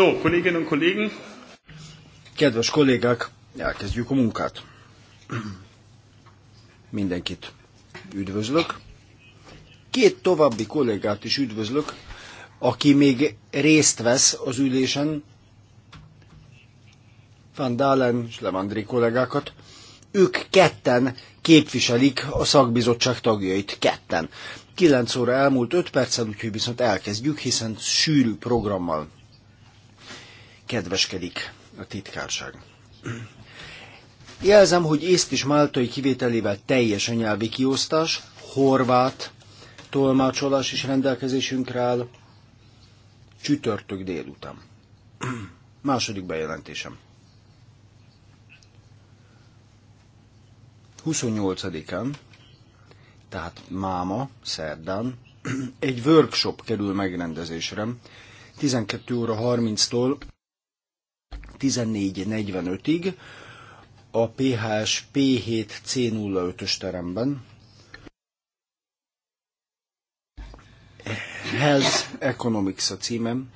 So, Kolleginnen und Kollegen. Kedves kollégák, elkezdjük a munkát. Mindenkit üdvözlök. Két további kollégát is üdvözlök, aki még részt vesz az ülésen, Van Dálen és Lemandri kollégákat. Ők ketten képviselik a szakbizottság tagjait, ketten. 9 óra elmúlt 5 percen, úgyhogy viszont elkezdjük, hiszen sűrű programmal kedveskedik a titkárság. Jelzem, hogy észt is máltai kivételével teljes a nyelvi kiosztás, horvát tolmácsolás is rendelkezésünkre áll, csütörtök délután. Második bejelentésem. 28-án, tehát máma, szerdán, egy workshop kerül megrendezésre, 12 óra 30-tól 14.45-ig a PHS P7C05-ös teremben. Health Economics a címem,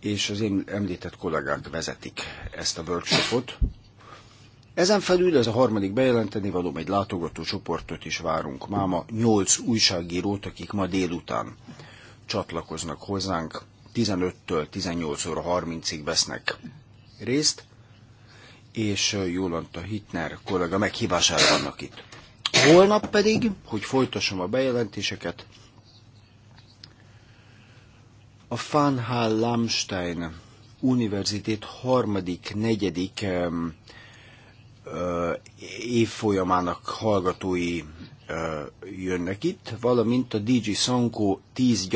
és az én említett kollégák vezetik ezt a workshopot. Ezen felül ez a harmadik bejelenteni való egy csoportot is várunk máma, nyolc újságírót, akik ma délután csatlakoznak hozzánk 15-től 18 óra 30-ig vesznek részt, és a Hitner kollega meghívására vannak itt. Holnap pedig, hogy folytassam a bejelentéseket, a Fanhal Lamstein Univerzitét harmadik, negyedik um, évfolyamának hallgatói jönnek itt, valamint a DG Sankó 10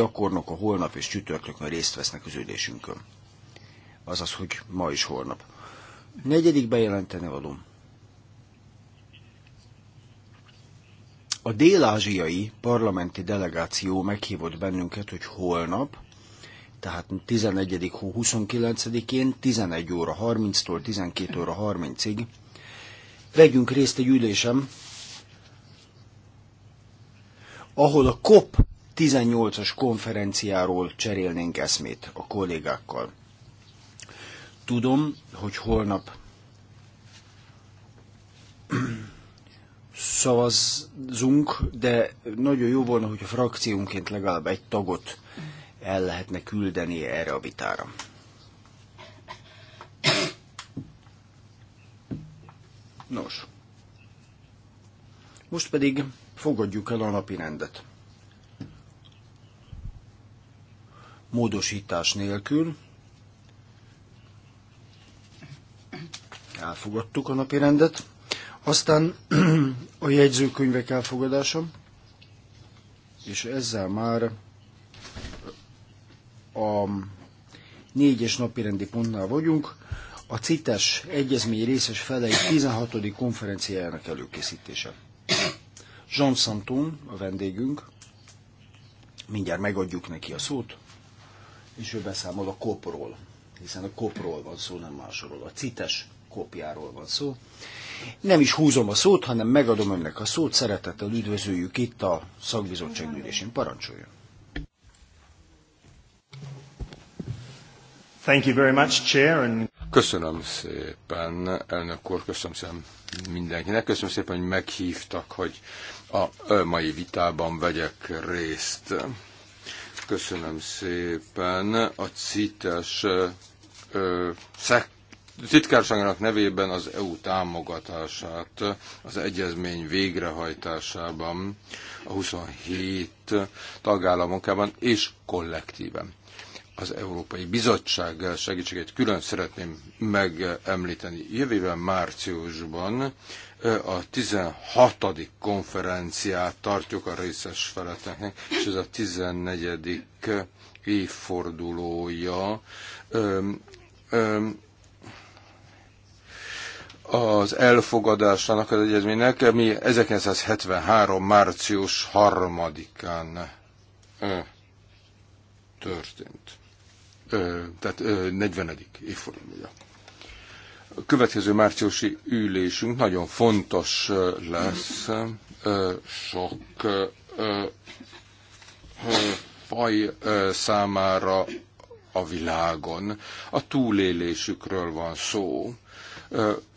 a holnap és csütörtökön részt vesznek az ülésünkön. Azaz, hogy ma is holnap. Negyedik bejelenteni való. A dél-ázsiai parlamenti delegáció meghívott bennünket, hogy holnap, tehát 11. hó 29-én 11 óra 30-tól 12 óra 30-ig vegyünk részt egy ülésem, ahol a COP 18-as konferenciáról cserélnénk eszmét a kollégákkal. Tudom, hogy holnap szavazzunk, de nagyon jó volna, hogy a frakciónként legalább egy tagot el lehetne küldeni erre a vitára. Nos, most pedig fogadjuk el a napi rendet. Módosítás nélkül elfogadtuk a napi rendet. Aztán a jegyzőkönyvek elfogadása, és ezzel már a négyes napirendi pontnál vagyunk, a CITES egyezmény részes felei 16. konferenciájának előkészítése. Jean Santon, a vendégünk, mindjárt megadjuk neki a szót, és ő beszámol a kopról, hiszen a kopról van szó, nem másról, a cites kopjáról van szó. Nem is húzom a szót, hanem megadom önnek a szót, szeretettel üdvözöljük itt a szakbizottság ülésén. Parancsoljon! Thank you very much, Chair. And... Köszönöm szépen, elnök úr, köszönöm szépen mindenkinek, köszönöm szépen, hogy meghívtak, hogy a mai vitában vegyek részt. Köszönöm szépen a CITES titkárságának nevében az EU támogatását az egyezmény végrehajtásában a 27 tagállamokában és kollektíven. Az Európai Bizottság segítségét külön szeretném megemlíteni. Jövőben márciusban a 16. konferenciát tartjuk a részes feleteknek, és ez a 14. évfordulója az elfogadásának az egyezménynek, ami 1973. március 3-án történt. tehát 40. évfordulója. A következő márciusi ülésünk nagyon fontos lesz. Sok faj számára a világon. A túlélésükről van szó.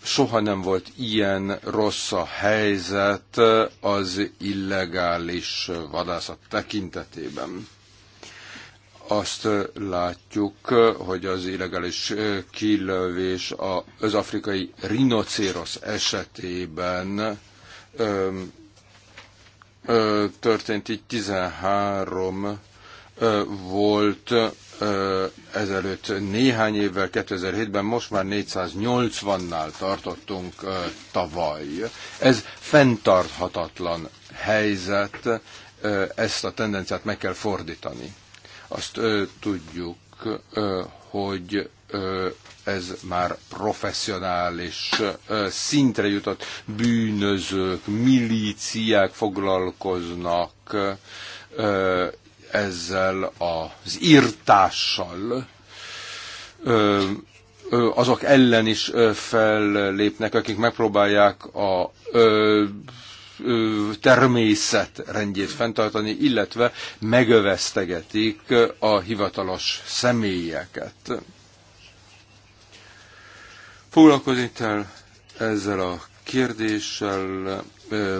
Soha nem volt ilyen rossz a helyzet az illegális vadászat tekintetében azt látjuk, hogy az illegális kilövés az afrikai rinocérosz esetében történt így 13 volt ezelőtt néhány évvel, 2007-ben, most már 480-nál tartottunk tavaly. Ez fenntarthatatlan helyzet, ezt a tendenciát meg kell fordítani. Azt tudjuk, hogy ez már professzionális szintre jutott bűnözők, milíciák foglalkoznak ezzel az írtással azok ellen is fellépnek, akik megpróbálják a természet rendjét fenntartani, illetve megövesztegetik a hivatalos személyeket. Foglalkozni kell ezzel a kérdéssel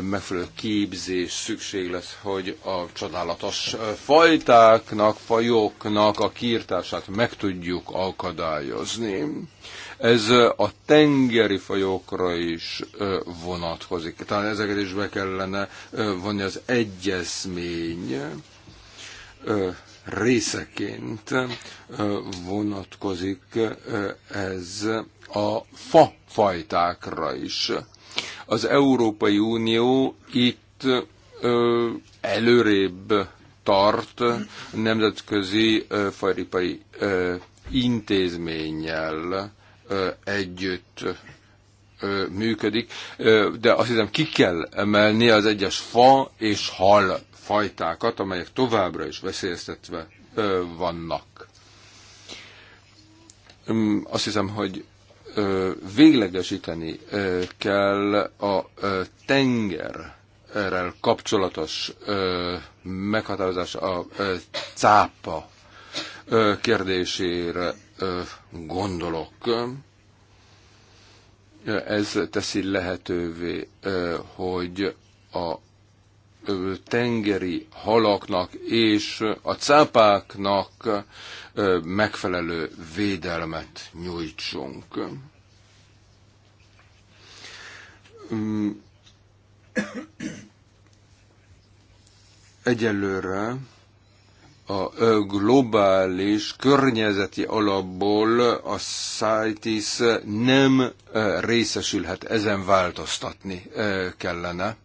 megfelelő képzés szükség lesz, hogy a csodálatos fajtáknak, fajoknak a kiirtását meg tudjuk akadályozni. Ez a tengeri fajokra is vonatkozik. Talán ezeket is be kellene vonni az egyezmény részeként vonatkozik ez a fafajtákra is az Európai Unió itt ö, előrébb tart nemzetközi ö, fajripai ö, intézménnyel ö, együtt ö, működik, ö, de azt hiszem ki kell emelni az egyes fa és hal fajtákat, amelyek továbbra is veszélyeztetve ö, vannak. Azt hiszem, hogy véglegesíteni kell a tengerrel kapcsolatos meghatározás a cápa kérdésére gondolok. Ez teszi lehetővé, hogy a tengeri halaknak és a cápáknak megfelelő védelmet nyújtsunk. Mm. Egyelőre a globális környezeti alapból a CITES nem részesülhet, ezen változtatni kellene,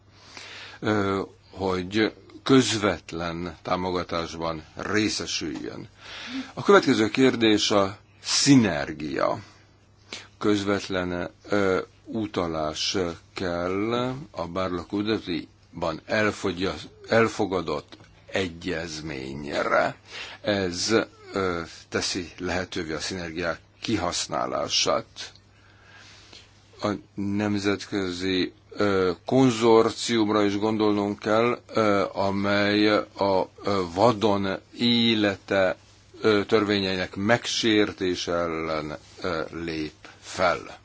hogy közvetlen támogatásban részesüljön. A következő kérdés a szinergia. Közvetlen ö, utalás kell a Bárlakudatiban elfogadott egyezményre. Ez ö, teszi lehetővé a szinergiák kihasználását. A nemzetközi konzorciumra is gondolnunk kell, amely a vadon élete törvényeinek megsértése ellen lép fel.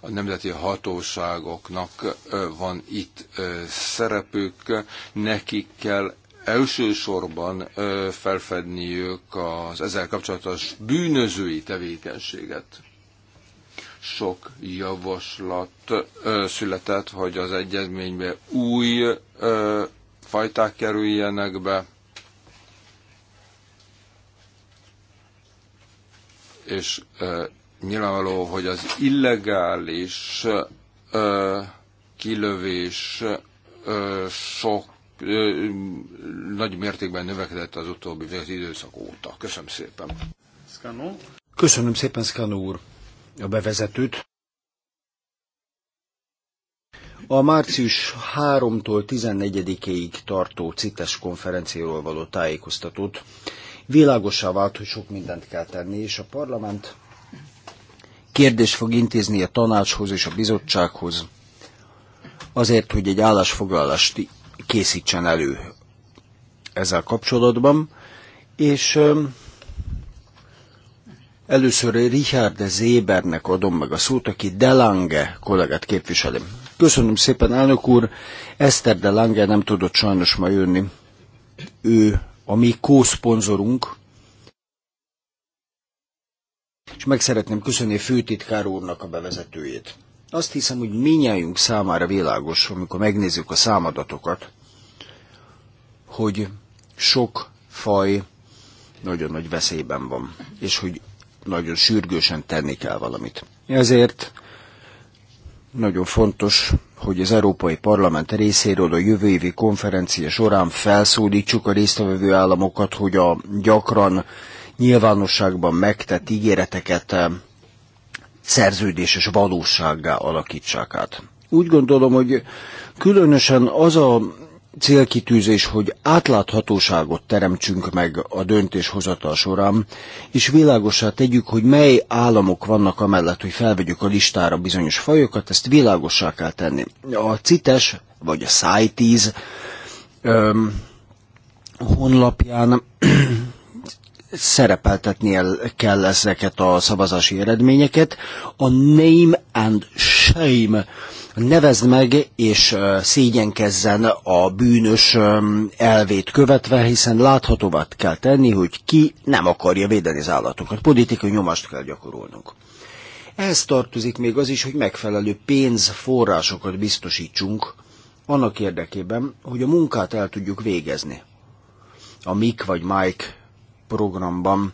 A nemzeti hatóságoknak van itt szerepük, nekik kell elsősorban felfedniük az ezzel kapcsolatos bűnözői tevékenységet sok javaslat ö, született, hogy az egyezménybe új ö, fajták kerüljenek be, és ö, nyilvánvaló, hogy az illegális ö, kilövés ö, sok ö, nagy mértékben növekedett az utóbbi az időszak óta. Köszönöm szépen. Köszönöm szépen, Szkán úr a bevezetőt. A március 3-tól 14-ig tartó CITES konferenciáról való tájékoztatót világosá vált, hogy sok mindent kell tenni, és a parlament kérdést fog intézni a tanácshoz és a bizottsághoz, azért, hogy egy állásfoglalást készítsen elő ezzel kapcsolatban, és Először Richard Zébernek adom meg a szót, aki Delange kollégát képviseli. Köszönöm szépen, elnök úr. Eszter Delange nem tudott sajnos ma jönni. Ő a mi kószponzorunk, és meg szeretném köszönni főtitkár úrnak a bevezetőjét. Azt hiszem, hogy minnyájunk számára világos, amikor megnézzük a számadatokat, hogy sok faj nagyon nagy veszélyben van, és hogy nagyon sürgősen tenni kell valamit. Ezért nagyon fontos, hogy az Európai Parlament részéről a jövő évi konferencia során felszólítsuk a résztvevő államokat, hogy a gyakran nyilvánosságban megtett ígéreteket eh, szerződéses valósággá alakítsák át. Úgy gondolom, hogy különösen az a célkitűzés, hogy átláthatóságot teremtsünk meg a döntéshozatal során, és világosá tegyük, hogy mely államok vannak amellett, hogy felvegyük a listára bizonyos fajokat, ezt világossá kell tenni. A CITES, vagy a CITES öm, honlapján szerepeltetnie kell ezeket a szavazási eredményeket. A name and shame nevezd meg és szégyenkezzen a bűnös elvét követve, hiszen láthatóvá kell tenni, hogy ki nem akarja védeni az állatokat. Politikai nyomást kell gyakorolnunk. Ehhez tartozik még az is, hogy megfelelő pénzforrásokat biztosítsunk annak érdekében, hogy a munkát el tudjuk végezni. A MIK vagy Mike programban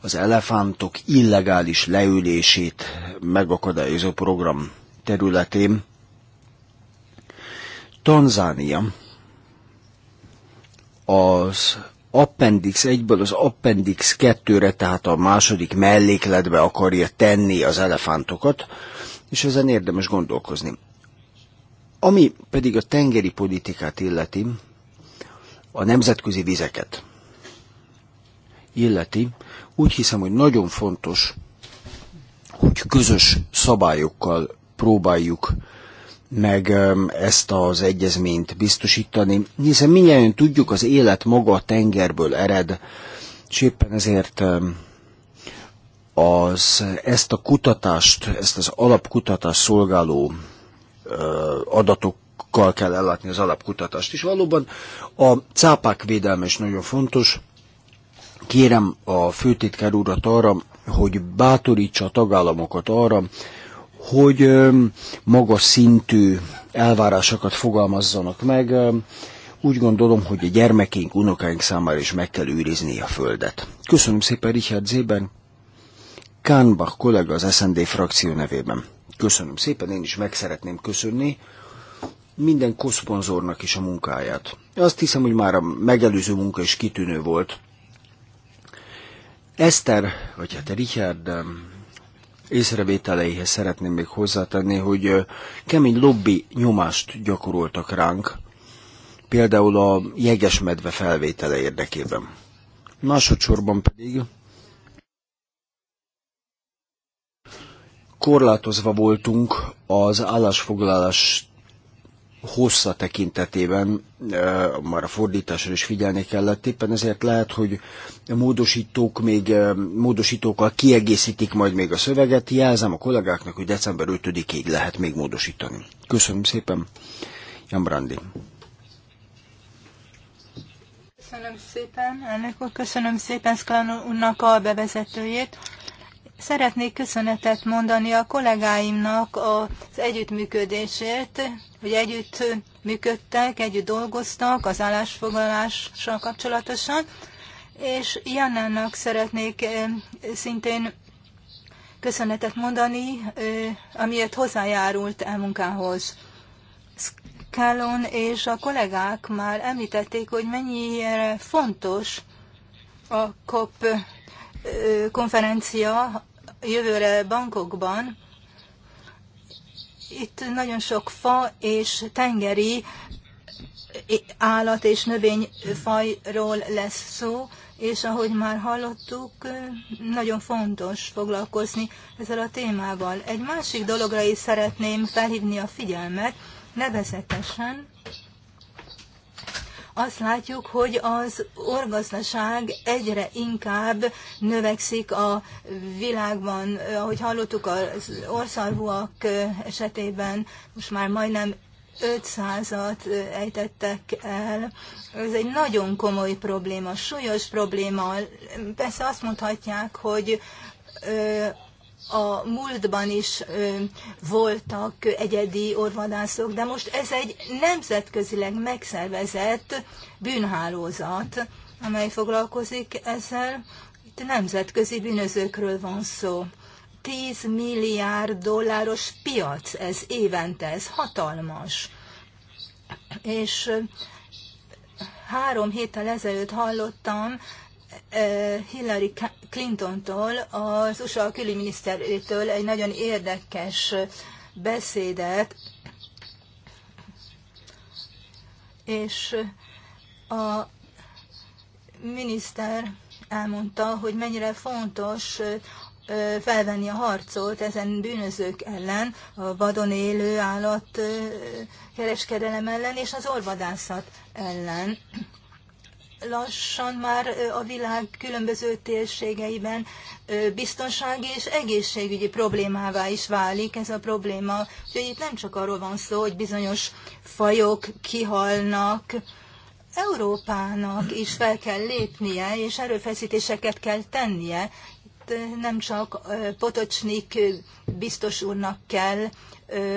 az elefántok illegális leülését megakadályozó program területén Tanzánia az Appendix 1-ből az Appendix 2-re, tehát a második mellékletbe akarja tenni az elefántokat, és ezen érdemes gondolkozni. Ami pedig a tengeri politikát illeti, a nemzetközi vizeket illeti, úgy hiszem, hogy nagyon fontos, hogy közös szabályokkal próbáljuk meg ezt az egyezményt biztosítani, hiszen mindjárt tudjuk, az élet maga a tengerből ered, és éppen ezért az, ezt a kutatást, ezt az alapkutatást szolgáló adatokkal kell ellátni az alapkutatást. És valóban a cápák védelme is nagyon fontos. Kérem a főtitkár urat arra, hogy bátorítsa a tagállamokat arra, hogy magas szintű elvárásokat fogalmazzanak meg. Úgy gondolom, hogy a gyermekénk, unokáink számára is meg kell őrizni a földet. Köszönöm szépen Richard Zében, Kánbach kollega az SND frakció nevében. Köszönöm szépen, én is meg szeretném köszönni minden koszponzornak is a munkáját. Azt hiszem, hogy már a megelőző munka is kitűnő volt. Eszter, vagy hát Richard észrevételeihez szeretném még hozzátenni, hogy kemény lobby nyomást gyakoroltak ránk, például a jegesmedve felvétele érdekében. Másodszorban pedig korlátozva voltunk az állásfoglalás hossza tekintetében e, már a fordításra is figyelni kellett, éppen ezért lehet, hogy a módosítók még e, módosítókkal kiegészítik majd még a szöveget, jelzem a kollégáknak, hogy december 5-ig lehet még módosítani. Köszönöm szépen, Jan Brandi. Köszönöm szépen, elnök úr, köszönöm szépen Szklán úrnak a bevezetőjét. Szeretnék köszönetet mondani a kollégáimnak az együttműködésért, hogy együtt működtek, együtt dolgoztak az állásfoglalással kapcsolatosan, és Jannának szeretnék szintén köszönetet mondani, amiért hozzájárult el munkához. Skálon és a kollégák már említették, hogy mennyire fontos a COP konferencia jövőre bankokban. Itt nagyon sok fa és tengeri állat és növényfajról lesz szó, és ahogy már hallottuk, nagyon fontos foglalkozni ezzel a témával. Egy másik dologra is szeretném felhívni a figyelmet, nevezetesen azt látjuk, hogy az orgazdaság egyre inkább növekszik a világban. Ahogy hallottuk, az orszarvúak esetében most már majdnem 500-at ejtettek el. Ez egy nagyon komoly probléma, súlyos probléma. Persze azt mondhatják, hogy a múltban is voltak egyedi orvadászok, de most ez egy nemzetközileg megszervezett bűnhálózat, amely foglalkozik ezzel. Itt nemzetközi bűnözőkről van szó. 10 milliárd dolláros piac ez évente, ez hatalmas. És három héttel ezelőtt hallottam, Hillary Clintontól, az USA külügyminiszterétől egy nagyon érdekes beszédet, és a miniszter elmondta, hogy mennyire fontos felvenni a harcot ezen bűnözők ellen, a vadon élő állat kereskedelem ellen és az orvadászat ellen lassan már a világ különböző térségeiben biztonsági és egészségügyi problémává is válik ez a probléma. Úgyhogy itt nem csak arról van szó, hogy bizonyos fajok kihalnak, Európának is fel kell lépnie, és erőfeszítéseket kell tennie. Itt nem csak Potocsnik biztos úrnak kell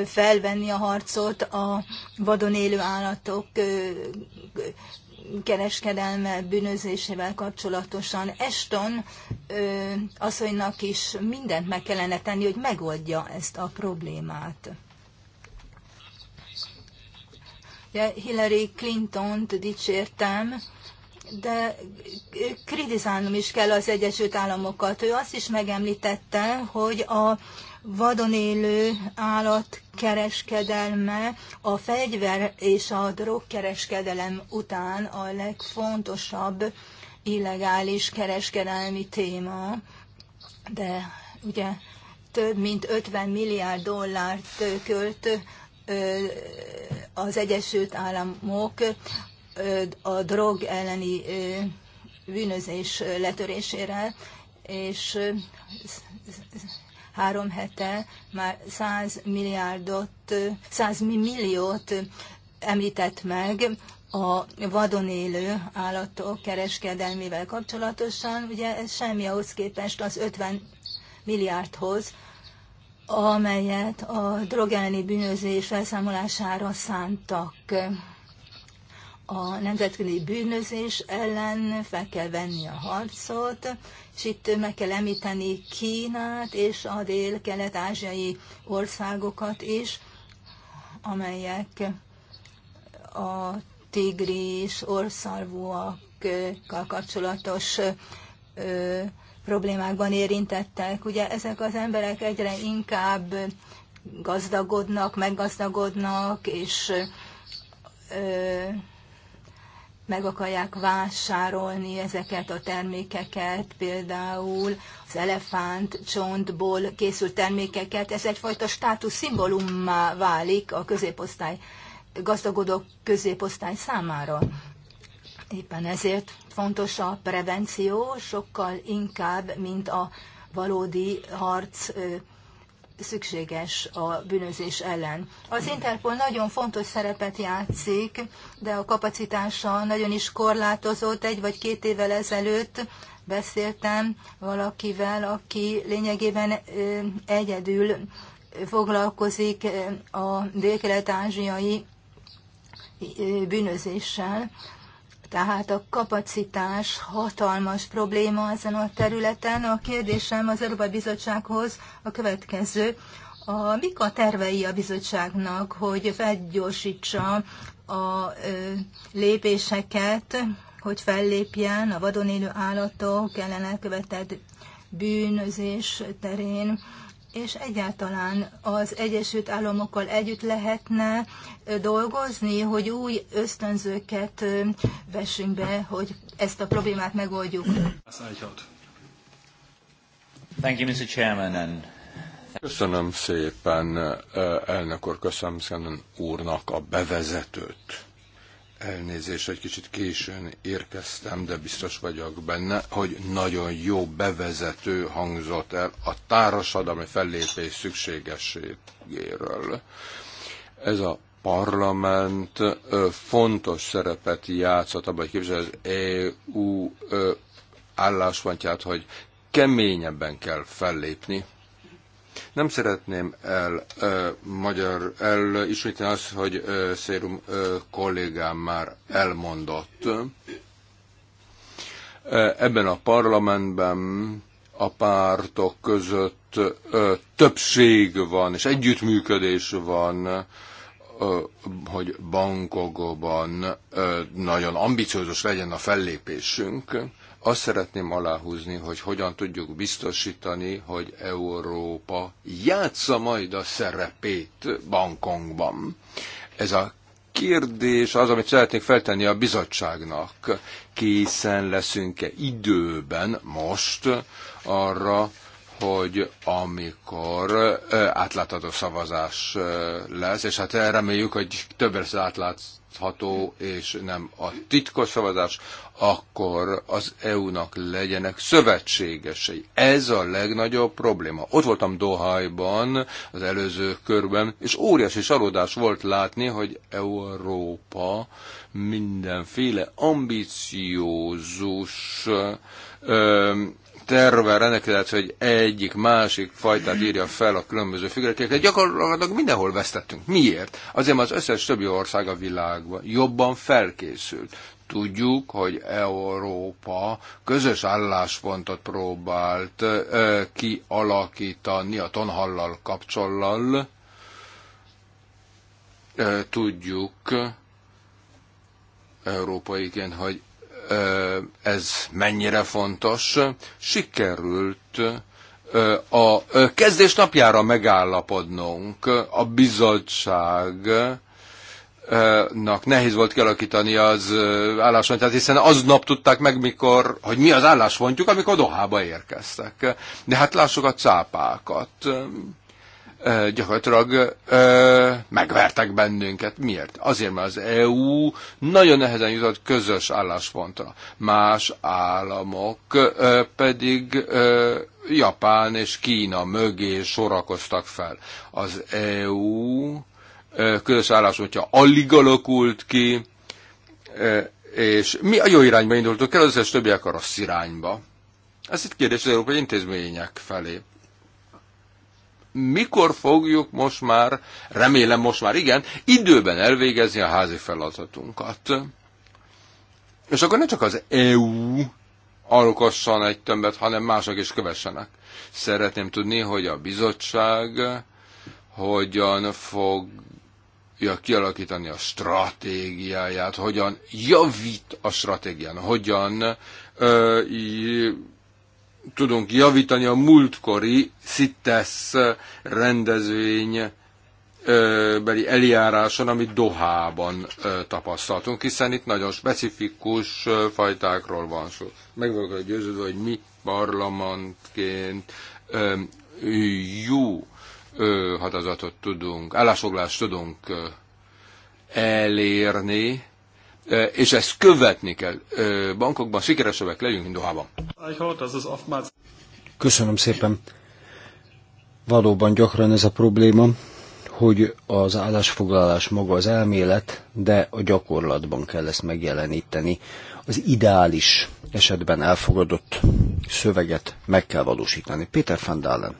felvenni a harcot a vadon élő állatok kereskedelme bűnözésével kapcsolatosan Eston ö, asszonynak is mindent meg kellene tenni, hogy megoldja ezt a problémát. Ugye Hillary Clinton-t dicsértem, de kritizálnom is kell az Egyesült Államokat. Ő azt is megemlítette, hogy a vadon élő állat kereskedelme, a fegyver és a drogkereskedelem után a legfontosabb illegális kereskedelmi téma, de ugye több mint 50 milliárd dollárt költ az Egyesült Államok a drog elleni bűnözés letörésére, és három hete már 100 milliárdot, 100 milliót említett meg a vadon élő állatok kereskedelmével kapcsolatosan, ugye ez semmi ahhoz képest az 50 milliárdhoz, amelyet a drogelni bűnözés felszámolására szántak a nemzetközi bűnözés ellen fel kell venni a harcot, és itt meg kell említeni Kínát és a dél-kelet-ázsiai országokat is, amelyek a tigris orszarvúakkal kapcsolatos ö, problémákban érintettek. Ugye ezek az emberek egyre inkább gazdagodnak, meggazdagodnak, és ö, meg akarják vásárolni ezeket a termékeket, például az elefánt csontból készült termékeket. Ez egyfajta státusz szimbólummá válik a középosztály, gazdagodó középosztály számára. Éppen ezért fontos a prevenció sokkal inkább, mint a valódi harc szükséges a bűnözés ellen. Az Interpol nagyon fontos szerepet játszik, de a kapacitása nagyon is korlátozott. Egy vagy két évvel ezelőtt beszéltem valakivel, aki lényegében egyedül foglalkozik a dél-kelet-ázsiai bűnözéssel. Tehát a kapacitás hatalmas probléma ezen a területen. A kérdésem az Európai Bizottsághoz a következő. A, mik a tervei a bizottságnak, hogy felgyorsítsa a ö, lépéseket, hogy fellépjen a vadon élő állatok ellen elkövetett bűnözés terén? és egyáltalán az Egyesült Államokkal együtt lehetne dolgozni, hogy új ösztönzőket vessünk be, hogy ezt a problémát megoldjuk. Köszönöm szépen, elnök úr, köszönöm szépen úrnak a bevezetőt. Elnézést, egy kicsit későn érkeztem, de biztos vagyok benne, hogy nagyon jó bevezető hangzott el a társadalmi fellépés szükségességéről. Ez a parlament fontos szerepet játszott abban, hogy képzelje az EU álláspontját, hogy keményebben kell fellépni nem szeretném el ö, magyar elismételni azt, hogy ö, Szérum ö, kollégám már elmondott. Ebben a parlamentben a pártok között ö, többség van, és együttműködés van, ö, hogy bankokban ö, nagyon ambiciózus legyen a fellépésünk azt szeretném aláhúzni, hogy hogyan tudjuk biztosítani, hogy Európa játsza majd a szerepét Bankongban. Ez a kérdés az, amit szeretnék feltenni a bizottságnak. Készen leszünk-e időben most arra, hogy amikor átlátható szavazás lesz, és hát reméljük, hogy több lesz átlátható, és nem a titkos szavazás, akkor az EU-nak legyenek szövetségesei. Ez a legnagyobb probléma. Ott voltam Dohajban az előző körben, és óriási csalódás volt látni, hogy Európa mindenféle ambiciózus tervvel rendelkezett, hogy egyik másik fajtát írja fel a különböző függetlenekre. Gyakorlatilag mindenhol vesztettünk. Miért? Azért az összes többi ország a világban jobban felkészült. Tudjuk, hogy Európa közös álláspontot próbált ö, kialakítani a tonhallal kapcsollal. tudjuk európaiként, hogy ez mennyire fontos, sikerült a kezdés napjára megállapodnunk a bizottság nehéz volt kialakítani az álláspontját, hiszen aznap tudták meg, mikor, hogy mi az álláspontjuk, amikor Dohába érkeztek. De hát lássuk a cápákat gyakorlatilag ö, megvertek bennünket. Miért? Azért, mert az EU nagyon nehezen jutott közös álláspontra. Más államok ö, pedig ö, Japán és Kína mögé sorakoztak fel. Az EU ö, közös álláspontja alig alakult ki, ö, és mi a jó irányba indultunk el, az összes többiek a rossz irányba. Ez itt kérdés az európai intézmények felé mikor fogjuk most már, remélem most már igen, időben elvégezni a házi feladatunkat. És akkor ne csak az EU alkosson egy tömbet, hanem mások is kövessenek. Szeretném tudni, hogy a bizottság hogyan fogja kialakítani a stratégiáját, hogyan javít a stratégián, hogyan ö, tudunk javítani a múltkori Szittesz rendezvény beli eljáráson, amit Dohában tapasztaltunk, hiszen itt nagyon specifikus fajtákról van szó. Meg vagyok győződve, hogy mi parlamentként jó hadazatot tudunk, állásfoglást tudunk elérni, és ezt követni kell. Bankokban sikeresebbek legyünk, mint Dohában. Köszönöm szépen. Valóban gyakran ez a probléma, hogy az állásfoglalás maga az elmélet, de a gyakorlatban kell ezt megjeleníteni. Az ideális esetben elfogadott szöveget meg kell valósítani. Péter van Dalen.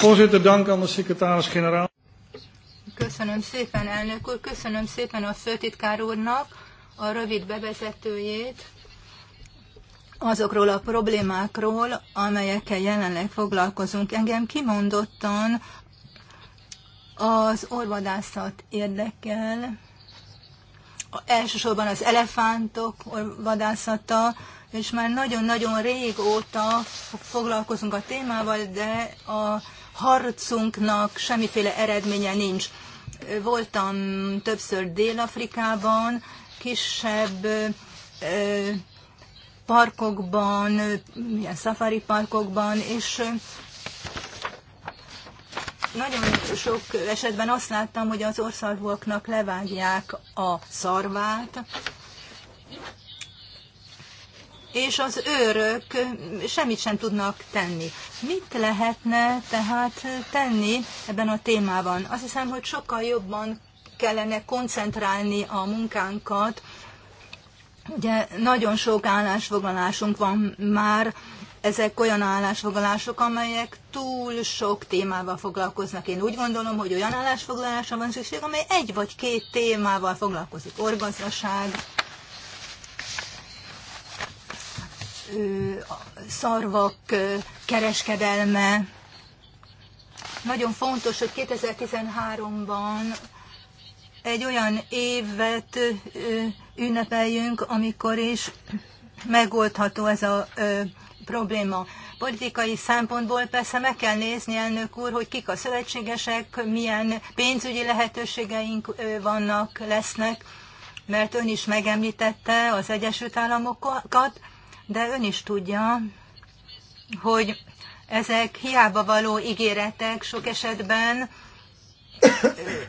Voorzitter, dank aan de secretaris-generaal. Köszönöm szépen, elnök úr, köszönöm szépen a főtitkár úrnak a rövid bevezetőjét azokról a problémákról, amelyekkel jelenleg foglalkozunk. Engem kimondottan az orvadászat érdekel, elsősorban az elefántok orvadászata, és már nagyon-nagyon régóta foglalkozunk a témával, de a harcunknak semmiféle eredménye nincs. Voltam többször Dél-Afrikában, kisebb parkokban, ilyen safari parkokban, és nagyon sok esetben azt láttam, hogy az országoknak levágják a szarvát, és az őrök semmit sem tudnak tenni. Mit lehetne tehát tenni ebben a témában? Azt hiszem, hogy sokkal jobban kellene koncentrálni a munkánkat. Ugye nagyon sok állásfoglalásunk van már, ezek olyan állásfoglalások, amelyek túl sok témával foglalkoznak. Én úgy gondolom, hogy olyan állásfoglalásra van szükség, amely egy vagy két témával foglalkozik. Orgazdaság, szarvak kereskedelme. Nagyon fontos, hogy 2013-ban egy olyan évet ünnepeljünk, amikor is megoldható ez a probléma. Politikai szempontból persze meg kell nézni, elnök úr, hogy kik a szövetségesek, milyen pénzügyi lehetőségeink vannak, lesznek, mert ön is megemlítette az Egyesült Államokat, de ön is tudja, hogy ezek hiába való ígéretek sok esetben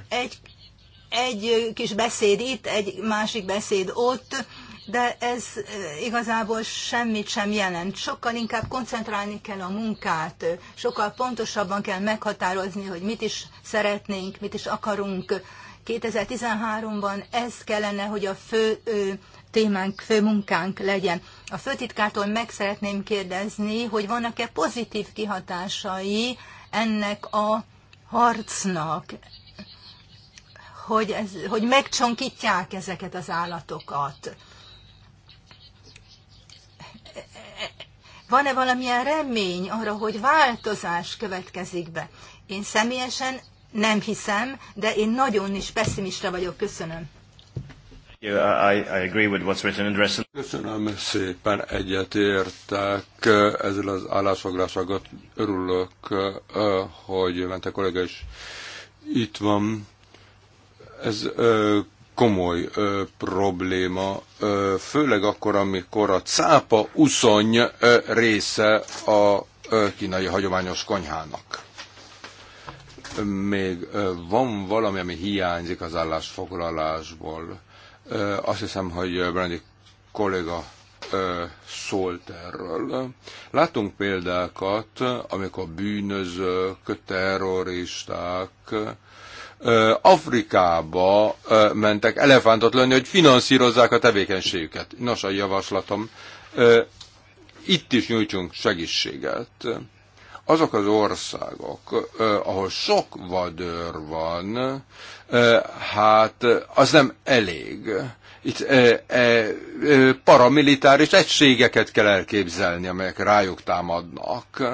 egy, egy kis beszéd itt, egy másik beszéd ott, de ez eh, igazából semmit sem jelent. Sokkal inkább koncentrálni kell a munkát, sokkal pontosabban kell meghatározni, hogy mit is szeretnénk, mit is akarunk. 2013-ban ez kellene, hogy a fő témánk, fő munkánk legyen. A főtitkától meg szeretném kérdezni, hogy vannak-e pozitív kihatásai ennek a harcnak, hogy, ez, hogy megcsonkítják ezeket az állatokat. Van-e valamilyen remény arra, hogy változás következik be? Én személyesen nem hiszem, de én nagyon is pessimista vagyok. Köszönöm. Köszönöm szépen, egyetértek ezzel az állásfoglásokat. Örülök, hogy Mente kollega is itt van. Ez komoly probléma, főleg akkor, amikor a cápa uszony része a kínai hagyományos konyhának. Még van valami, ami hiányzik az állásfoglalásból. Azt hiszem, hogy Brandi kolléga szólt erről. Látunk példákat, amikor bűnözők, terroristák Afrikába mentek elefántot lenni, hogy finanszírozzák a tevékenységüket. Nos, a javaslatom, itt is nyújtsunk segítséget. Azok az országok, ahol sok vadőr van, hát az nem elég. Itt e, e, paramilitáris egységeket kell elképzelni, amelyek rájuk támadnak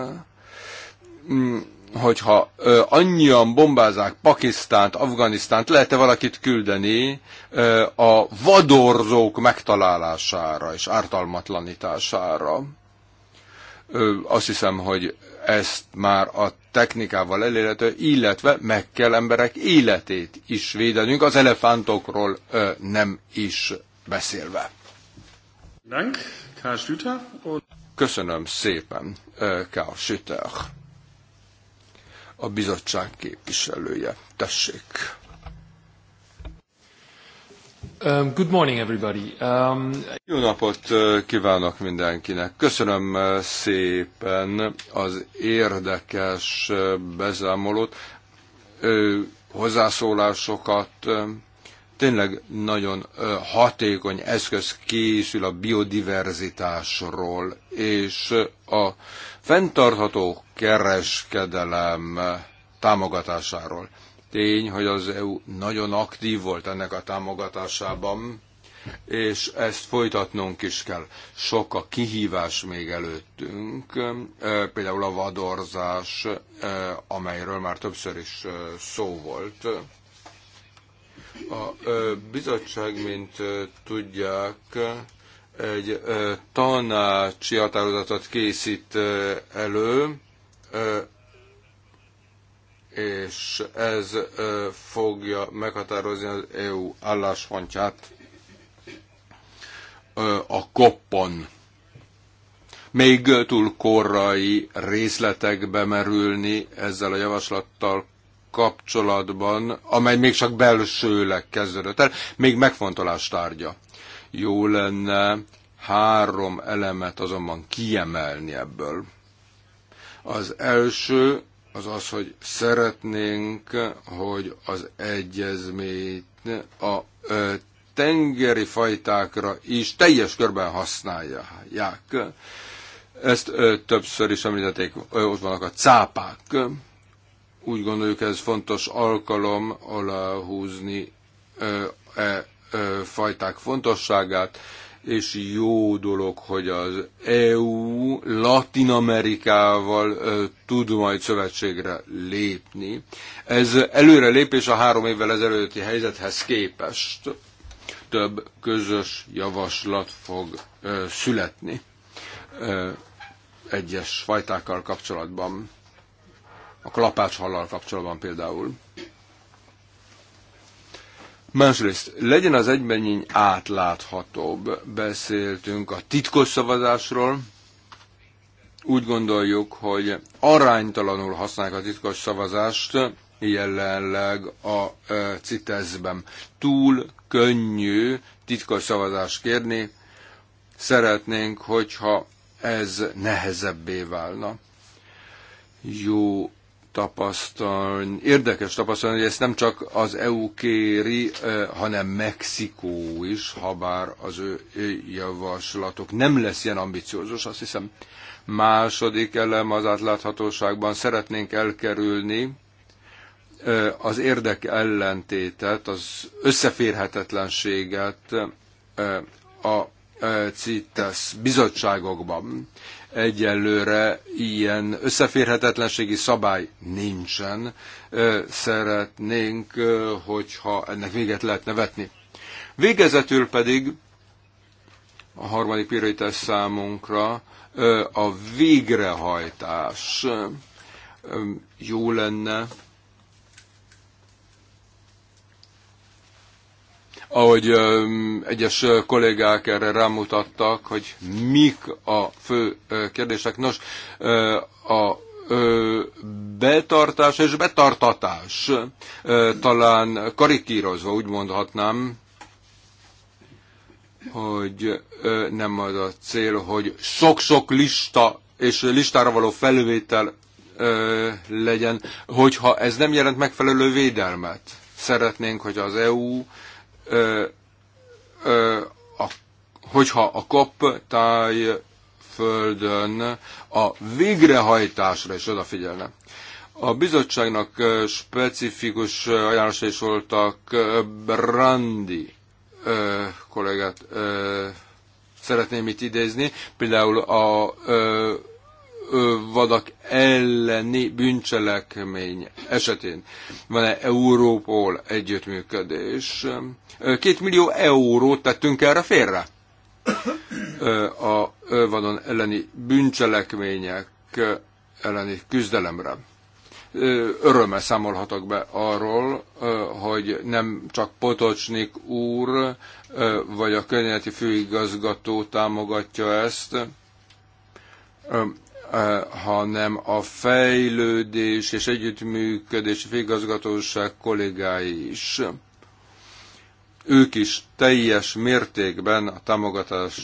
mm, hogyha ö, annyian bombázák Pakisztánt, Afganisztánt, lehet-e valakit küldeni ö, a vadorzók megtalálására és ártalmatlanítására? Ö, azt hiszem, hogy ezt már a technikával elérhető, illetve meg kell emberek életét is védenünk, az elefántokról nem is beszélve. Dank, Karl Schlüter. Köszönöm szépen, Karl Schütter. A bizottság képviselője. Tessék. Um, good morning everybody. Um... Jó napot uh, kívánok mindenkinek. Köszönöm uh, szépen az érdekes uh, bezámolót, hozzászólásokat. Um, tényleg nagyon hatékony eszköz készül a biodiverzitásról, és a fenntartható kereskedelem támogatásáról. Tény, hogy az EU nagyon aktív volt ennek a támogatásában, és ezt folytatnunk is kell. Sok a kihívás még előttünk, például a vadorzás, amelyről már többször is szó volt. A bizottság, mint tudják, egy tanácsi határozatot készít elő és ez fogja meghatározni az EU álláspontját a koppon. Még túl korai részletekbe merülni ezzel a javaslattal kapcsolatban, amely még csak belsőleg kezdődött el, még megfontolás tárgya. Jó lenne három elemet azonban kiemelni ebből. Az első az az, hogy szeretnénk, hogy az egyezményt a tengeri fajtákra is teljes körben használják. Ezt többször is említették, ott vannak a cápák. Úgy gondoljuk, ez fontos alkalom aláhúzni e fajták fontosságát, és jó dolog, hogy az EU Latin Amerikával tud majd szövetségre lépni. Ez előre lépés a három évvel ezelőtti helyzethez képest több közös javaslat fog ö, születni ö, egyes fajtákkal kapcsolatban, a kalapácshallal kapcsolatban például. Másrészt, legyen az egybenyény átláthatóbb. Beszéltünk a titkos szavazásról. Úgy gondoljuk, hogy aránytalanul használják a titkos szavazást jelenleg a CITES-ben. Túl könnyű titkos szavazást kérni. Szeretnénk, hogyha ez nehezebbé válna. Jó tapasztalni, érdekes tapasztalni, hogy ezt nem csak az EU kéri, hanem Mexikó is, ha bár az ő javaslatok nem lesz ilyen ambiciózus, azt hiszem. Második elem az átláthatóságban szeretnénk elkerülni az érdek ellentétet, az összeférhetetlenséget a CITES bizottságokban. Egyelőre ilyen összeférhetetlenségi szabály nincsen. Szeretnénk, hogyha ennek véget lehetne vetni. Végezetül pedig a harmadik prioritás számunkra a végrehajtás. Jó lenne, Ahogy egyes kollégák erre rámutattak, hogy mik a fő kérdések. Nos, a betartás és betartatás, talán karikírozva úgy mondhatnám, hogy nem az a cél, hogy sok-sok lista és listára való felvétel legyen, hogyha ez nem jelent megfelelő védelmet. Szeretnénk, hogy az EU a, hogyha a kop táj földön a végrehajtásra is odafigyelne. A bizottságnak specifikus ajánlása is voltak Brandi kollégát szeretném itt idézni, például a ö, vadak elleni bűncselekmény esetén. Van-e Európol együttműködés? Két millió eurót tettünk erre félre. A vadon elleni bűncselekmények elleni küzdelemre. Örömmel számolhatok be arról, hogy nem csak Potocsnik úr vagy a környezeti főigazgató támogatja ezt, Eh, hanem a fejlődés és együttműködés főigazgatóság kollégái is. Ők is teljes mértékben a támogatás,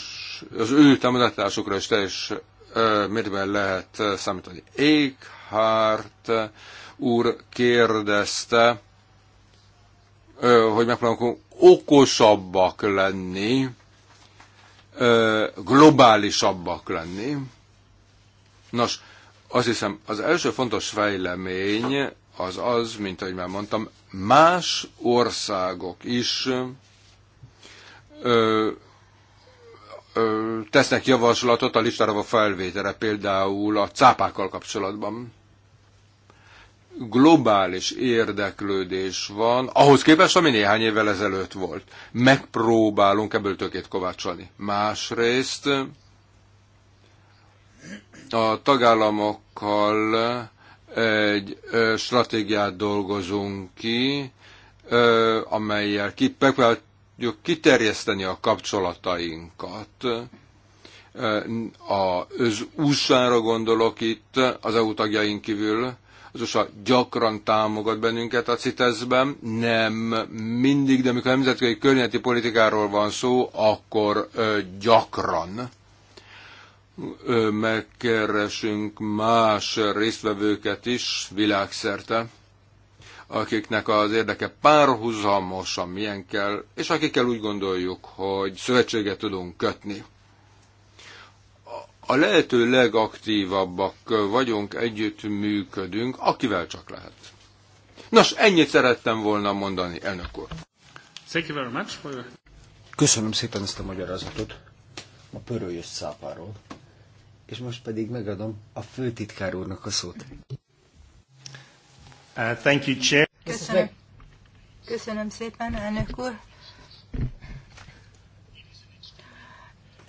az ő támogatásukra is teljes eh, mértékben lehet eh, számítani. Éghárt úr kérdezte, hogy megpróbálunk okosabbak lenni, globálisabbak lenni Nos, azt hiszem, az első fontos fejlemény az az, mint ahogy már mondtam, más országok is ö, ö, tesznek javaslatot a listára a felvételre, például a cápákkal kapcsolatban. Globális érdeklődés van, ahhoz képest, ami néhány évvel ezelőtt volt. Megpróbálunk ebből tökét kovácsolni. Másrészt a tagállamokkal egy stratégiát dolgozunk ki, amelyel kipróbáljuk kiterjeszteni a kapcsolatainkat. Az USA-ra gondolok itt, az EU tagjaink kívül, az USA gyakran támogat bennünket a CITES-ben, nem mindig, de amikor nemzetközi környezeti politikáról van szó, akkor gyakran megkeresünk más résztvevőket is világszerte, akiknek az érdeke párhuzamosan milyen kell, és akikkel úgy gondoljuk, hogy szövetséget tudunk kötni. A lehető legaktívabbak vagyunk, együtt működünk, akivel csak lehet. Nos, ennyit szerettem volna mondani, elnök úr. Thank you very much for... Köszönöm szépen ezt a magyarázatot a pörőjös szápáról és most pedig megadom a főtitkár úrnak a szót. Uh, thank you, Chair. Köszönöm. Köszönöm szépen, elnök úr.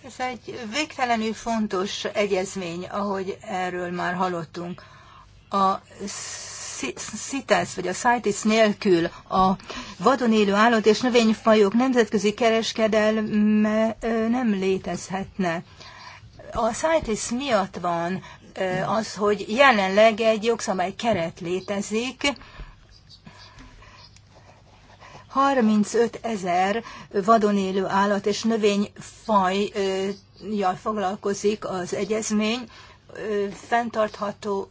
Ez egy végtelenül fontos egyezmény, ahogy erről már hallottunk. A CITES, vagy a CITES nélkül a vadon élő állat és növényfajok nemzetközi kereskedelme nem létezhetne. A CITES miatt van az, hogy jelenleg egy jogszabály keret létezik, 35 ezer vadon élő állat és növényfajjal foglalkozik az egyezmény fenntartható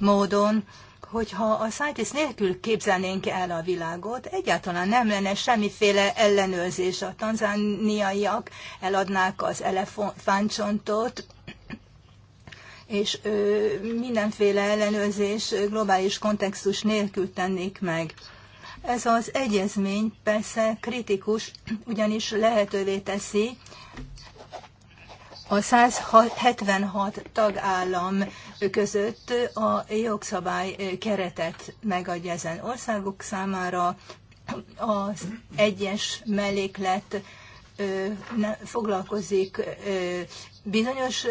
módon hogyha a scientist nélkül képzelnénk el a világot, egyáltalán nem lenne semmiféle ellenőrzés. A tanzániaiak eladnák az elefántcsontot, és ö, mindenféle ellenőrzés globális kontextus nélkül tennék meg. Ez az egyezmény persze kritikus, ugyanis lehetővé teszi a 176 tagállam között a jogszabály keretet megadja ezen országok számára. Az egyes melléklet foglalkozik bizonyos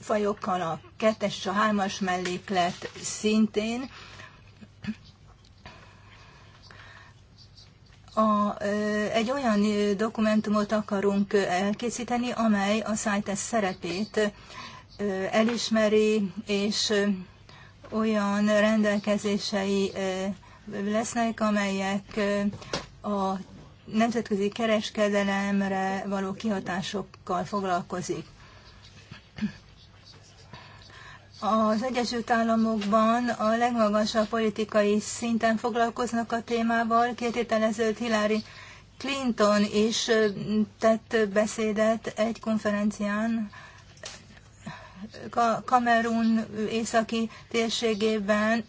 fajokkal, a kettes és a hármas melléklet szintén a, egy olyan dokumentumot akarunk elkészíteni, amely a CITES szerepét elismeri, és olyan rendelkezései lesznek, amelyek a nemzetközi kereskedelemre való kihatásokkal foglalkozik. Az Egyesült Államokban a legmagasabb politikai szinten foglalkoznak a témával. Két héttel ezelőtt Hillary Clinton is tett beszédet egy konferencián Kamerun északi térségében.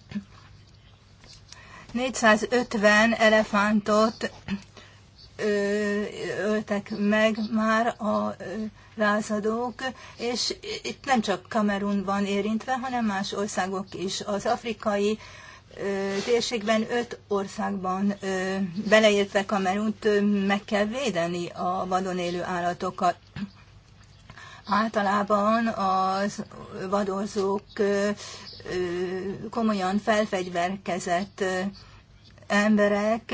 450 elefántot öltek meg már a lázadók, és itt nem csak Kamerun van érintve, hanem más országok is. Az afrikai térségben öt országban beleértve Kamerunt meg kell védeni a vadon élő állatokat. Általában az vadorzók komolyan felfegyverkezett emberek,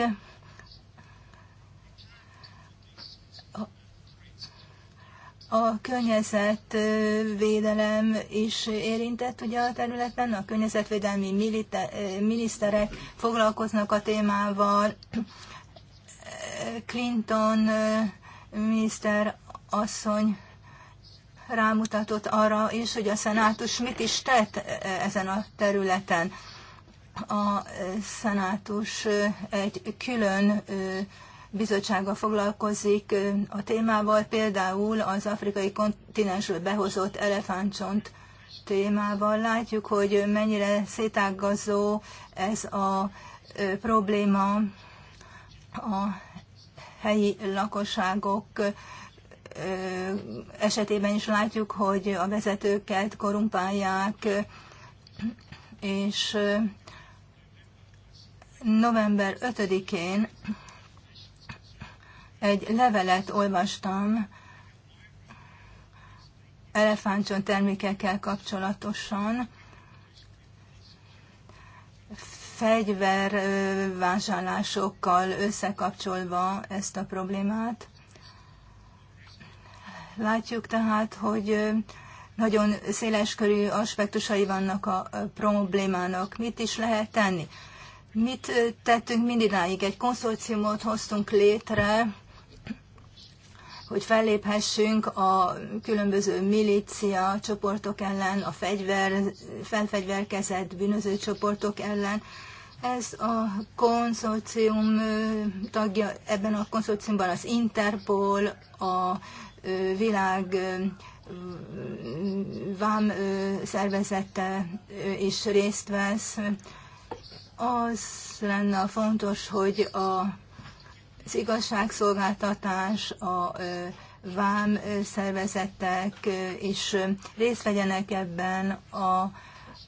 A környezetvédelem is érintett ugye a területen, a környezetvédelmi milite, miniszterek foglalkoznak a témával. Clinton miniszter asszony rámutatott arra is, hogy a szenátus mit is tett ezen a területen. A szenátus egy külön bizottsága foglalkozik a témával, például az afrikai kontinensről behozott elefántcsont témával. Látjuk, hogy mennyire szétágazó ez a probléma a helyi lakosságok esetében is látjuk, hogy a vezetőket korumpálják, és november 5-én egy levelet olvastam elefántcsont termékekkel kapcsolatosan, fegyvervásárlásokkal összekapcsolva ezt a problémát. Látjuk tehát, hogy nagyon széleskörű aspektusai vannak a problémának. Mit is lehet tenni? Mit tettünk mindidáig? Egy konszorciumot hoztunk létre, hogy felléphessünk a különböző milícia csoportok ellen, a fegyver, felfegyverkezett bűnöző csoportok ellen. Ez a konszorcium tagja, ebben a konszorciumban az Interpol, a világ vám szervezete is részt vesz. Az lenne fontos, hogy a az igazságszolgáltatás, a vám szervezetek, és részt vegyenek ebben a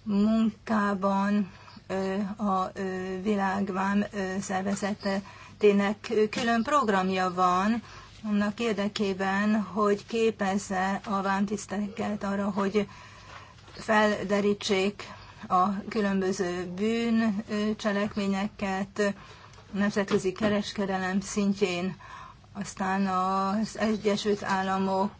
munkában a világvám szervezetének külön programja van, annak érdekében, hogy képezze a vámtiszteket arra, hogy felderítsék a különböző bűncselekményeket, nemzetközi kereskedelem szintjén, aztán az Egyesült Államok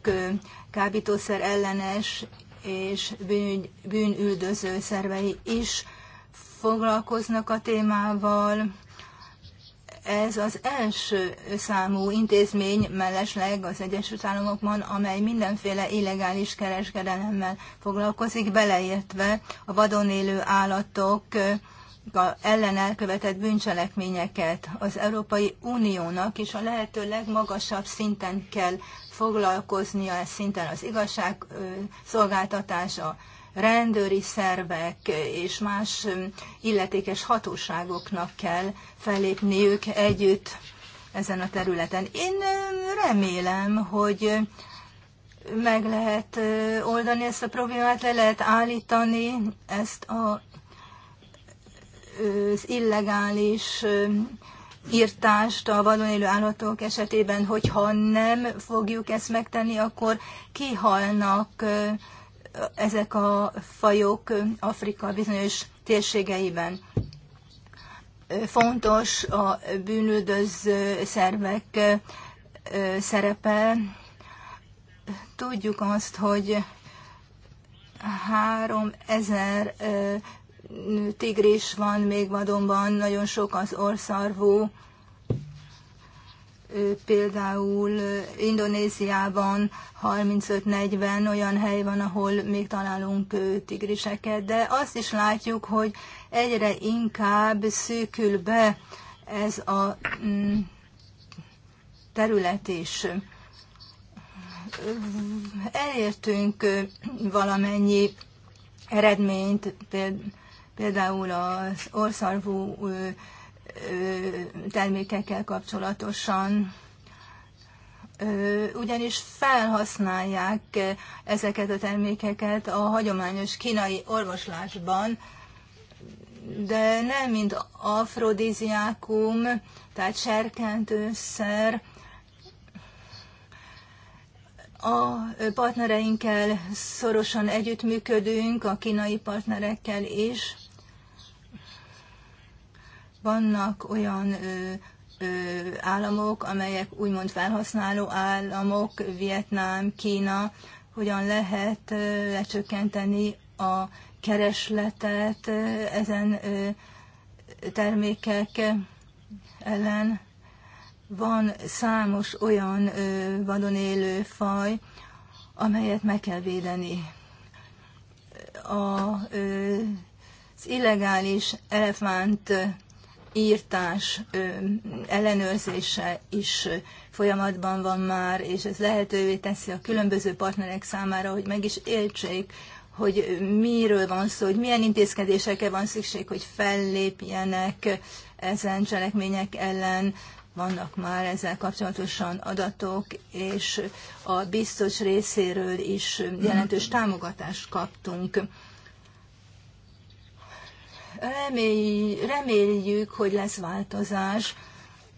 kábítószer ellenes és bűn, bűnüldöző szervei is foglalkoznak a témával. Ez az első számú intézmény mellesleg az Egyesült Államokban, amely mindenféle illegális kereskedelemmel foglalkozik, beleértve a vadon élő állatok ellen elkövetett bűncselekményeket az Európai Uniónak, is a lehető legmagasabb szinten kell foglalkoznia ez szinten az igazságszolgáltatás, a rendőri szervek és más illetékes hatóságoknak kell fellépniük együtt ezen a területen. Én remélem, hogy meg lehet oldani ezt a problémát, le lehet állítani ezt a az illegális írtást a vadon élő állatok esetében, hogyha nem fogjuk ezt megtenni, akkor kihalnak ezek a fajok Afrika bizonyos térségeiben. Fontos a bűnüldöző szervek szerepe. Tudjuk azt, hogy három ezer tigris van még vadonban, nagyon sok az orszarvú, például Indonéziában 35-40 olyan hely van, ahol még találunk tigriseket, de azt is látjuk, hogy egyre inkább szűkül be ez a mm, terület is. Elértünk valamennyi eredményt, például például az orszarvú termékekkel kapcsolatosan, ugyanis felhasználják ezeket a termékeket a hagyományos kínai orvoslásban, de nem mint afrodiziákum, tehát serkentőszer. A partnereinkkel szorosan együttműködünk, a kínai partnerekkel is, vannak olyan államok, amelyek úgymond felhasználó államok, Vietnám, Kína, hogyan lehet lecsökkenteni a keresletet ezen termékek ellen. Van számos olyan vadon élő faj, amelyet meg kell védeni. A, az illegális elefánt írtás ellenőrzése is folyamatban van már, és ez lehetővé teszi a különböző partnerek számára, hogy meg is értsék, hogy miről van szó, hogy milyen intézkedésekre van szükség, hogy fellépjenek ezen cselekmények ellen, vannak már ezzel kapcsolatosan adatok, és a biztos részéről is jelentős támogatást kaptunk reméljük, hogy lesz változás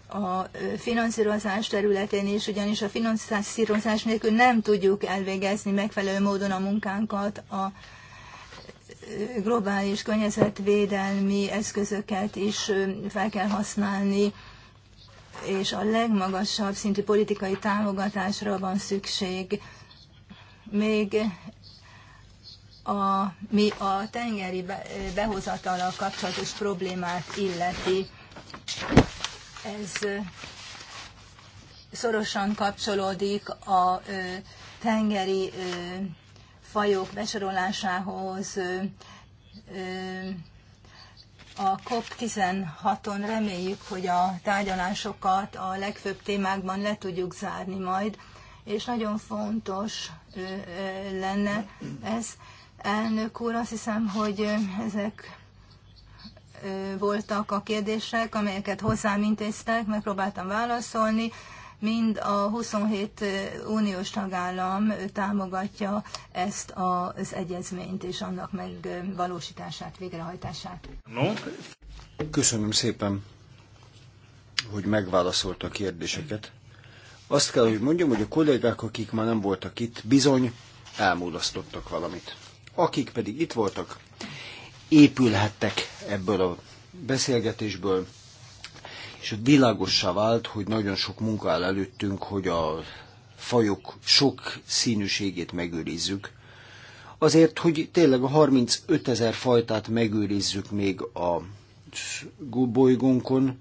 a finanszírozás területén is, ugyanis a finanszírozás nélkül nem tudjuk elvégezni megfelelő módon a munkánkat, a globális környezetvédelmi eszközöket is fel kell használni, és a legmagasabb szintű politikai támogatásra van szükség. Még a, mi a tengeri behozatala kapcsolatos problémát illeti. Ez szorosan kapcsolódik a tengeri fajok besorolásához. A COP16-on reméljük, hogy a tárgyalásokat a legfőbb témákban le tudjuk zárni majd, és nagyon fontos lenne ez, Elnök úr, azt hiszem, hogy ezek voltak a kérdések, amelyeket hozzám intéztek, megpróbáltam válaszolni. Mind a 27 uniós tagállam támogatja ezt az egyezményt és annak megvalósítását, végrehajtását. Köszönöm szépen, hogy megválaszolta a kérdéseket. Azt kell, hogy mondjam, hogy a kollégák, akik már nem voltak itt, bizony elmulasztottak valamit akik pedig itt voltak, épülhettek ebből a beszélgetésből, és világossá vált, hogy nagyon sok munka áll előttünk, hogy a fajok sok színűségét megőrizzük. Azért, hogy tényleg a 35 ezer fajtát megőrizzük még a bolygónkon,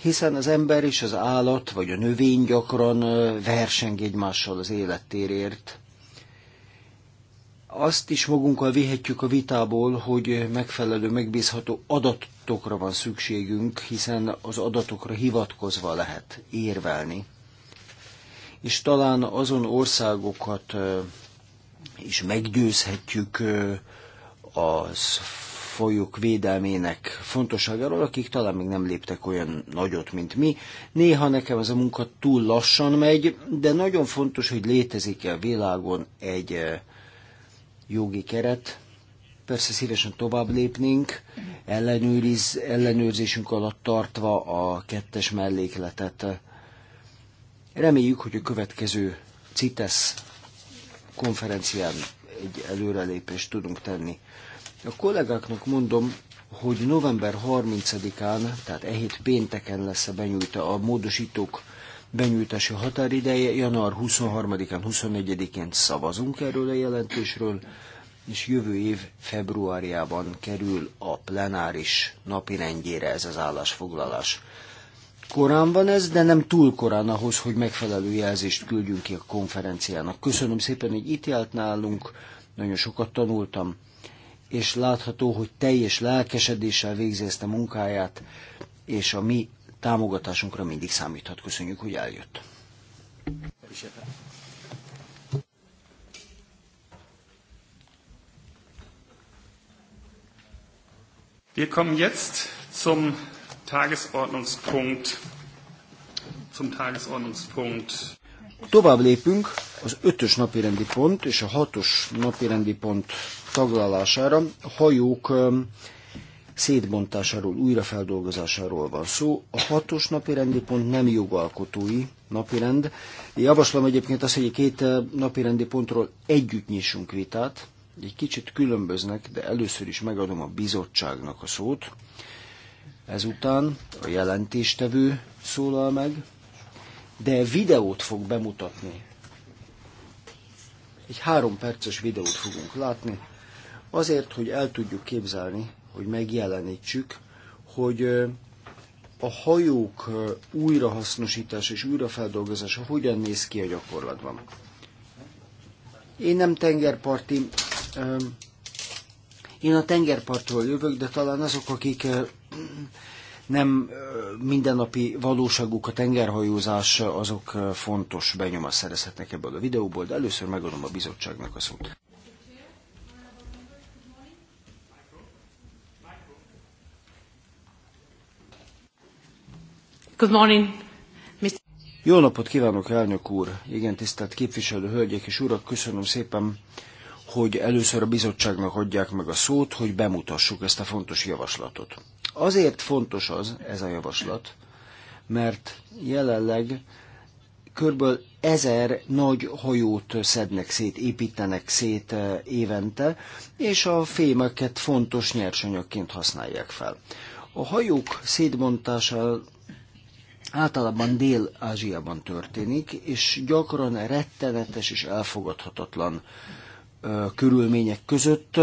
hiszen az ember és az állat, vagy a növény gyakran verseng egymással az élettérért, azt is magunkkal vihetjük a vitából, hogy megfelelő, megbízható adatokra van szükségünk, hiszen az adatokra hivatkozva lehet érvelni. És talán azon országokat is meggyőzhetjük az folyók védelmének fontosságáról, akik talán még nem léptek olyan nagyot, mint mi. Néha nekem ez a munka túl lassan megy, de nagyon fontos, hogy létezik-e a világon egy jogi keret. Persze szívesen tovább lépnénk, ellenőriz, ellenőrzésünk alatt tartva a kettes mellékletet. Reméljük, hogy a következő CITES konferencián egy előrelépést tudunk tenni. A kollégáknak mondom, hogy november 30-án, tehát e hét pénteken lesz a benyújta a módosítók benyújtási határideje. Január 23-án, 24-én szavazunk erről a jelentésről, és jövő év februárjában kerül a plenáris napirendjére ez az állásfoglalás. Korán van ez, de nem túl korán ahhoz, hogy megfelelő jelzést küldjünk ki a konferenciának. Köszönöm szépen, hogy itt járt nálunk, nagyon sokat tanultam, és látható, hogy teljes lelkesedéssel végzi ezt a munkáját, és a mi támogatásunkra mindig számíthat. Köszönjük, hogy eljött. Wir kommen jetzt zum Tagesordnungspunkt. Zum Tagesordnungspunkt. Tovább lépünk az ötös napirendi pont és a hatos napirendi pont taglalására. A hajók szétbontásáról, újrafeldolgozásáról van szó. A hatos napi rendi pont nem jogalkotói napirend. Javaslom egyébként azt, hogy a két eh, napi rendi pontról együtt nyissunk vitát. Egy kicsit különböznek, de először is megadom a bizottságnak a szót. Ezután a jelentéstevő szólal meg, de videót fog bemutatni. Egy három perces videót fogunk látni, azért, hogy el tudjuk képzelni, hogy megjelenítsük, hogy a hajók újrahasznosítása és újrafeldolgozása hogyan néz ki a gyakorlatban. Én nem tengerparti, én a tengerpartról jövök, de talán azok, akik nem mindennapi valóságuk a tengerhajózás, azok fontos benyomást szerezhetnek ebből a videóból, de először megadom a bizottságnak a szót. Good morning. Mr. Jó napot kívánok, elnök úr! Igen, tisztelt képviselő hölgyek és urak, köszönöm szépen, hogy először a bizottságnak adják meg a szót, hogy bemutassuk ezt a fontos javaslatot. Azért fontos az, ez a javaslat, mert jelenleg körből ezer nagy hajót szednek szét, építenek szét eh, évente, és a fémeket fontos nyersanyagként használják fel. A hajók szétbontása általában Dél-Ázsiában történik, és gyakran rettenetes és elfogadhatatlan körülmények között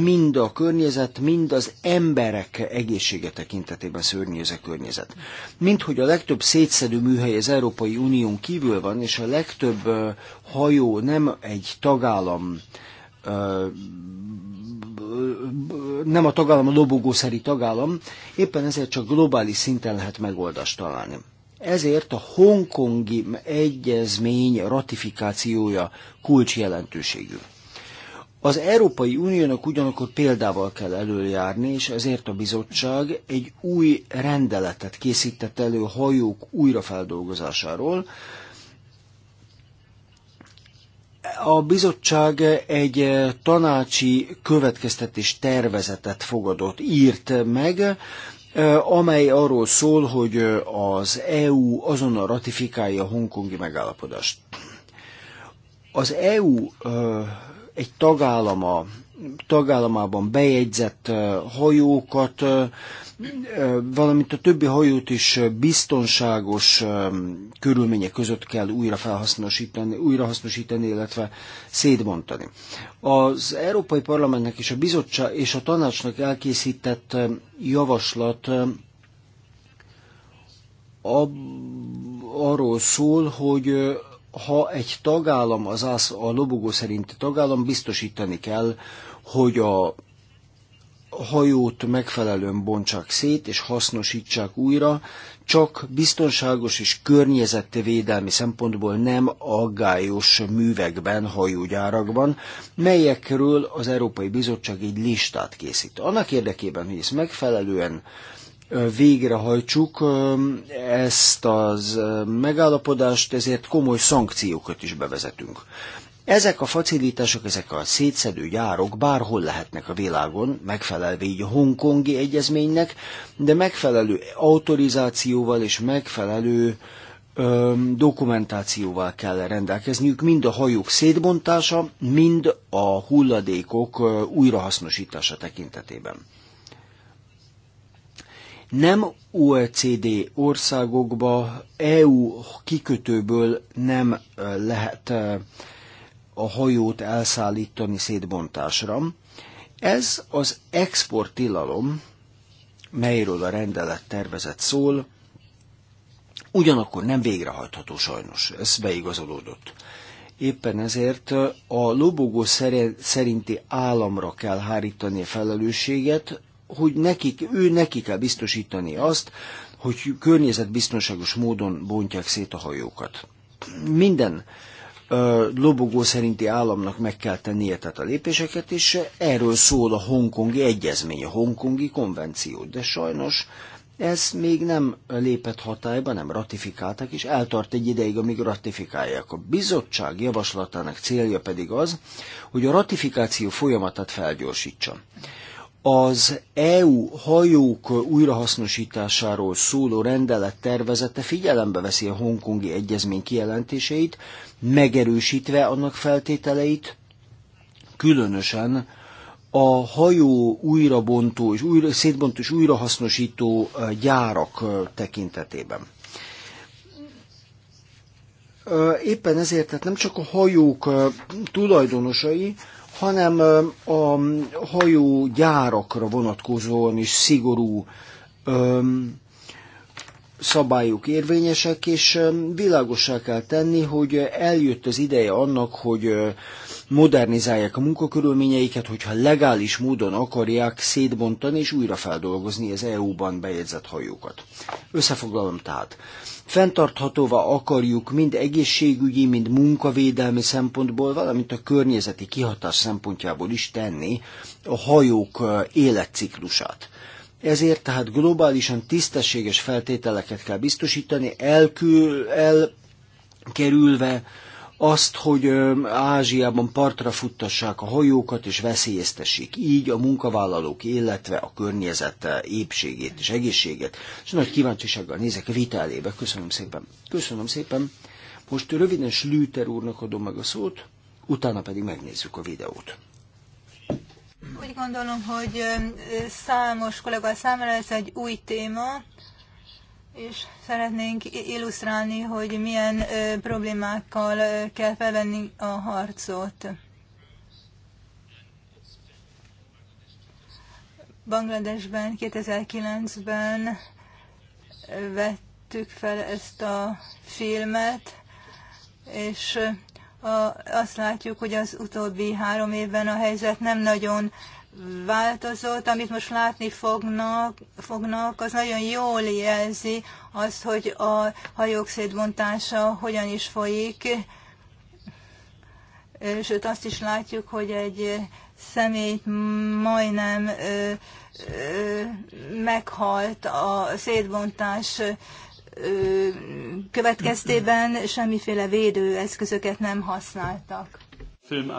mind a környezet, mind az emberek egészsége tekintetében szörnyű ez a környezet. Mint hogy a legtöbb szétszedő műhely az Európai Unión kívül van, és a legtöbb hajó nem egy tagállam nem a tagállam a lobogószerű tagállam, éppen ezért csak globális szinten lehet megoldást találni. Ezért a hongkongi egyezmény ratifikációja kulcsjelentőségű. Az Európai Uniónak ugyanakkor példával kell előjárni, és ezért a bizottság egy új rendeletet készített elő hajók újrafeldolgozásáról, a bizottság egy eh, tanácsi következtetés tervezetet fogadott, írt meg, eh, amely arról szól, hogy eh, az EU azonnal ratifikálja a hongkongi megállapodást. Az EU egy tagállama tagállamában bejegyzett hajókat, valamint a többi hajót is biztonságos körülmények között kell újra felhasznosítani, újrahasznosítani, illetve szétbontani. Az Európai Parlamentnek és a bizottság és a tanácsnak elkészített javaslat arról szól, hogy ha egy tagállam, az ász, a lobogó szerinti tagállam biztosítani kell, hogy a hajót megfelelően bontsák szét és hasznosítsák újra, csak biztonságos és környezetvédelmi szempontból nem aggályos művekben, hajógyárakban, melyekről az Európai Bizottság egy listát készít. Annak érdekében, hogy ezt megfelelően végrehajtsuk ezt az megállapodást, ezért komoly szankciókat is bevezetünk. Ezek a facilitások, ezek a szétszedő gyárok bárhol lehetnek a világon, megfelelve így a hongkongi egyezménynek, de megfelelő autorizációval és megfelelő ö, dokumentációval kell rendelkezniük, mind a hajók szétbontása, mind a hulladékok ö, újrahasznosítása tekintetében. Nem OECD országokba EU kikötőből nem lehet a hajót elszállítani szétbontásra. Ez az exporttilalom, melyről a rendelet tervezett szól, ugyanakkor nem végrehajtható sajnos, ez beigazolódott. Éppen ezért a lobogó szerinti államra kell hárítani a felelősséget, hogy nekik, ő neki kell biztosítani azt, hogy környezetbiztonságos módon bontják szét a hajókat. Minden lobogó szerinti államnak meg kell tennie tehát a lépéseket, és erről szól a hongkongi egyezmény, a hongkongi konvenció. De sajnos ez még nem lépett hatályba, nem ratifikálták, és eltart egy ideig, amíg ratifikálják. A bizottság javaslatának célja pedig az, hogy a ratifikáció folyamatát felgyorsítsa az EU hajók újrahasznosításáról szóló rendelet tervezete figyelembe veszi a hongkongi egyezmény kijelentéseit, megerősítve annak feltételeit, különösen a hajó újrabontó és újra, szétbontó és újrahasznosító gyárak tekintetében. Éppen ezért tehát nem csak a hajók tulajdonosai, hanem a hajógyárakra vonatkozóan is szigorú öm, szabályok érvényesek, és világosá kell tenni, hogy eljött az ideje annak, hogy modernizálják a munkakörülményeiket, hogyha legális módon akarják szétbontani és újrafeldolgozni az EU-ban bejegyzett hajókat. Összefoglalom tehát. Fentarthatóvá akarjuk mind egészségügyi, mind munkavédelmi szempontból, valamint a környezeti kihatás szempontjából is tenni a hajók életciklusát. Ezért tehát globálisan tisztességes feltételeket kell biztosítani, elkül, elkerülve azt, hogy Ázsiában partra futtassák a hajókat és veszélyeztessék így a munkavállalók, illetve a környezet épségét és egészséget. És nagy kíváncsisággal nézek vita elébe. Köszönöm szépen. Köszönöm szépen. Most röviden Slüter úrnak adom meg a szót, utána pedig megnézzük a videót. Úgy gondolom, hogy számos kollega számára ez egy új téma, és szeretnénk illusztrálni, hogy milyen problémákkal kell felvenni a harcot. Bangladesben 2009-ben vettük fel ezt a filmet, és a, azt látjuk, hogy az utóbbi három évben a helyzet nem nagyon változott, amit most látni fognak, fognak az nagyon jól jelzi azt, hogy a hajók szétbontása hogyan is folyik, sőt azt is látjuk, hogy egy személyt majdnem ö, ö, meghalt a szétbontás következtében semmiféle védőeszközöket nem használtak. Film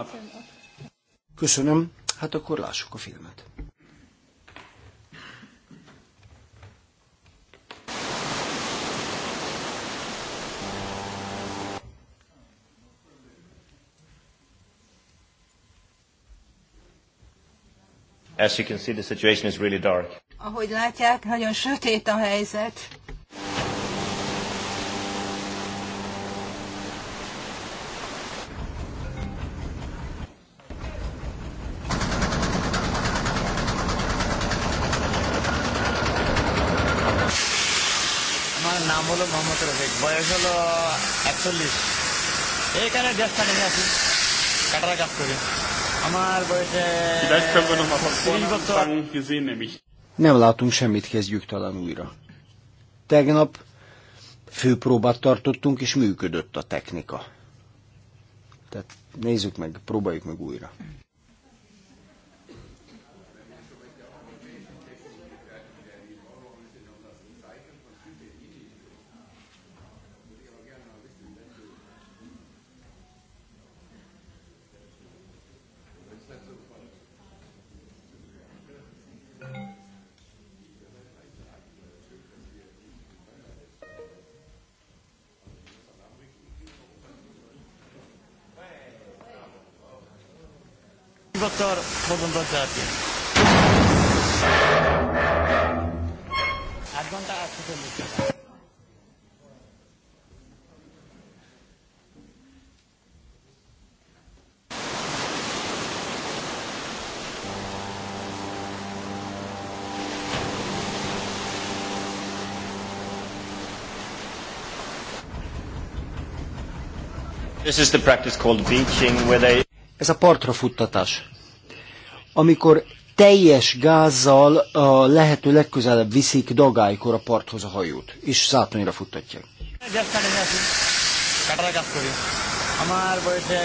Köszönöm. Hát akkor lássuk a filmet. As you can see, the situation is really dark. Ahogy látják, nagyon sötét a helyzet. সামুদ্রিক বয়স হলো একচল্লিশ এখানে নেমে আছি কাটারা কাজ করি আমার বয়সে Nem látunk semmit, kezdjük talán újra. Tegnap főpróbát tartottunk, és működött a technika. Tehát nézzük meg, próbáljuk meg újra. Doktor, voltam hát hát todos This is the practice called beaching, where they... Ez a partra futtatás amikor teljes gázzal a lehető legközelebb viszik dagálykor a parthoz a hajót, és szátonyra futtatják. আমার বয়সে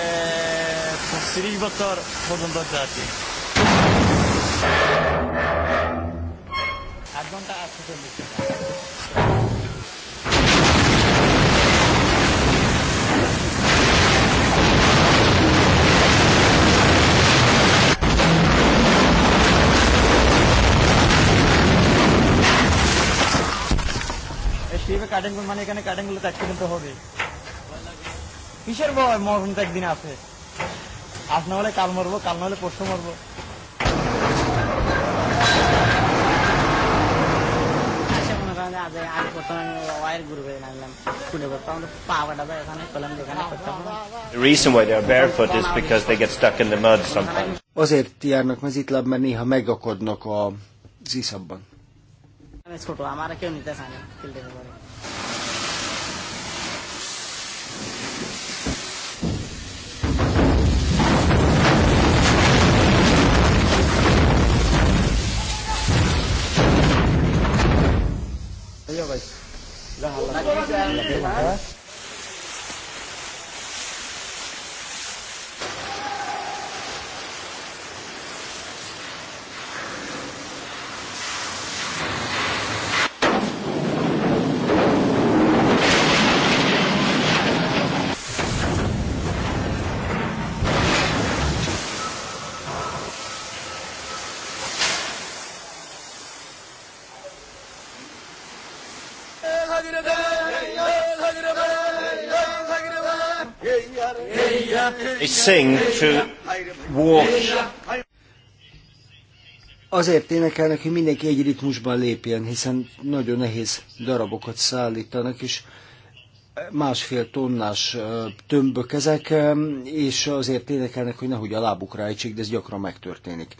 শিবে কাটিংগুলো মানে এখানে কাটিংগুলো চারটে কিন্তু হবে কিসের ভয় মরণ তো একদিন আছে আজ না হলে কাল মরবো কাল না হলে পরশু মরবো The reason why they are barefoot is because they get stuck in the mud sometimes. Azért járnak mezitláb, mert néha megakadnak a ziszabban. Ez fotó, már a kell, hogy vagy? sing to walk. Azért énekelnek, hogy mindenki egy ritmusban lépjen, hiszen nagyon nehéz darabokat szállítanak, és másfél tonnás tömbök ezek, és azért énekelnek, hogy nehogy a lábukra ejtsék, de ez gyakran megtörténik.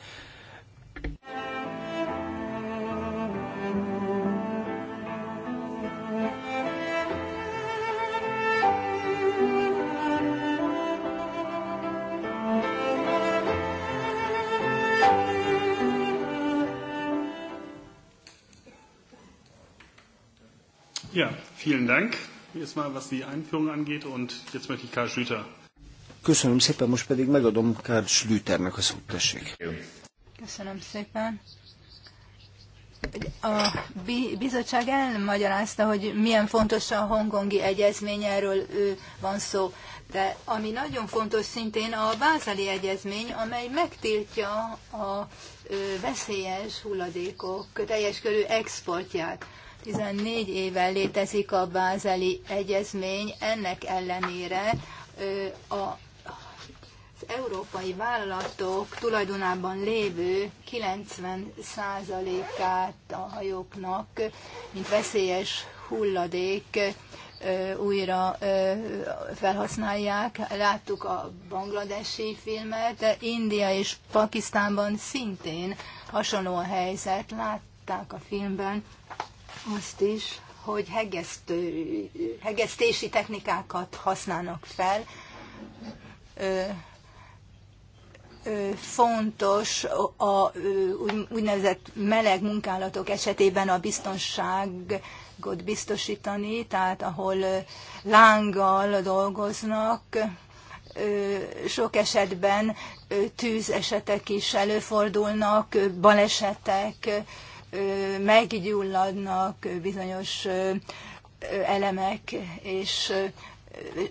Ja, vielen Dank. Erstmal, was die Einführung angeht, und jetzt möchte ich Karl Schlüter. Köszönöm szépen, most pedig megadom Karl Schlüternek a szót, tessék. Köszönöm szépen. A bizottság elmagyarázta, hogy milyen fontos a hongkongi egyezmény, erről van szó. De ami nagyon fontos szintén a bázali egyezmény, amely megtiltja a veszélyes hulladékok teljes körű exportját. 14 éve létezik a bázeli egyezmény, ennek ellenére a az európai vállalatok tulajdonában lévő 90%-át a hajóknak, mint veszélyes hulladék újra felhasználják. Láttuk a bangladesi filmet, de India és Pakisztánban szintén hasonló a helyzet. Látták a filmben, azt is, hogy hegesztő, hegesztési technikákat használnak fel. Ö, ö, fontos a ö, úgynevezett meleg munkálatok esetében a biztonságot biztosítani, tehát ahol lánggal dolgoznak, sok esetben tűz esetek is előfordulnak, balesetek, meggyulladnak bizonyos elemek, és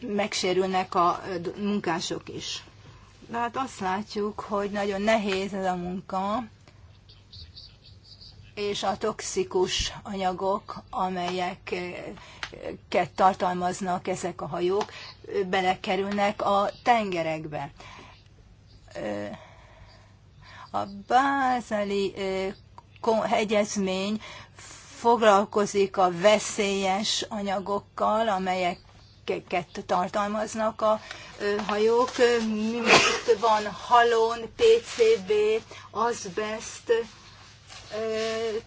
megsérülnek a munkások is. De hát azt látjuk, hogy nagyon nehéz ez a munka, és a toxikus anyagok, amelyeket tartalmaznak ezek a hajók, belekerülnek a tengerekbe. A bázeli egyezmény foglalkozik a veszélyes anyagokkal, amelyeket tartalmaznak a hajók. Itt van halon, PCB, azbest,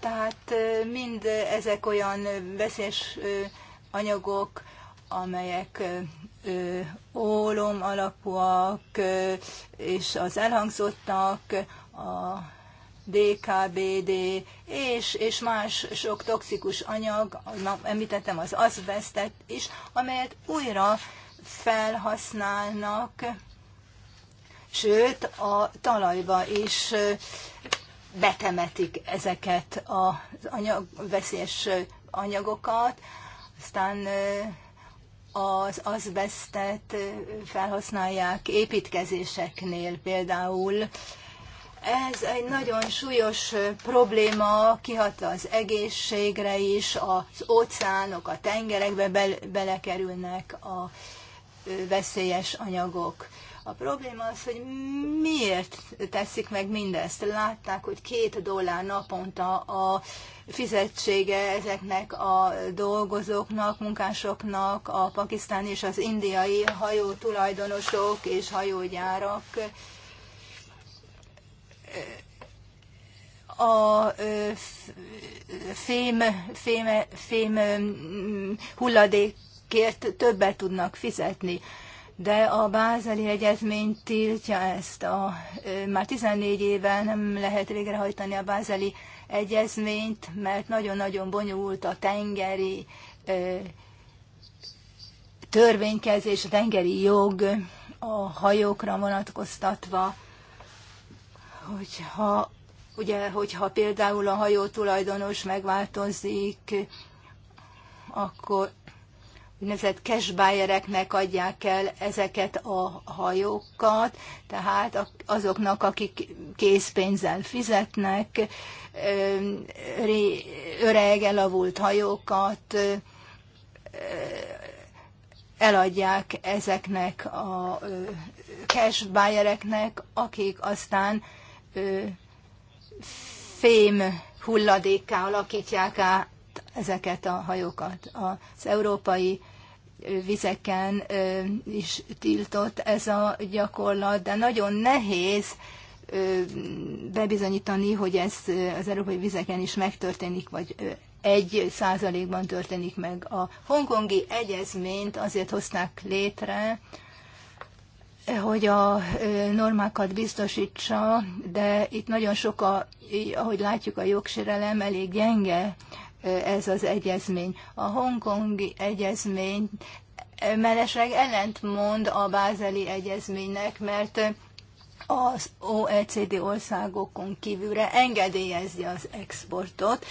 tehát mind ezek olyan veszélyes anyagok, amelyek ólom alapúak, és az elhangzottak, a DKBD és, és más sok toxikus anyag, említettem az azbestet is, amelyet újra felhasználnak, sőt a talajba is betemetik ezeket az anyag, veszélyes anyagokat, aztán az azbestet felhasználják építkezéseknél például, ez egy nagyon súlyos probléma, kihat az egészségre is, az óceánok, a tengerekbe be- belekerülnek a veszélyes anyagok. A probléma az, hogy miért teszik meg mindezt. Látták, hogy két dollár naponta a fizetsége ezeknek a dolgozóknak, munkásoknak, a pakisztáni és az indiai hajó tulajdonosok és hajógyárak a fém, fém, fém mm, hulladékért többet tudnak fizetni. De a bázeli egyezmény tiltja ezt. A, már 14 éve nem lehet végrehajtani a bázeli egyezményt, mert nagyon-nagyon bonyolult a tengeri törvénykezés, a tengeri jog a hajókra vonatkoztatva hogyha, ugye, hogyha például a hajó tulajdonos megváltozik, akkor úgynevezett cashbuyereknek adják el ezeket a hajókat, tehát azoknak, akik készpénzzel fizetnek, öreg, elavult hajókat eladják ezeknek a cashbuyereknek, akik aztán fém hulladékká alakítják át ezeket a hajókat. Az európai vizeken is tiltott ez a gyakorlat, de nagyon nehéz bebizonyítani, hogy ez az európai vizeken is megtörténik, vagy egy százalékban történik meg. A hongkongi egyezményt azért hozták létre, hogy a normákat biztosítsa, de itt nagyon sok, a, ahogy látjuk, a jogsérelem elég gyenge ez az egyezmény. A hongkongi egyezmény mellesleg ellentmond a bázeli egyezménynek, mert az OECD országokon kívülre engedélyezi az exportot.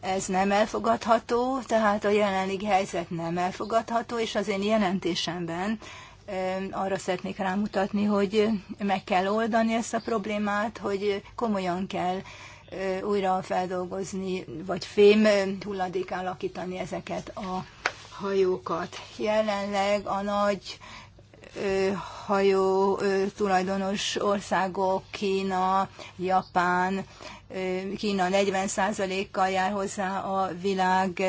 Ez nem elfogadható, tehát a jelenlegi helyzet nem elfogadható, és az én jelentésemben arra szeretnék rámutatni, hogy meg kell oldani ezt a problémát, hogy komolyan kell újra feldolgozni, vagy fém hulladék alakítani ezeket a hajókat. Jelenleg a nagy hajó tulajdonos országok, Kína, Japán, Kína 40%-kal jár hozzá a világ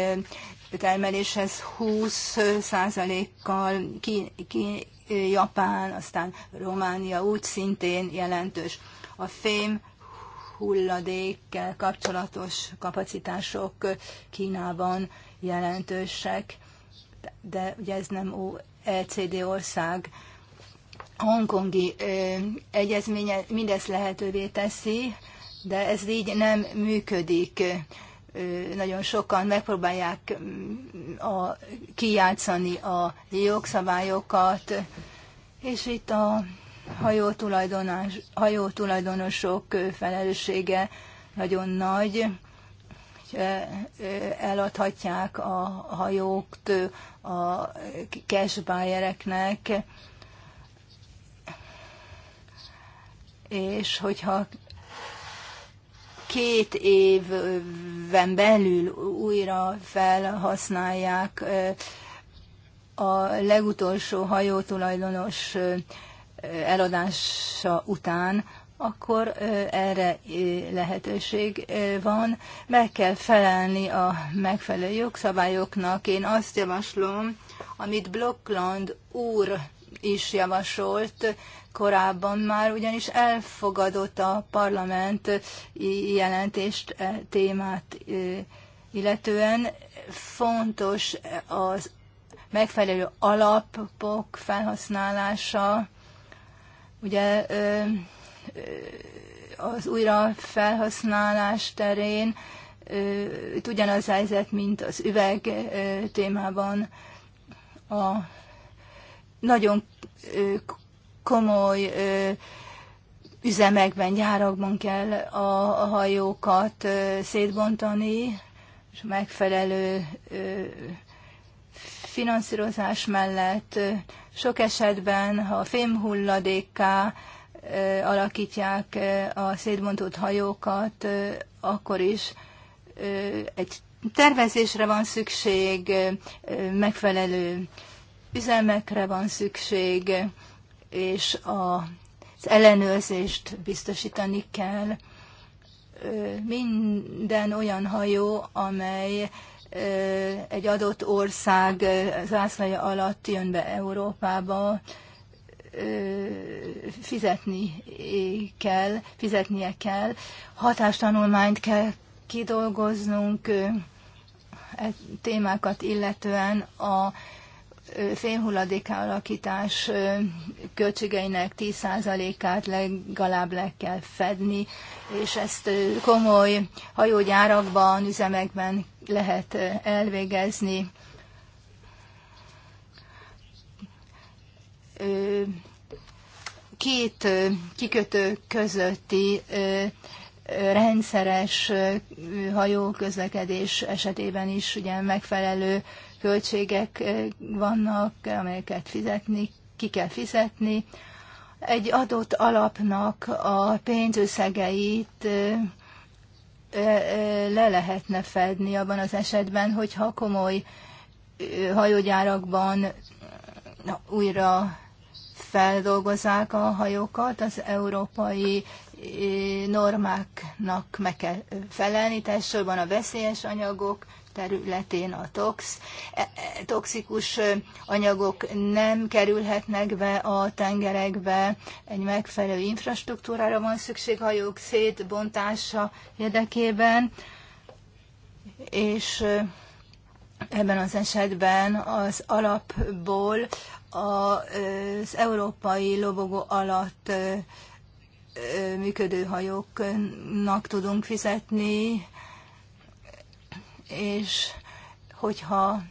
termeléshez 20 százalékkal ki, ki, Japán, aztán Románia úgy szintén jelentős. A fém hulladékkel kapcsolatos kapacitások Kínában jelentősek, de ugye ez nem OECD ország. Hongkongi ö, egyezménye mindezt lehetővé teszi, de ez így nem működik nagyon sokan megpróbálják mm, a, kijátszani a jogszabályokat, és itt a hajótulajdonosok felelőssége nagyon nagy, eladhatják a hajókt a cash és hogyha két évben belül újra felhasználják a legutolsó hajótulajdonos eladása után, akkor erre lehetőség van. Meg kell felelni a megfelelő jogszabályoknak. Én azt javaslom, amit Blockland úr is javasolt, korábban már ugyanis elfogadott a parlament jelentést e, témát e, illetően. Fontos az megfelelő alapok felhasználása, ugye az újra felhasználás terén, itt ugyanaz helyzet, mint az üveg témában. A nagyon komoly üzemekben, gyárakban kell a, a hajókat szétbontani, és megfelelő finanszírozás mellett sok esetben, ha fémhulladékká alakítják a szétbontott hajókat, akkor is egy tervezésre van szükség, megfelelő üzemekre van szükség, és az ellenőrzést biztosítani kell. Minden olyan hajó, amely egy adott ország zászlaja alatt jön be Európába, fizetni kell, fizetnie kell, hatástanulmányt kell kidolgoznunk e témákat illetően a fémhulladék alakítás költségeinek 10%-át legalább le kell fedni, és ezt komoly hajógyárakban, üzemekben lehet elvégezni. Két kikötő közötti rendszeres hajóközlekedés esetében is ugye megfelelő költségek eh, vannak, amelyeket fizetni, ki kell fizetni. Egy adott alapnak a pénzösszegeit eh, eh, le lehetne fedni abban az esetben, hogyha komoly hajógyárakban újra feldolgozzák a hajókat, az európai normáknak meg kell felelni, tehát a veszélyes anyagok területén a tox, e, e, toxikus anyagok nem kerülhetnek be a tengerekbe, egy megfelelő infrastruktúrára van szükség hajók szétbontása érdekében, és ebben az esetben az alapból az európai lobogó alatt működő hajóknak tudunk fizetni, és hogyha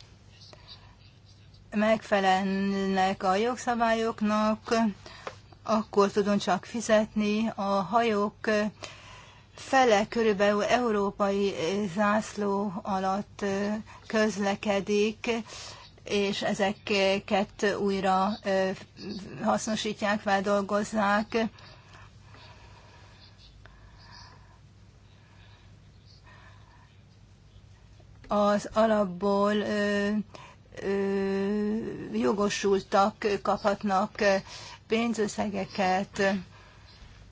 megfelelnek a jogszabályoknak, akkor tudunk csak fizetni. A hajók fele körülbelül európai zászló alatt közlekedik, és ezeket újra hasznosítják, feldolgozzák. az alapból jogosultak kaphatnak pénzösszegeket.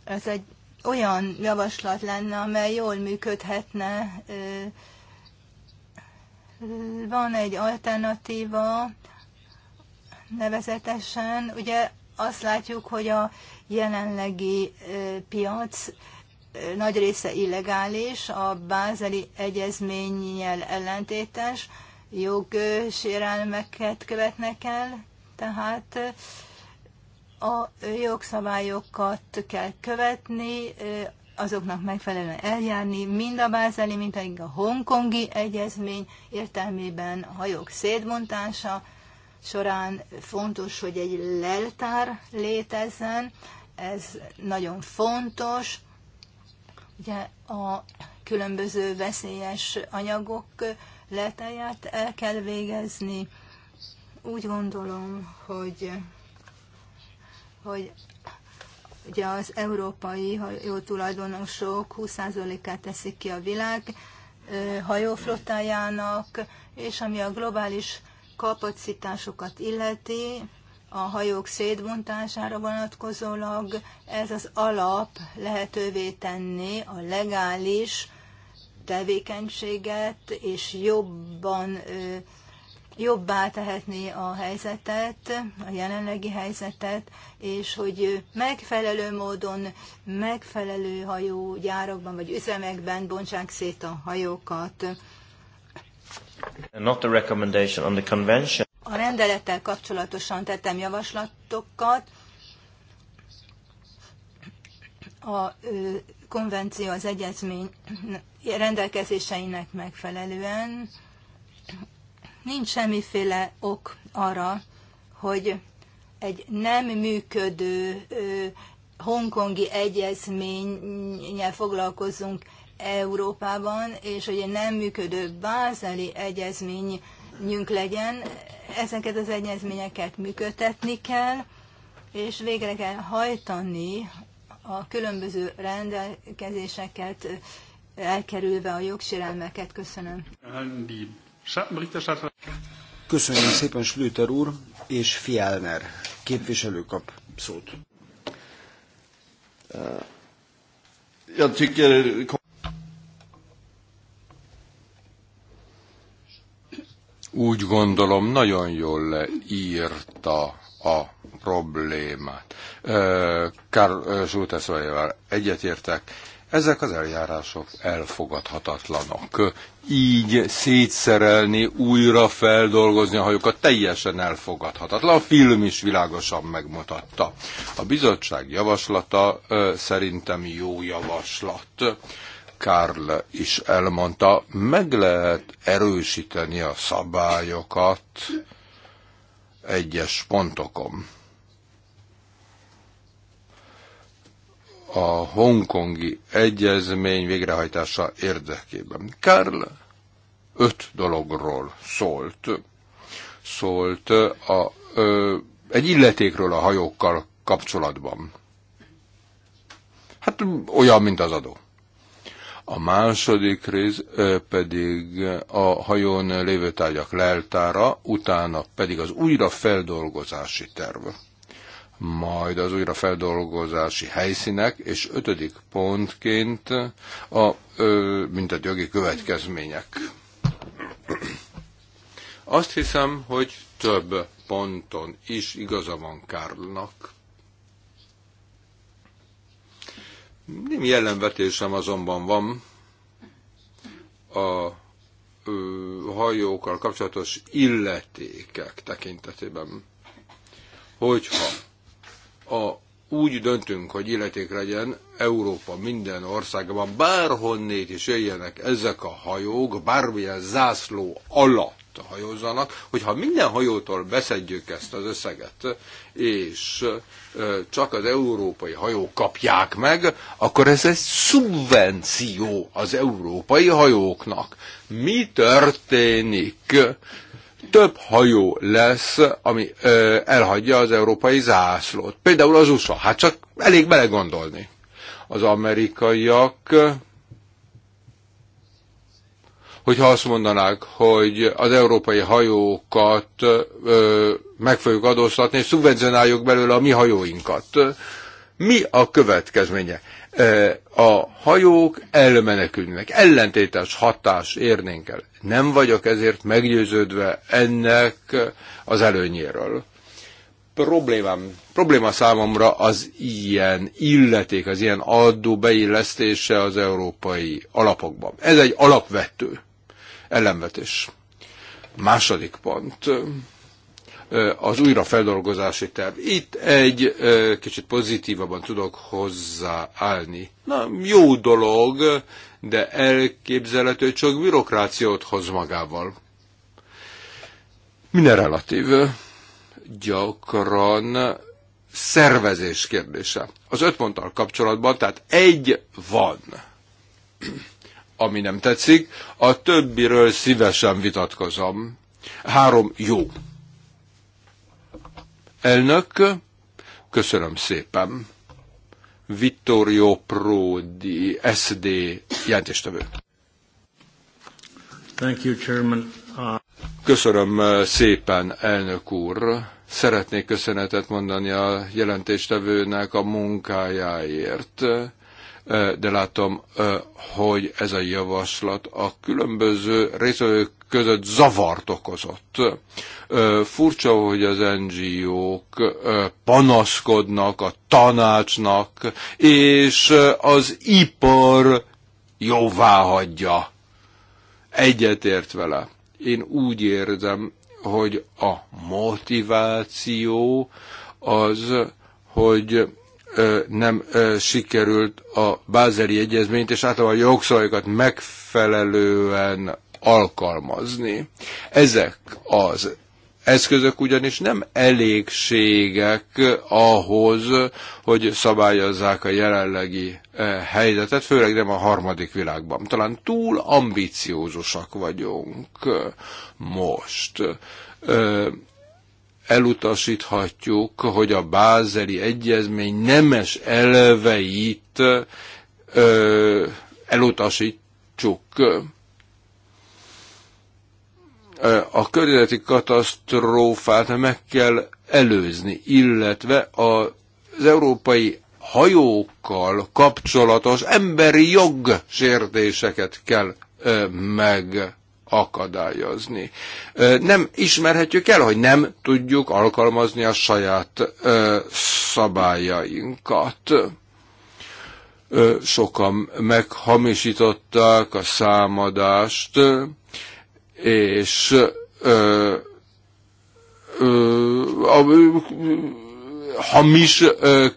Ez egy olyan javaslat lenne, amely jól működhetne. Van egy alternatíva, nevezetesen, ugye azt látjuk, hogy a jelenlegi piac nagy része illegális, a bázeli egyezménnyel ellentétes, jogsérelmeket követnek el, tehát a jogszabályokat kell követni, azoknak megfelelően eljárni, mind a bázeli, mint pedig a hongkongi egyezmény értelmében a hajók szétbontása során fontos, hogy egy leltár létezzen, ez nagyon fontos, Ugye a különböző veszélyes anyagok letelját el kell végezni. Úgy gondolom, hogy, hogy ugye az európai hajótulajdonosok 20%-át teszik ki a világ hajóflottájának, és ami a globális kapacitásokat illeti, a hajók szétbontására vonatkozólag ez az alap lehetővé tenni a legális tevékenységet, és jobban jobbá tehetni a helyzetet, a jelenlegi helyzetet, és hogy megfelelő módon, megfelelő hajógyárakban vagy üzemekben bontsák szét a hajókat. Not the recommendation on the convention. A rendelettel kapcsolatosan tettem javaslatokat. A konvenció az egyezmény rendelkezéseinek megfelelően nincs semmiféle ok arra, hogy egy nem működő hongkongi egyezménnyel foglalkozunk Európában, és hogy egy nem működő bázeli egyezmény egyezményünk legyen, ezeket az egyezményeket működtetni kell, és végre kell hajtani a különböző rendelkezéseket, elkerülve a jogsérelmeket. Köszönöm. Köszönöm szépen Slüter úr és Fielner képviselő kap szót. Jag tycker úgy gondolom nagyon jól leírta a problémát. Karl Schulteszoljeval egyetértek, ezek az eljárások elfogadhatatlanok. Így szétszerelni, újra feldolgozni a hajókat teljesen elfogadhatatlan. A film is világosan megmutatta. A bizottság javaslata szerintem jó javaslat. Karl is elmondta, meg lehet erősíteni a szabályokat egyes pontokon. a hongkongi egyezmény végrehajtása érdekében. Karl öt dologról szólt. Szólt a, ö, egy illetékről a hajókkal kapcsolatban. Hát olyan, mint az adó. A második rész pedig a hajón lévő tárgyak leltára, utána pedig az újrafeldolgozási terv majd az újrafeldolgozási helyszínek, és ötödik pontként a a jogi következmények. Azt hiszem, hogy több ponton is igaza van Kárlnak. Némi jellemvetésem azonban van a hajókkal kapcsolatos illetékek tekintetében. Hogyha a, úgy döntünk, hogy illeték legyen, Európa minden országban, bárhonnét is éljenek ezek a hajók, bármilyen zászló alatt, hajózzanak, hogyha minden hajótól beszedjük ezt az összeget, és csak az európai hajók kapják meg, akkor ez egy szubvenció az európai hajóknak. Mi történik? Több hajó lesz, ami elhagyja az európai zászlót. Például az USA. Hát csak elég belegondolni. Az amerikaiak hogyha azt mondanák, hogy az európai hajókat ö, meg fogjuk adóztatni, és szubvencionáljuk belőle a mi hajóinkat. Mi a következménye? A hajók elmenekülnek, ellentétes hatás érnénk el. Nem vagyok ezért meggyőződve ennek az előnyéről problémám, probléma számomra az ilyen illeték, az ilyen adó beillesztése az európai alapokban. Ez egy alapvető ellenvetés. Második pont az újrafeldolgozási terv. Itt egy kicsit pozitívabban tudok hozzáállni. Na, jó dolog, de elképzelhető, hogy csak bürokrációt hoz magával. Minden relatív. Gyakran szervezés kérdése. Az öt ponttal kapcsolatban, tehát egy van ami nem tetszik, a többiről szívesen vitatkozom. Három jó. Elnök, köszönöm szépen. Vittorio Prodi, SD jelentéstevő. Thank you, Chairman. Uh, köszönöm uh, szépen, elnök úr. Szeretnék köszönetet mondani a jelentéstevőnek a munkájáért de látom, hogy ez a javaslat a különböző részvevők között zavart okozott. Furcsa, hogy az NGO-k panaszkodnak a tanácsnak, és az ipar jóvá hagyja. Egyetért vele. Én úgy érzem, hogy a motiváció az, hogy nem sikerült a bázeli egyezményt és általában a jogszabályokat megfelelően alkalmazni. Ezek az eszközök ugyanis nem elégségek ahhoz, hogy szabályozzák a jelenlegi helyzetet, főleg nem a harmadik világban. Talán túl ambiciózusak vagyunk most elutasíthatjuk, hogy a bázeli egyezmény nemes elveit ö, elutasítsuk. A környezeti katasztrófát meg kell előzni, illetve az európai hajókkal kapcsolatos emberi jogsértéseket kell meg akadályozni. Nem ismerhetjük el, hogy nem tudjuk alkalmazni a saját szabályainkat. Sokan meghamisították a számadást, és a, hamis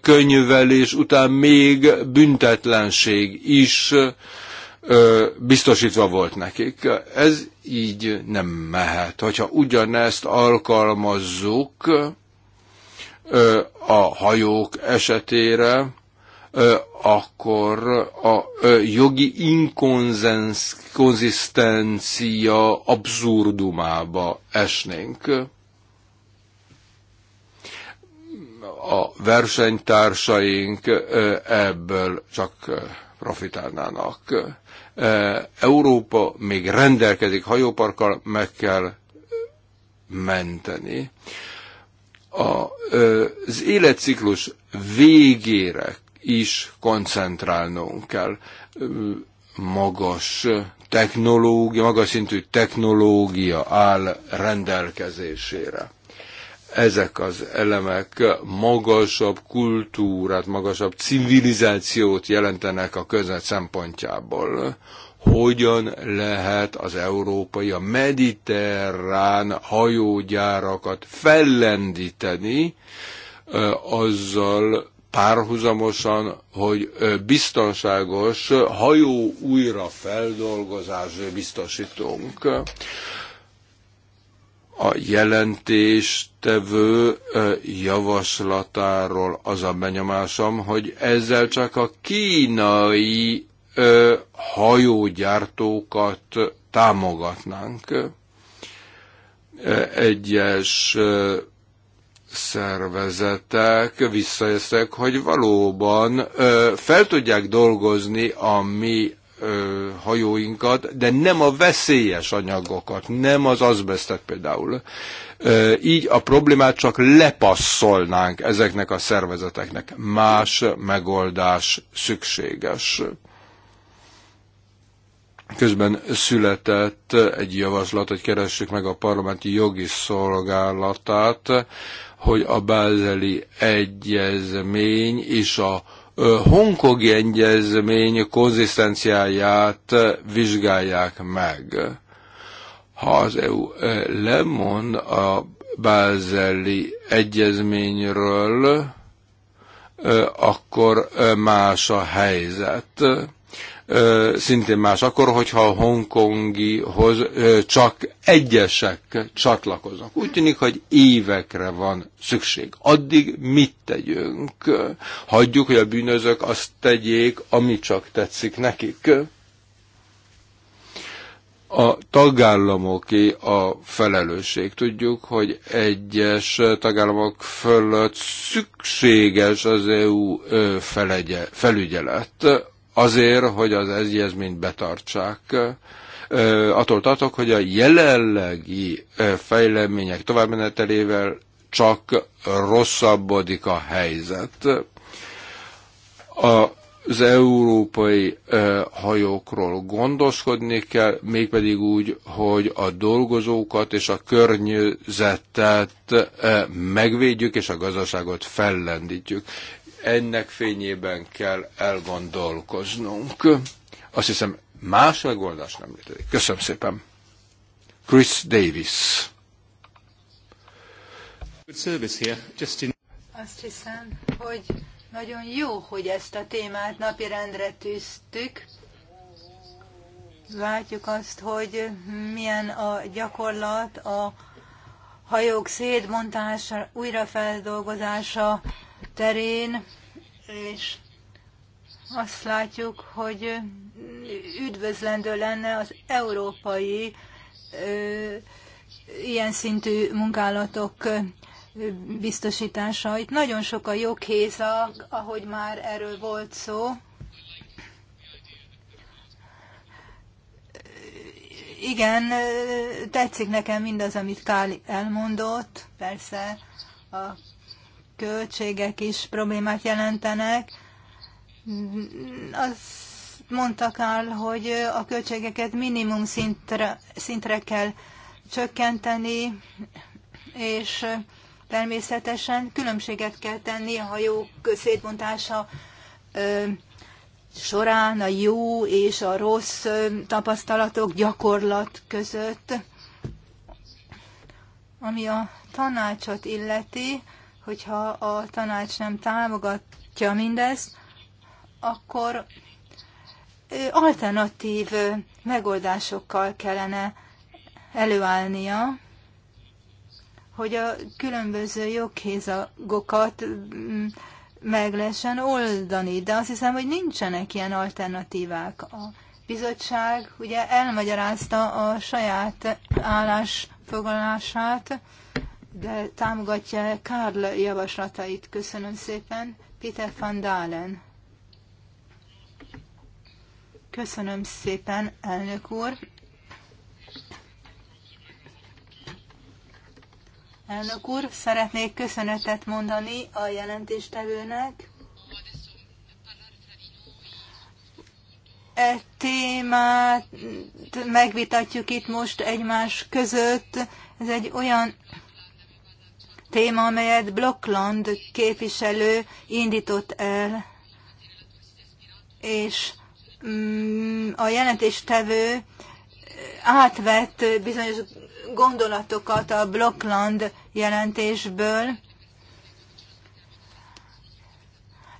könyvelés után még büntetlenség is biztosítva volt nekik. Ez így nem mehet. Hogyha ugyanezt alkalmazzuk a hajók esetére, akkor a jogi inkonzisztencia abszurdumába esnénk. A versenytársaink ebből csak profitálnának Európa még rendelkezik hajóparkkal, meg kell menteni. A Az életciklus végére is koncentrálnunk kell. Magas technológia, magas szintű technológia áll rendelkezésére ezek az elemek magasabb kultúrát, magasabb civilizációt jelentenek a közvet szempontjából. Hogyan lehet az európai, a mediterrán hajógyárakat fellendíteni azzal párhuzamosan, hogy biztonságos hajó újra feldolgozás biztosítunk a jelentéstevő javaslatáról az a benyomásom, hogy ezzel csak a kínai hajógyártókat támogatnánk. Egyes szervezetek visszajöttek, hogy valóban fel tudják dolgozni a mi hajóinkat, de nem a veszélyes anyagokat, nem az azbesztet például. Így a problémát csak lepasszolnánk ezeknek a szervezeteknek. Más megoldás szükséges. Közben született egy javaslat, hogy keressük meg a parlamenti jogi szolgálatát, hogy a bázeli egyezmény és a hongkogi egyezmény konzisztenciáját vizsgálják meg. Ha az EU lemond a bázeli egyezményről, akkor más a helyzet szintén más akkor, hogyha a hongkongihoz csak egyesek csatlakoznak. Úgy tűnik, hogy évekre van szükség. Addig mit tegyünk? Hagyjuk, hogy a bűnözők azt tegyék, ami csak tetszik nekik. A tagállamoké a felelősség. Tudjuk, hogy egyes tagállamok fölött szükséges az EU felügyelet azért, hogy az egyezményt betartsák. Attól tartok, hogy a jelenlegi fejlemények továbbmenetelével csak rosszabbodik a helyzet. A az európai hajókról gondoskodni kell, mégpedig úgy, hogy a dolgozókat és a környezetet megvédjük, és a gazdaságot fellendítjük. Ennek fényében kell elgondolkoznunk. Azt hiszem, más megoldás nem létezik. Köszönöm szépen. Chris Davis. Azt hiszem, hogy nagyon jó, hogy ezt a témát napirendre tűztük. Látjuk azt, hogy milyen a gyakorlat, a hajók szétbontása, újrafeldolgozása, terén, és azt látjuk, hogy üdvözlendő lenne az európai ö, ilyen szintű munkálatok biztosítása. Itt nagyon sok a joghézag, ahogy már erről volt szó. Igen, tetszik nekem mindaz, amit Káli elmondott, persze a költségek is problémát jelentenek. Azt mondtak el, hogy a költségeket minimum szintre, szintre kell csökkenteni, és természetesen különbséget kell tenni a hajók szétbontása során a jó és a rossz tapasztalatok gyakorlat között. Ami a tanácsot illeti, hogyha a tanács nem támogatja mindezt, akkor alternatív megoldásokkal kellene előállnia, hogy a különböző joghézagokat meg lehessen oldani, de azt hiszem, hogy nincsenek ilyen alternatívák. A bizottság ugye elmagyarázta a saját állásfoglalását, de támogatja Karl javaslatait. Köszönöm szépen. Peter van Dalen. Köszönöm szépen, elnök úr. Elnök úr, szeretnék köszönetet mondani a jelentéstevőnek. E témát megvitatjuk itt most egymás között. Ez egy olyan téma, amelyet Blockland képviselő indított el, és mm, a jelentéstevő átvett bizonyos gondolatokat a Blockland jelentésből.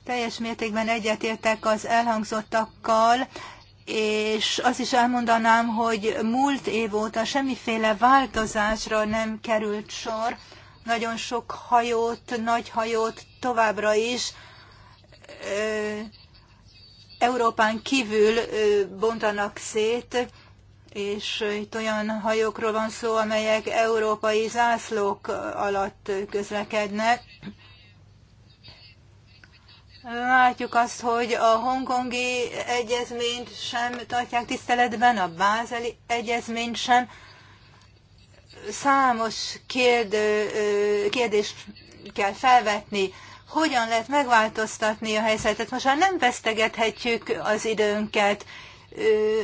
Teljes mértékben egyetértek az elhangzottakkal, és azt is elmondanám, hogy múlt év óta semmiféle változásra nem került sor nagyon sok hajót, nagy hajót továbbra is Európán kívül bontanak szét, és itt olyan hajókról van szó, amelyek európai zászlók alatt közlekednek. Látjuk azt, hogy a hongkongi egyezményt sem tartják tiszteletben, a bázeli egyezményt sem számos kérdő, kérdést kell felvetni, hogyan lehet megváltoztatni a helyzetet. Most már nem vesztegethetjük az időnket.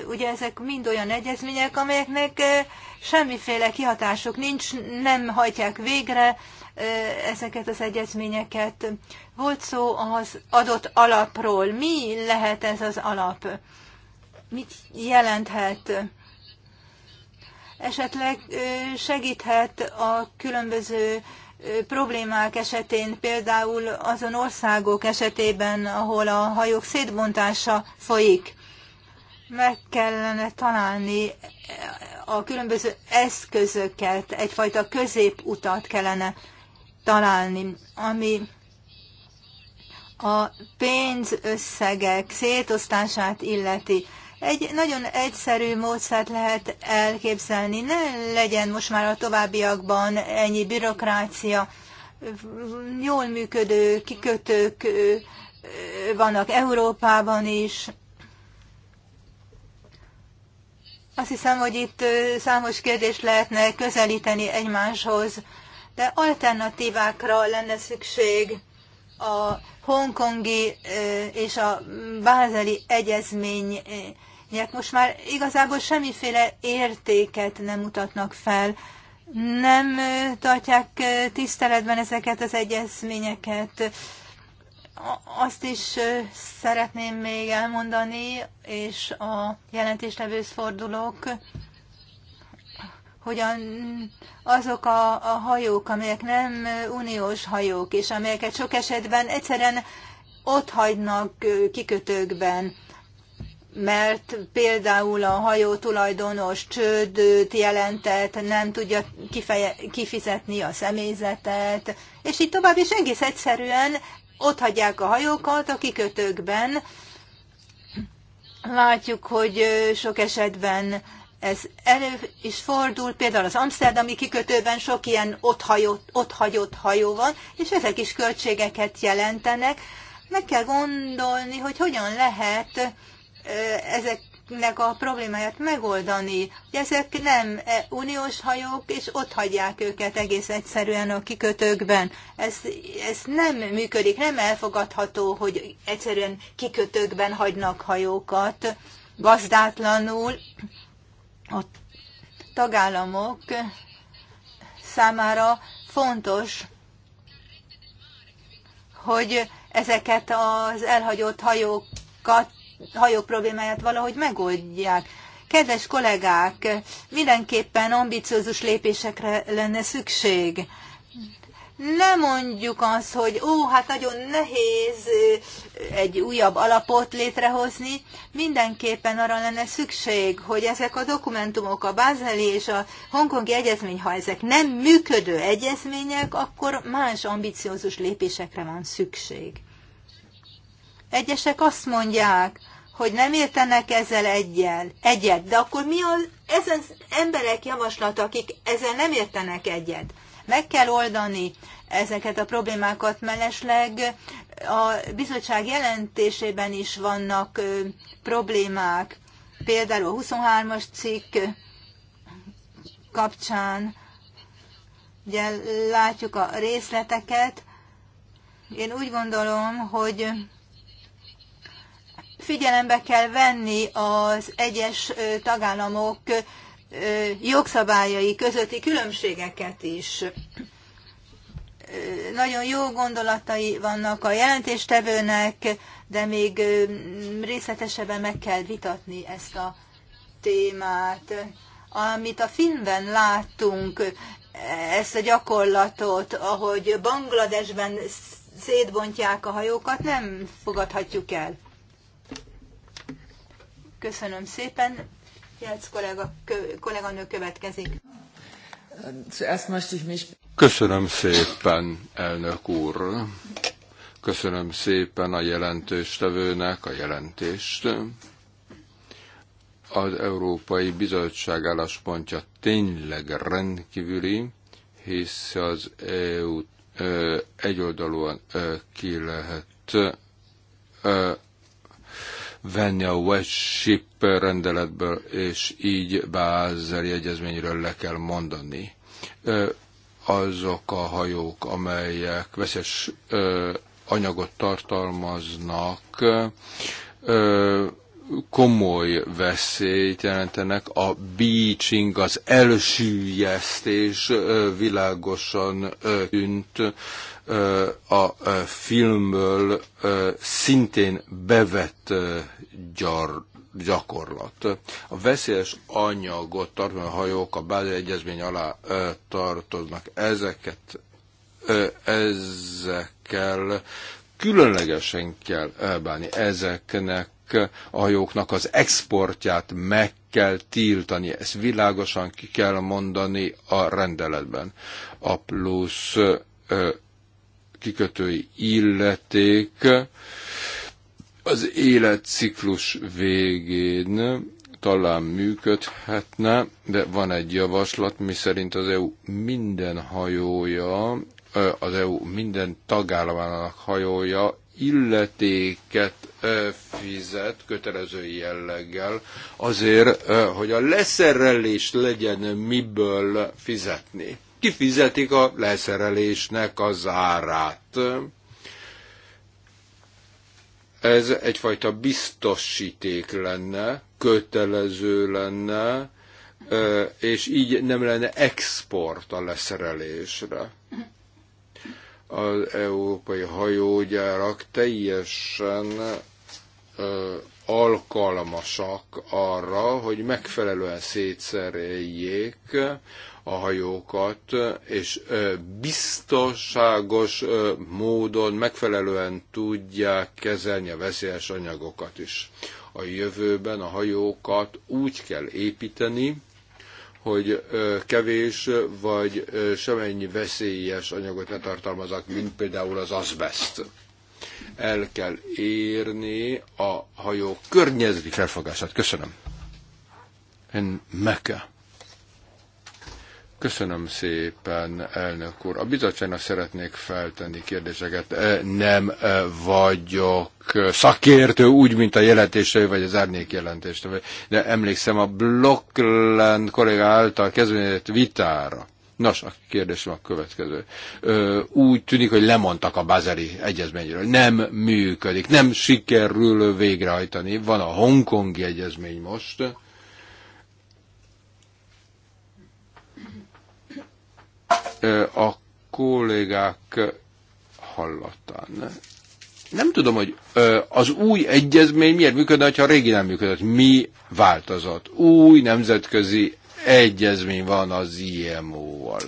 Ugye ezek mind olyan egyezmények, amelyeknek semmiféle kihatásuk nincs, nem hajtják végre ezeket az egyezményeket. Volt szó az adott alapról. Mi lehet ez az alap? Mit jelenthet? esetleg segíthet a különböző problémák esetén, például azon országok esetében, ahol a hajók szétbontása folyik. Meg kellene találni a különböző eszközöket, egyfajta középutat kellene találni, ami a pénzösszegek szétosztását illeti. Egy nagyon egyszerű módszert lehet elképzelni. Ne legyen most már a továbbiakban ennyi bürokrácia, jól működő kikötők vannak Európában is. Azt hiszem, hogy itt számos kérdést lehetne közelíteni egymáshoz, de alternatívákra lenne szükség a hongkongi és a bázeli egyezmény most már igazából semmiféle értéket nem mutatnak fel, nem tartják tiszteletben ezeket az egyezményeket. Azt is szeretném még elmondani, és a jelentéstevőhöz fordulók, hogy azok a, a hajók, amelyek nem uniós hajók, és amelyeket sok esetben egyszerűen ott hagynak kikötőkben, mert például a hajó tulajdonos csődőt jelentett, nem tudja kifeje, kifizetni a személyzetet, és így tovább, és egész egyszerűen ott hagyják a hajókat a kikötőkben. Látjuk, hogy sok esetben ez elő is fordul, például az amsterdami kikötőben sok ilyen ott hagyott hajó van, és ezek is költségeket jelentenek. Meg kell gondolni, hogy hogyan lehet ezeknek a problémáját megoldani. Ugye ezek nem uniós hajók, és ott hagyják őket egész egyszerűen a kikötőkben. Ez, ez nem működik, nem elfogadható, hogy egyszerűen kikötőkben hagynak hajókat gazdátlanul. A tagállamok számára fontos, hogy ezeket az elhagyott hajókat hajók problémáját valahogy megoldják. Kedves kollégák, mindenképpen ambiciózus lépésekre lenne szükség. Ne mondjuk azt, hogy ó, hát nagyon nehéz egy újabb alapot létrehozni. Mindenképpen arra lenne szükség, hogy ezek a dokumentumok, a bázeli és a hongkongi egyezmény, ha ezek nem működő egyezmények, akkor más ambiciózus lépésekre van szükség. Egyesek azt mondják, hogy nem értenek ezzel egyel, egyet, de akkor mi az ezen emberek javaslata, akik ezzel nem értenek egyet? Meg kell oldani ezeket a problémákat mellesleg. A bizottság jelentésében is vannak ö, problémák, például a 23-as cikk kapcsán, ugye látjuk a részleteket. Én úgy gondolom, hogy figyelembe kell venni az egyes tagállamok jogszabályai közötti különbségeket is. Nagyon jó gondolatai vannak a jelentéstevőnek, de még részletesebben meg kell vitatni ezt a témát. Amit a filmben láttunk, ezt a gyakorlatot, ahogy Bangladesben szétbontják a hajókat, nem fogadhatjuk el. Köszönöm szépen. Jelc kollega, kö, kolléganő következik. Köszönöm szépen, elnök úr. Köszönöm szépen a jelentőstevőnek a jelentést. Az Európai Bizottság álláspontja tényleg rendkívüli, hisz az eu egyoldalúan ki lehet venni a Ship rendeletből, és így bázeli egyezményről le kell mondani. Azok a hajók, amelyek veszes anyagot tartalmaznak, komoly veszélyt jelentenek. A beaching, az elsüllyesztés világosan tűnt a filmből szintén bevett gyar, gyakorlat. A veszélyes anyagot tartalmazó hajók a Bázi Egyezmény alá tartoznak. Ezeket, ezekkel különlegesen kell elbánni. Ezeknek a hajóknak az exportját meg kell tiltani, ezt világosan ki kell mondani a rendeletben. A plusz kikötői illeték az életciklus végén talán működhetne, de van egy javaslat, mi szerint az EU minden hajója, az EU minden tagállamának hajója illetéket fizet kötelező jelleggel azért, hogy a leszerelést legyen miből fizetni kifizetik a leszerelésnek az árát. Ez egyfajta biztosíték lenne, kötelező lenne, és így nem lenne export a leszerelésre. Az európai hajógyárak teljesen alkalmasak arra, hogy megfelelően szétszereljék a hajókat, és biztonságos módon megfelelően tudják kezelni a veszélyes anyagokat is. A jövőben a hajókat úgy kell építeni, hogy kevés vagy semennyi veszélyes anyagot ne tartalmazak, mint például az azbest. El kell érni a hajó környezeti felfogását. Köszönöm. En meke. Köszönöm szépen, elnök úr. A bizottságnak szeretnék feltenni kérdéseket. E, nem e, vagyok szakértő, úgy, mint a jelentésre, vagy az árnyék jelentésre. de emlékszem a Blockland kollega által kezdődött vitára. Nos, a kérdésem a következő. úgy tűnik, hogy lemondtak a bazeli egyezményről. Nem működik, nem sikerül végrehajtani. Van a hongkongi egyezmény most a kollégák hallatán. Nem tudom, hogy az új egyezmény miért működne, ha a régi nem működött. Mi változott? Új nemzetközi egyezmény van az IMO-val.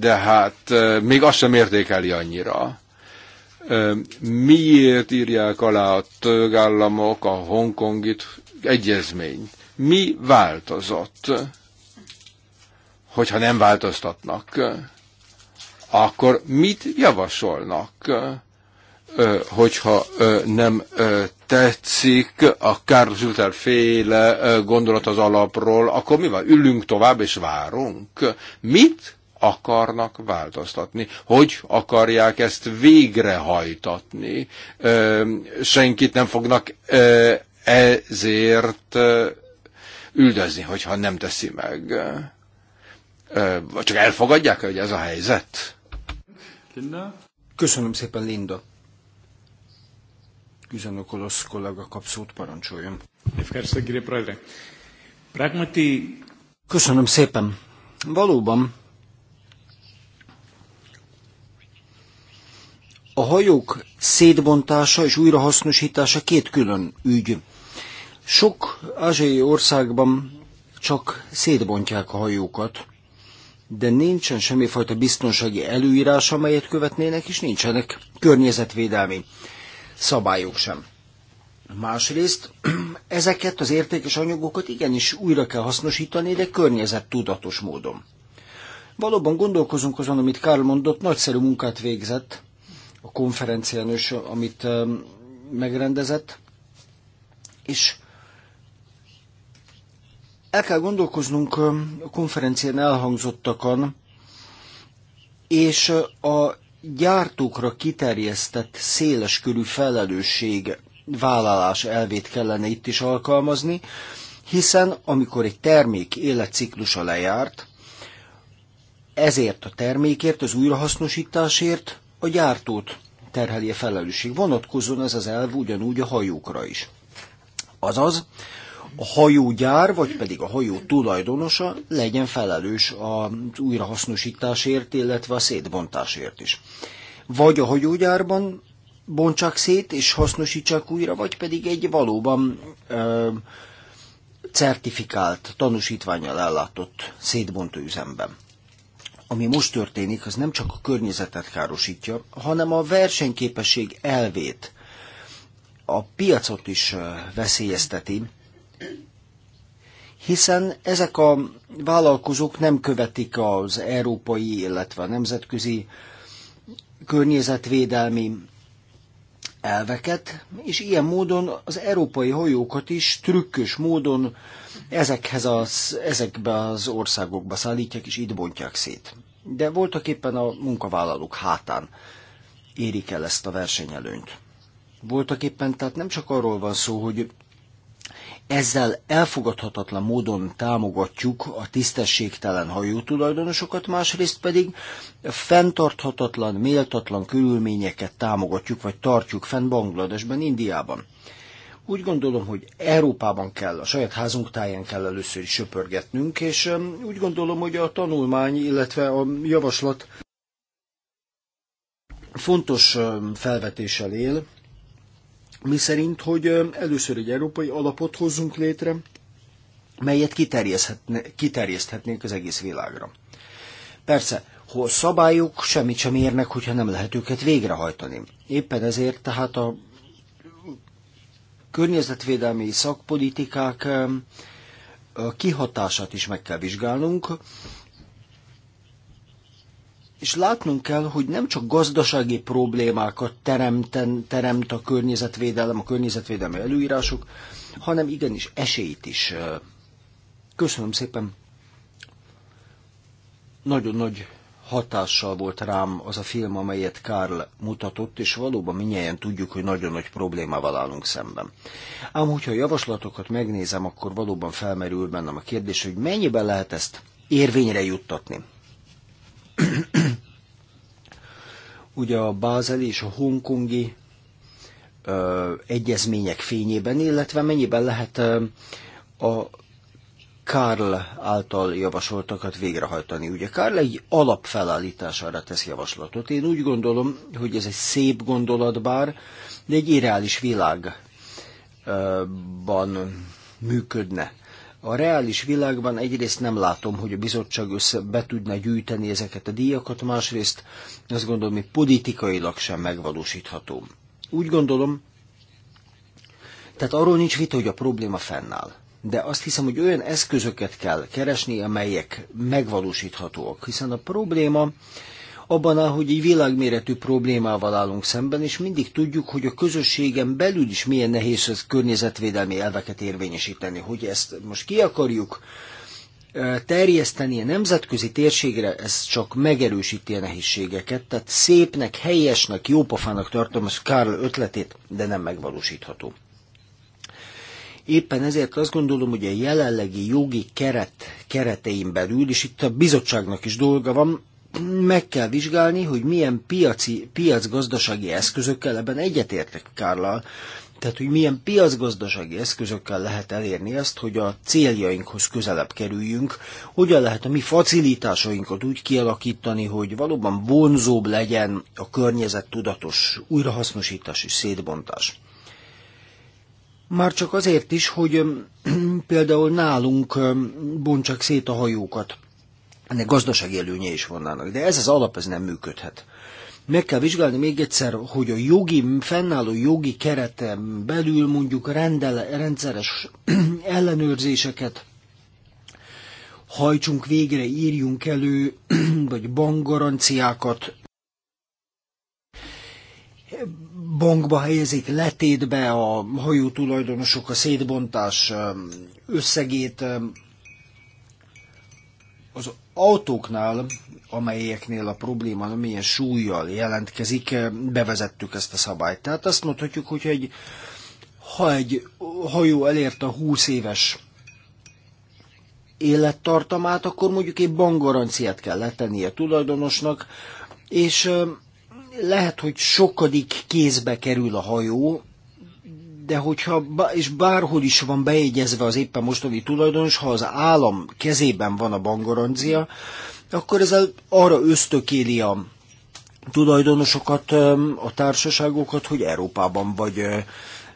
De hát még azt sem értékeli annyira miért írják alá a tögállamok a hongkongi egyezményt. Mi változott? hogyha nem változtatnak, akkor mit javasolnak? hogyha nem tetszik a Karl Luther féle gondolat az alapról, akkor mi van? Ülünk tovább és várunk. Mit akarnak változtatni? Hogy akarják ezt végrehajtatni? Senkit nem fognak ezért üldözni, hogyha nem teszi meg vagy csak elfogadják, hogy ez a helyzet? Linda? Köszönöm szépen, Linda. Üzenő Kolosz kollega kap szót, parancsoljon. Köszönöm szépen. Valóban a hajók szétbontása és újrahasznosítása két külön ügy. Sok ázsiai országban csak szétbontják a hajókat, de nincsen semmifajta biztonsági előírás, amelyet követnének, és nincsenek környezetvédelmi szabályok sem. Másrészt ezeket az értékes anyagokat igenis újra kell hasznosítani, de környezettudatos módon. Valóban gondolkozunk azon, amit Karl mondott, nagyszerű munkát végzett a konferencián is, amit megrendezett, és el kell gondolkoznunk a konferencián elhangzottakon, és a gyártókra kiterjesztett széleskörű felelősség vállalás elvét kellene itt is alkalmazni, hiszen amikor egy termék életciklusa lejárt, ezért a termékért, az újrahasznosításért a gyártót terheli a felelősség. Vonatkozzon ez az elv ugyanúgy a hajókra is. Azaz, a hajógyár, vagy pedig a hajó tulajdonosa legyen felelős az újrahasznosításért, illetve a szétbontásért is. Vagy a hajógyárban bontsák szét és hasznosítsák újra, vagy pedig egy valóban ö, certifikált, tanúsítványjal ellátott szétbontó üzemben. Ami most történik, az nem csak a környezetet károsítja, hanem a versenyképesség elvét, a piacot is veszélyezteti, hiszen ezek a vállalkozók nem követik az európai, illetve a nemzetközi környezetvédelmi elveket, és ilyen módon az európai hajókat is trükkös módon ezekhez az, ezekbe az országokba szállítják, és itt bontják szét. De voltak éppen a munkavállalók hátán érik el ezt a versenyelőnyt. Voltak éppen, tehát nem csak arról van szó, hogy ezzel elfogadhatatlan módon támogatjuk a tisztességtelen hajótulajdonosokat, másrészt pedig fenntarthatatlan, méltatlan körülményeket támogatjuk, vagy tartjuk fenn Bangladesben, Indiában. Úgy gondolom, hogy Európában kell, a saját házunk táján kell először is söpörgetnünk, és úgy gondolom, hogy a tanulmány, illetve a javaslat fontos felvetéssel él, mi szerint, hogy először egy európai alapot hozzunk létre, melyet kiterjeszthetnénk az egész világra. Persze, hol szabályok semmit sem érnek, hogyha nem lehet őket végrehajtani. Éppen ezért tehát a környezetvédelmi szakpolitikák kihatását is meg kell vizsgálnunk, és látnunk kell, hogy nem csak gazdasági problémákat teremten, teremt a környezetvédelem, a környezetvédelmi előírások, hanem igenis esélyt is. Köszönöm szépen. Nagyon nagy hatással volt rám az a film, amelyet Karl mutatott, és valóban minnyáján tudjuk, hogy nagyon nagy problémával állunk szemben. Ám hogyha a javaslatokat megnézem, akkor valóban felmerül bennem a kérdés, hogy mennyiben lehet ezt érvényre juttatni. Ugye a bázeli és a hongkongi ö, egyezmények fényében, illetve mennyiben lehet ö, a Karl által javasoltakat végrehajtani. Ugye Karl egy alapfelállítására tesz javaslatot. Én úgy gondolom, hogy ez egy szép gondolat bár, de egy irreális világban működne a reális világban egyrészt nem látom, hogy a bizottság össze be tudna gyűjteni ezeket a díjakat, másrészt azt gondolom, hogy politikailag sem megvalósítható. Úgy gondolom, tehát arról nincs vita, hogy a probléma fennáll. De azt hiszem, hogy olyan eszközöket kell keresni, amelyek megvalósíthatóak, hiszen a probléma abban áll, hogy egy világméretű problémával állunk szemben, és mindig tudjuk, hogy a közösségen belül is milyen nehéz az környezetvédelmi elveket érvényesíteni. Hogy ezt most ki akarjuk terjeszteni a nemzetközi térségre, ez csak megerősíti a nehézségeket. Tehát szépnek, helyesnek, jópofának tartom az Karl ötletét, de nem megvalósítható. Éppen ezért azt gondolom, hogy a jelenlegi jogi keret keretein belül, és itt a bizottságnak is dolga van, meg kell vizsgálni, hogy milyen piaci, piacgazdasági eszközökkel, ebben egyetértek Kárlal, tehát hogy milyen piacgazdasági eszközökkel lehet elérni ezt, hogy a céljainkhoz közelebb kerüljünk, hogyan lehet a mi facilitásainkat úgy kialakítani, hogy valóban vonzóbb legyen a környezet tudatos újrahasznosítási szétbontás. Már csak azért is, hogy például nálunk bontsák szét a hajókat ennek gazdasági előnye is vannának. De ez az alap, ez nem működhet. Meg kell vizsgálni még egyszer, hogy a jogi, fennálló jogi kereten belül mondjuk rendele, rendszeres ellenőrzéseket hajtsunk végre, írjunk elő, vagy bankgaranciákat, bankba helyezik letétbe a hajó tulajdonosok a szétbontás összegét, az autóknál, amelyeknél a probléma milyen súlyjal jelentkezik, eh, bevezettük ezt a szabályt. Tehát azt mondhatjuk, hogy egy, ha egy hajó elérte a 20 éves élettartamát, akkor mondjuk egy bankgaranciát kell letennie tulajdonosnak, és eh, lehet, hogy sokadik kézbe kerül a hajó, de hogyha, és bárhol is van bejegyezve az éppen mostani tulajdonos, ha az állam kezében van a bankgarancia, akkor ez arra ösztökéli a tulajdonosokat, a társaságokat, hogy Európában vagy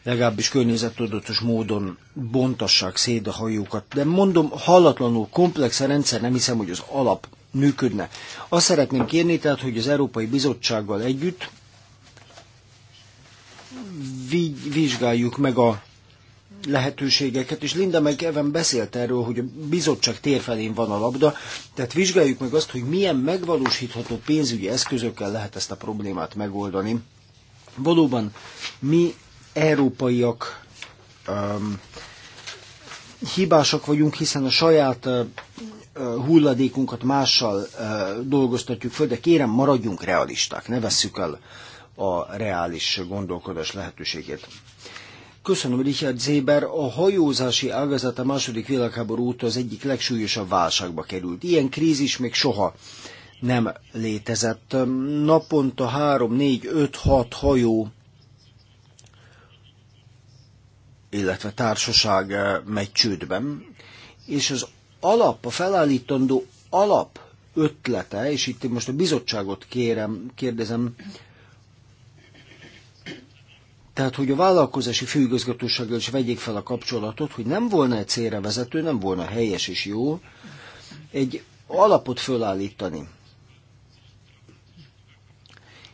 legalábbis környezetudatos módon bontassák szét a hajókat. De mondom, hallatlanul komplex a rendszer, nem hiszem, hogy az alap működne. Azt szeretném kérni, tehát, hogy az Európai Bizottsággal együtt vizsgáljuk meg a lehetőségeket, és Linda meg Evan beszélt erről, hogy a bizottság térfelén van a labda, tehát vizsgáljuk meg azt, hogy milyen megvalósítható pénzügyi eszközökkel lehet ezt a problémát megoldani. Valóban mi európaiak um, hibásak vagyunk, hiszen a saját uh, uh hulladékunkat mással uh, dolgoztatjuk föl, de kérem, maradjunk realisták, ne vesszük el a reális gondolkodás lehetőségét. Köszönöm, Richard Zéber. A hajózási ágazat a második világháború óta az egyik legsúlyosabb válságba került. Ilyen krízis még soha nem létezett. Naponta 3, 4, 5, 6 hajó, illetve társaság eh, megy csődben, és az alap, a felállítandó alap ötlete, és itt most a bizottságot kérem, kérdezem, tehát hogy a vállalkozási főigazgatósággal is vegyék fel a kapcsolatot, hogy nem volna egy célra vezető, nem volna helyes és jó egy alapot fölállítani.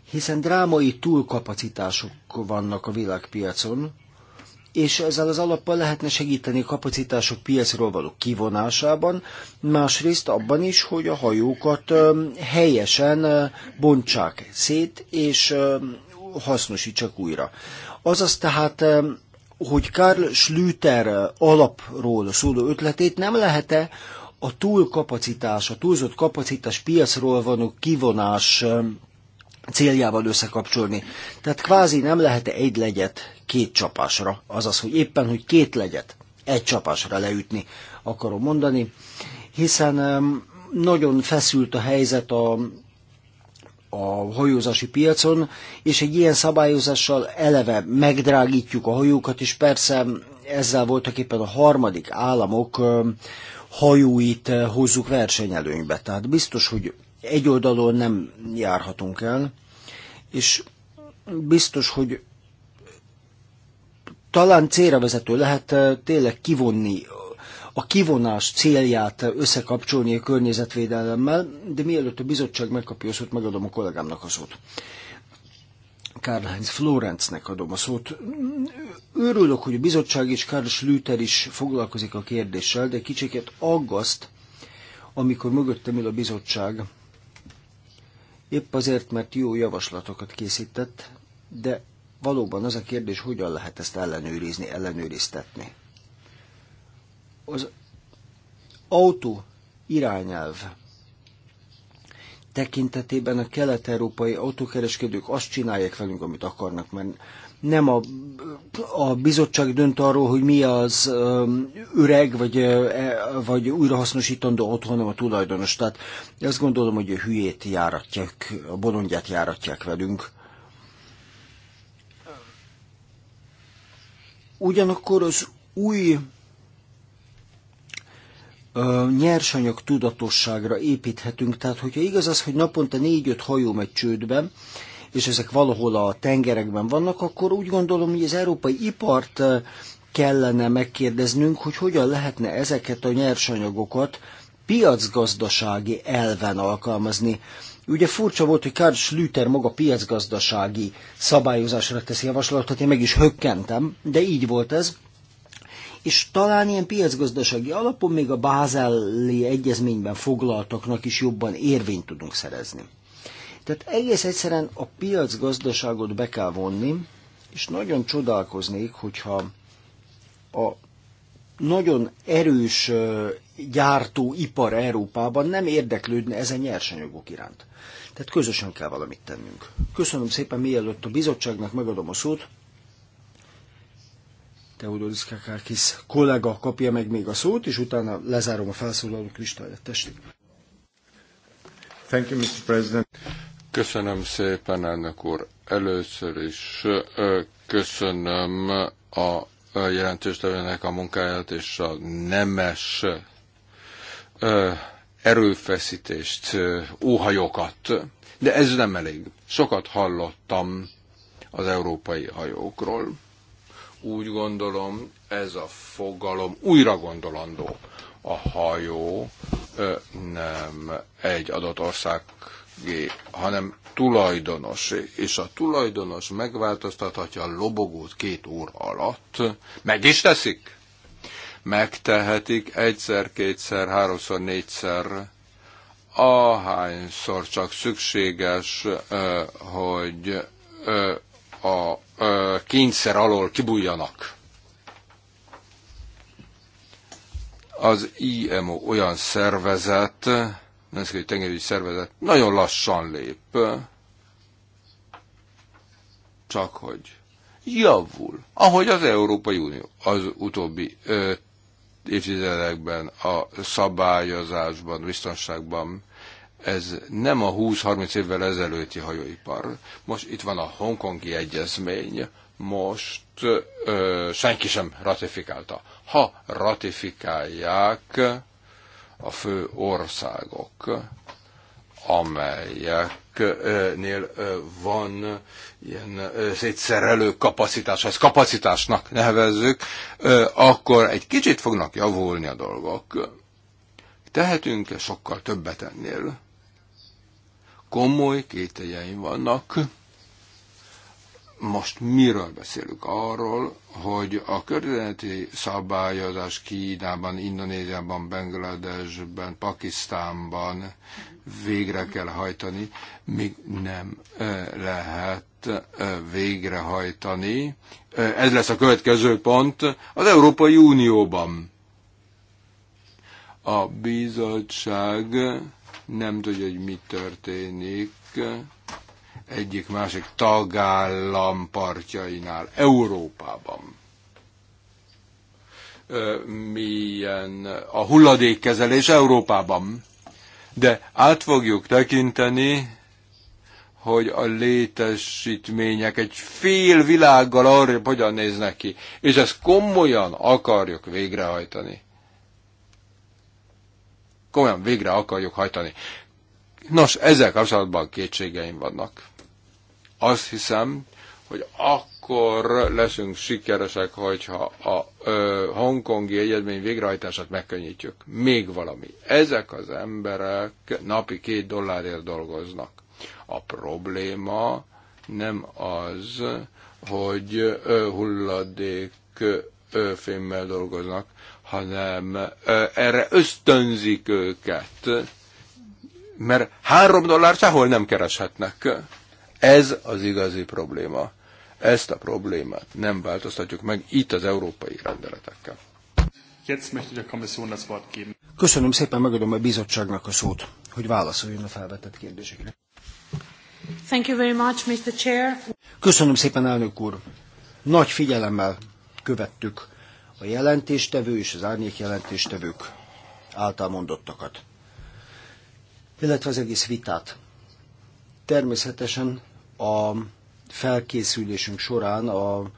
Hiszen drámai túlkapacitások vannak a világpiacon, és ezzel az alappal lehetne segíteni a kapacitások piacról való kivonásában, másrészt abban is, hogy a hajókat helyesen bontsák szét, és hasznosítsak újra. Azaz tehát, hogy Karl Schlüter eh, alapról szóló ötletét nem lehet-e a túlkapacitás, a túlzott kapacitás piacról való kivonás céljával összekapcsolni. Tehát kvázi nem lehet egy legyet két csapásra, azaz, hogy éppen, hogy két legyet egy csapásra leütni, akarom mondani, hiszen nagyon feszült a helyzet a a hajózási piacon, és egy ilyen szabályozással eleve megdrágítjuk a hajókat, és persze ezzel voltak éppen a harmadik államok hajóit hozzuk versenyelőnybe. Tehát biztos, hogy egy oldalon nem járhatunk el, és biztos, hogy talán célra vezető lehet tényleg kivonni a kivonás célját összekapcsolni a környezetvédelemmel, de mielőtt a bizottság megkapja a szót, megadom a kollégámnak a szót. Karl-Heinz Florencnek adom a szót. Örülök, hogy a bizottság és Karl Schlüter is foglalkozik a kérdéssel, de kicsiket aggaszt, amikor mögöttem ül a bizottság, épp azért, mert jó javaslatokat készített, de valóban az a kérdés, hogyan lehet ezt ellenőrizni, ellenőriztetni. Az autó irányelv tekintetében a kelet-európai autókereskedők azt csinálják velünk, amit akarnak, mert nem a, a bizottság dönt arról, hogy mi az öreg vagy, e, vagy újrahasznosítandó autó, hanem a tulajdonos. Tehát azt gondolom, hogy a hülyét járatják, a bolondját járatják velünk. Ugyanakkor az új nyersanyag tudatosságra építhetünk. Tehát, hogyha igaz az, hogy naponta négy-öt hajó megy csődbe, és ezek valahol a tengerekben vannak, akkor úgy gondolom, hogy az európai ipart eh, kellene megkérdeznünk, hogy hogyan lehetne ezeket a nyersanyagokat piacgazdasági elven alkalmazni. Ugye furcsa volt, hogy Karl Schlüter maga piacgazdasági szabályozásra teszi javaslatot, én meg is hökkentem, de így volt ez és talán ilyen piacgazdasági alapon még a bázeli egyezményben foglaltaknak is jobban érvényt tudunk szerezni. Tehát egész egyszerűen a piacgazdaságot be kell vonni, és nagyon csodálkoznék, hogyha a nagyon erős gyártóipar Európában nem érdeklődne ezen nyersanyagok iránt. Tehát közösen kell valamit tennünk. Köszönöm szépen, mielőtt a bizottságnak megadom a szót, Teodoris Kakákis kollega kapja meg még a szót, és utána lezárom a felszólaló kristályát Tessék! Thank you, Mr. President. Köszönöm szépen, elnök úr. Először is köszönöm a jelentéstevőnek a munkáját és a nemes erőfeszítést, óhajokat. De ez nem elég. Sokat hallottam az európai hajókról úgy gondolom, ez a fogalom újra gondolandó. A hajó nem egy adott ország hanem tulajdonos, és a tulajdonos megváltoztathatja a lobogót két óra alatt. Meg is teszik? Megtehetik egyszer, kétszer, háromszor, négyszer, ahányszor csak szükséges, hogy a kényszer alól kibújjanak. Az IMO olyan szervezet, nemzetközi tengerügyi szervezet, nagyon lassan lép, csak hogy javul, ahogy az Európai Unió az utóbbi ö, évtizedekben a szabályozásban, biztonságban ez nem a 20-30 évvel ezelőtti hajóipar. Most itt van a hongkongi egyezmény, most ö, senki sem ratifikálta. Ha ratifikálják a fő országok, amelyeknél van ilyen szétszerelő kapacitás, ezt kapacitásnak nevezzük, akkor egy kicsit fognak javulni a dolgok. Tehetünk sokkal többet ennél komoly kételjeim vannak. Most miről beszélünk? Arról, hogy a környezeti szabályozás Kínában, Indonéziában, Bangladesben, Pakisztánban végre kell hajtani, még nem lehet végrehajtani. Ez lesz a következő pont az Európai Unióban. A bizottság nem tudja, hogy mi történik egyik másik tagállam partjainál, Európában. Milyen a hulladékkezelés Európában. De át fogjuk tekinteni, hogy a létesítmények egy fél világgal arra, hogyan néznek ki, és ezt komolyan akarjuk végrehajtani komolyan végre akarjuk hajtani. Nos, ezzel kapcsolatban kétségeim vannak. Azt hiszem, hogy akkor leszünk sikeresek, hogyha a ö, hongkongi egyedmény végrehajtását megkönnyítjük. Még valami. Ezek az emberek napi két dollárért dolgoznak. A probléma nem az, hogy hulladék fémmel dolgoznak, hanem erre ösztönzik őket, mert három dollár sehol nem kereshetnek. Ez az igazi probléma. Ezt a problémát nem változtatjuk meg itt az európai rendeletekkel. Köszönöm szépen, megadom a bizottságnak a szót, hogy válaszoljon a felvetett kérdésekre. Thank you very much, Mr. Chair. Köszönöm szépen, elnök úr. Nagy figyelemmel követtük a jelentéstevő és az árnyék jelentéstevők által mondottakat, illetve az egész vitát. Természetesen a felkészülésünk során a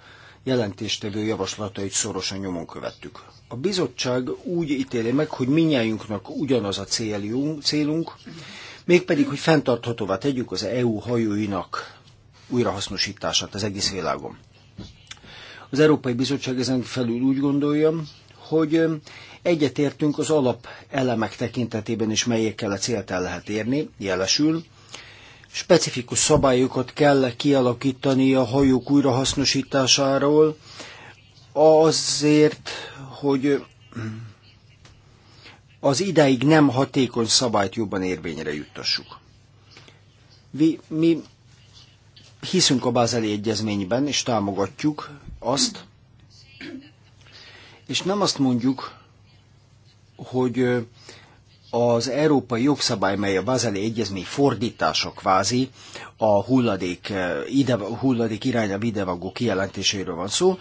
jelentéstevő javaslatait szorosan nyomon követtük. A bizottság úgy ítéli meg, hogy minnyájunknak ugyanaz a céljunk, célunk, mégpedig, hogy fenntarthatóvá tegyük az EU hajóinak újrahasznosítását az egész világon. Az Európai Bizottság ezen felül úgy gondolja, hogy egyetértünk az alap elemek tekintetében is, melyekkel a célt el lehet érni, jelesül. Specifikus szabályokat kell kialakítani a hajók újrahasznosításáról, azért, hogy az idáig nem hatékony szabályt jobban érvényre juttassuk. Mi, mi hiszünk a Bázeli Egyezményben, és támogatjuk, azt, és nem azt mondjuk, hogy az európai jogszabály, mely a Bazeli Egyezmény fordítása kvázi, a hulladék, ide, hulladék irányába idevagó kijelentéséről van szó,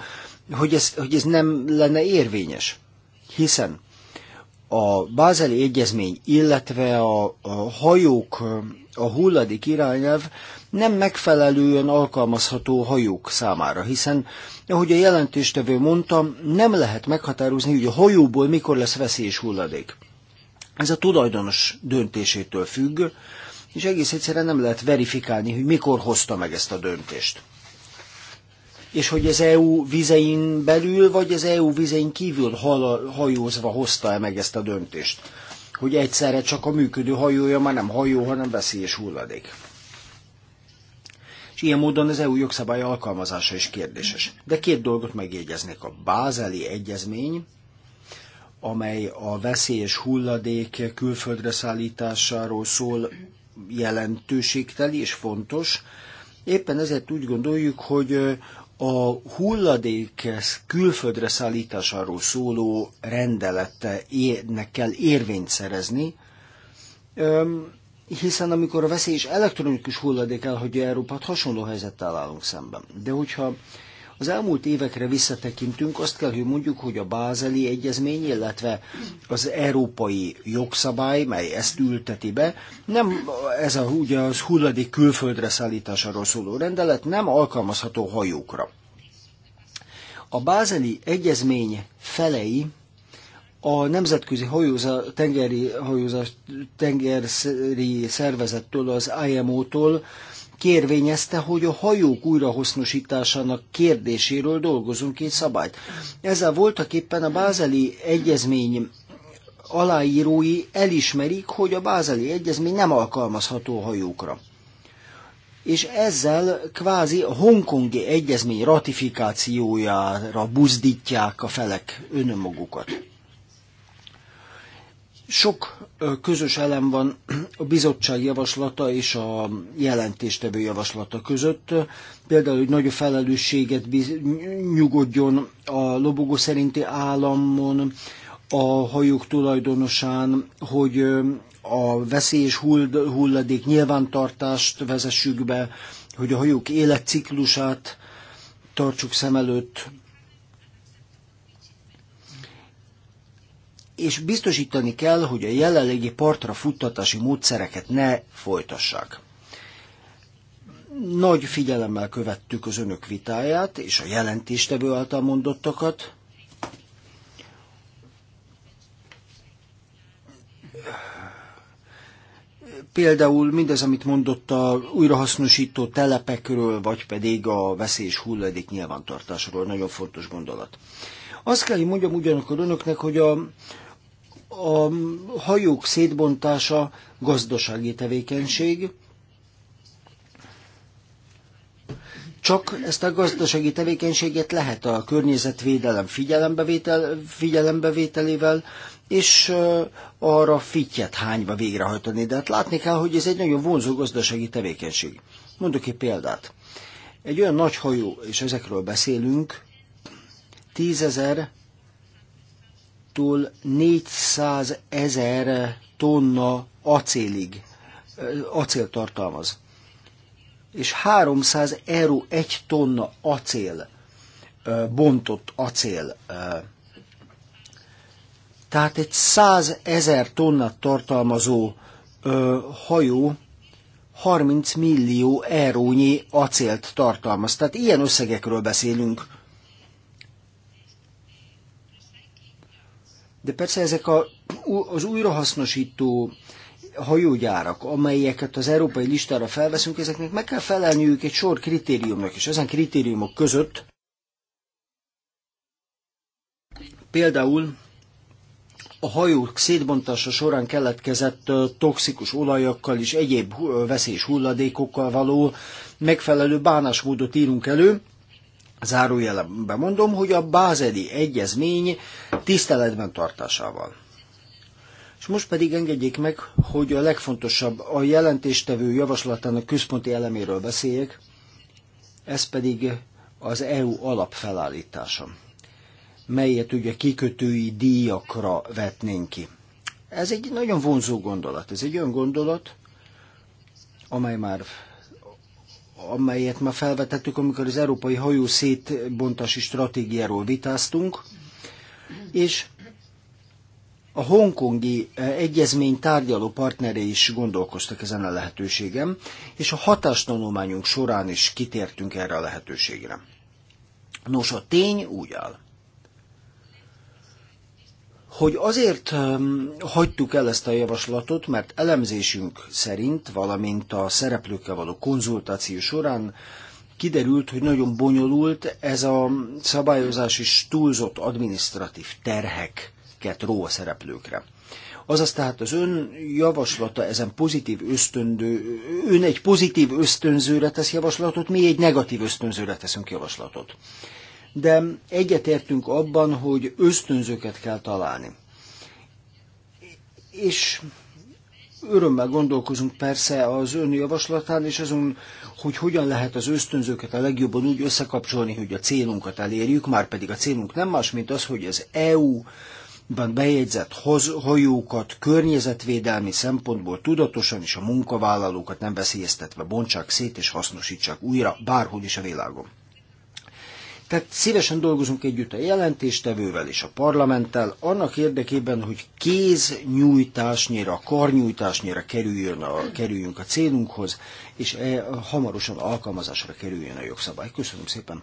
hogy ez, hogy ez nem lenne érvényes. Hiszen a Bázeli Egyezmény, illetve a, a hajók, a hulladék irányelv nem megfelelően alkalmazható hajók számára, hiszen ahogy a jelentéstevő mondtam, nem lehet meghatározni, hogy a hajóból mikor lesz veszélyes hulladék. Ez a tulajdonos döntésétől függ, és egész egyszerűen nem lehet verifikálni, hogy mikor hozta meg ezt a döntést. És hogy az EU vizein belül, vagy az EU vizein kívül hajózva hozta-e meg ezt a döntést. Hogy egyszerre csak a működő hajója már nem hajó, hanem veszélyes hulladék és ilyen módon az EU jogszabály alkalmazása is kérdéses. De két dolgot megjegyeznék. A bázeli egyezmény, amely a veszélyes hulladék külföldre szállításáról szól, jelentőségteli és fontos. Éppen ezért úgy gondoljuk, hogy a hulladék külföldre szállításáról szóló rendelete kell érvényt szerezni hiszen amikor a veszélyes elektronikus hulladék elhagyja Európát, hasonló helyzettel állunk szemben. De hogyha az elmúlt évekre visszatekintünk, azt kell, hogy mondjuk, hogy a Bázeli Egyezmény, illetve az európai jogszabály, mely ezt ülteti be, nem ez a ugye az hulladék külföldre szállításáról szóló rendelet nem alkalmazható hajókra. A Bázeli Egyezmény felei a Nemzetközi hajózás, Tengeri, hajózás, Tengeri Szervezettől, az IMO-tól kérvényezte, hogy a hajók újrahasznosításának kérdéséről dolgozunk két szabályt. Ezzel voltak éppen a bázeli egyezmény aláírói elismerik, hogy a bázeli egyezmény nem alkalmazható hajókra. És ezzel kvázi a hongkongi egyezmény ratifikációjára buzdítják a felek önmagukat. Sok közös elem van a bizottság javaslata és a jelentéstevő javaslata között. Például, hogy nagy felelősséget biz- nyugodjon a lobogó szerinti államon, a hajók tulajdonosán, hogy a veszélyes hulladék nyilvántartást vezessük be, hogy a hajók életciklusát tartsuk szem előtt, és biztosítani kell, hogy a jelenlegi partra futtatási módszereket ne folytassák. Nagy figyelemmel követtük az önök vitáját és a jelentéstevő által mondottakat. Például mindez, amit mondott a újrahasznosító telepekről, vagy pedig a veszélyes hulladék nyilvántartásról, nagyon fontos gondolat. Azt kell, hogy mondjam ugyanakkor önöknek, hogy a a hajók szétbontása gazdasági tevékenység, csak ezt a gazdasági tevékenységet lehet a környezetvédelem figyelembevétel, figyelembevételével, és arra fityet hányva végrehajtani. De hát látni kell, hogy ez egy nagyon vonzó gazdasági tevékenység. Mondok egy példát. Egy olyan nagy hajó, és ezekről beszélünk, tízezer tól 400 ezer tonna acélig, acél tartalmaz. És 300 euró egy tonna acél, bontott acél. Tehát egy 100 ezer tonna tartalmazó hajó 30 millió eurónyi acélt tartalmaz. Tehát ilyen összegekről beszélünk De persze ezek a, az újrahasznosító hajógyárak, amelyeket az európai listára felveszünk, ezeknek meg kell felelniük egy sor kritériumnak, és ezen kritériumok között például a hajók szétbontása során keletkezett toxikus olajakkal és egyéb veszélyes hulladékokkal való megfelelő bánásmódot írunk elő, Zárójelben mondom, hogy a bázeli egyezmény tiszteletben tartásával. És most pedig engedjék meg, hogy a legfontosabb, a jelentéstevő javaslatának központi eleméről beszéljek, ez pedig az EU alapfelállítása, melyet ugye kikötői díjakra vetnénk ki. Ez egy nagyon vonzó gondolat, ez egy olyan gondolat, amely már amelyet már felvetettük, amikor az európai hajó szétbontási stratégiáról vitáztunk, és a hongkongi eh, egyezmény tárgyaló partnerei is gondolkoztak ezen a lehetőségem, és a hatástanulmányunk során is kitértünk erre a lehetőségre. Nos, a tény úgy áll, hogy azért hagytuk el ezt a javaslatot, mert elemzésünk szerint, valamint a szereplőkkel való konzultáció során kiderült, hogy nagyon bonyolult ez a szabályozás és túlzott adminisztratív terheket ró a szereplőkre. Azaz tehát az ön javaslata ezen pozitív ösztöndő, ön egy pozitív ösztönzőre tesz javaslatot, mi egy negatív ösztönzőre teszünk javaslatot de egyetértünk abban, hogy ösztönzőket kell találni. És örömmel gondolkozunk persze az ön javaslatán, és azon, hogy hogyan lehet az ösztönzőket a legjobban úgy összekapcsolni, hogy a célunkat elérjük, már pedig a célunk nem más, mint az, hogy az EU ban bejegyzett hajókat környezetvédelmi szempontból tudatosan és a munkavállalókat nem veszélyeztetve bontsák szét és hasznosítsák újra bárhol is a világon. Tehát szívesen dolgozunk együtt a jelentéstevővel és a parlamenttel, annak érdekében, hogy kéznyújtásnyira, karnyújtásnyira kerüljön a, kerüljünk a célunkhoz, és e, hamarosan alkalmazásra kerüljön a jogszabály. Köszönöm szépen.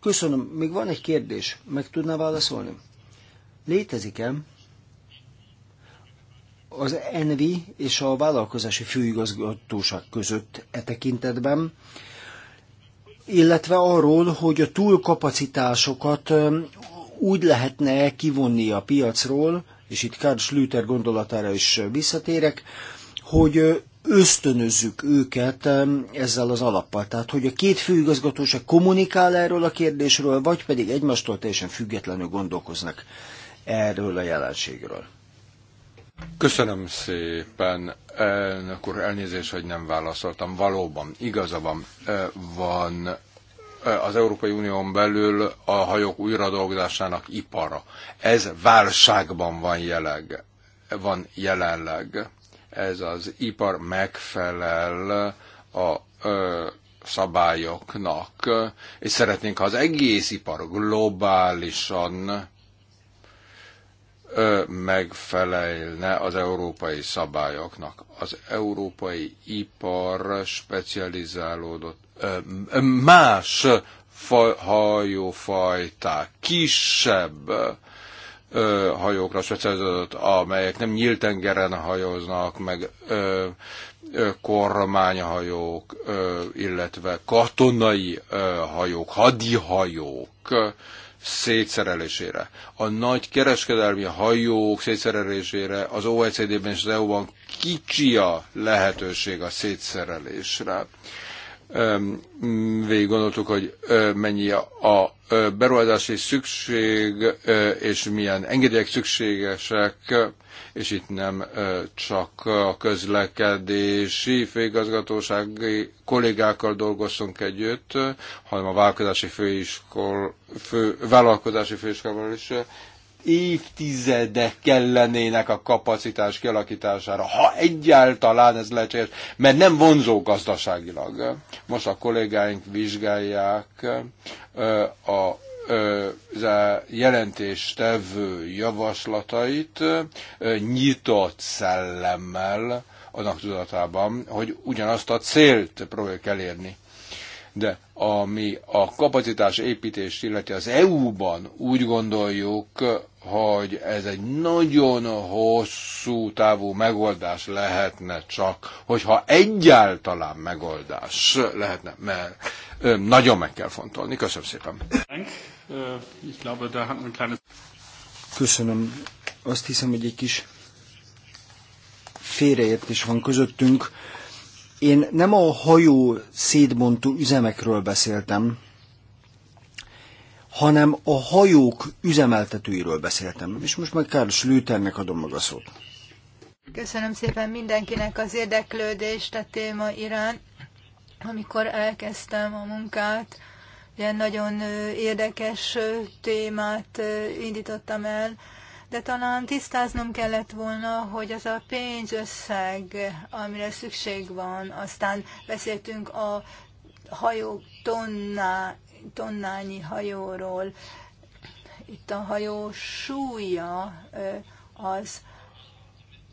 Köszönöm. Még van egy kérdés. Meg tudná válaszolni? Létezik-e az ENVI és a vállalkozási főigazgatóság között e tekintetben illetve arról, hogy a túlkapacitásokat úgy lehetne kivonni a piacról, és itt Karl Schlüter gondolatára is visszatérek, hogy ösztönözzük őket ezzel az alappal. Tehát, hogy a két főigazgatóság kommunikál erről a kérdésről, vagy pedig egymástól teljesen függetlenül gondolkoznak erről a jelenségről. Köszönöm szépen, elnök úr, elnézést, hogy nem válaszoltam. Valóban, igaza van, eh, van eh, az Európai Unión belül a hajók újradolgozásának ipara. Ez válságban van, jeleg, van jelenleg. Ez az ipar megfelel a ö, eh, szabályoknak, és szeretnénk, ha az egész ipar globálisan megfelelne az európai szabályoknak. Az európai ipar specializálódott más hajófajták, kisebb hajókra specializálódott, amelyek nem nyílt tengeren hajóznak, meg kormányhajók, illetve katonai hajók, hadihajók, szétszerelésére, a nagy kereskedelmi hajók szétszerelésére, az OECD-ben és az EU-ban kicsi a lehetőség a szétszerelésre. Végig gondoltuk, hogy mennyi a beruházási szükség, és milyen engedélyek szükségesek és itt nem csak a közlekedési főigazgatósági kollégákkal dolgozzunk együtt, hanem a vállalkozási főiskol, fő, vállalkozási főiskolával is évtizedek kellenének a kapacitás kialakítására, ha egyáltalán ez lehetséges, mert nem vonzó gazdaságilag. Most a kollégáink vizsgálják a jelentéstevő javaslatait nyitott szellemmel, annak tudatában, hogy ugyanazt a célt próbáljuk elérni. De ami a kapacitás építést illeti az EU-ban, úgy gondoljuk, hogy ez egy nagyon hosszú távú megoldás lehetne csak, hogyha egyáltalán megoldás lehetne, mert nagyon meg kell fontolni. Köszönöm szépen. Köszönöm. Azt hiszem, hogy egy kis félreértés van közöttünk. Én nem a hajó szétbontó üzemekről beszéltem, hanem a hajók üzemeltetőiről beszéltem. És most meg Káros Lőternek adom meg a szót. Köszönöm szépen mindenkinek az érdeklődést a téma irán. Amikor elkezdtem a munkát, ilyen nagyon érdekes témát indítottam el, de talán tisztáznom kellett volna, hogy az a pénzösszeg, amire szükség van, aztán beszéltünk a hajó tonná, tonnányi hajóról. Itt a hajó súlya az,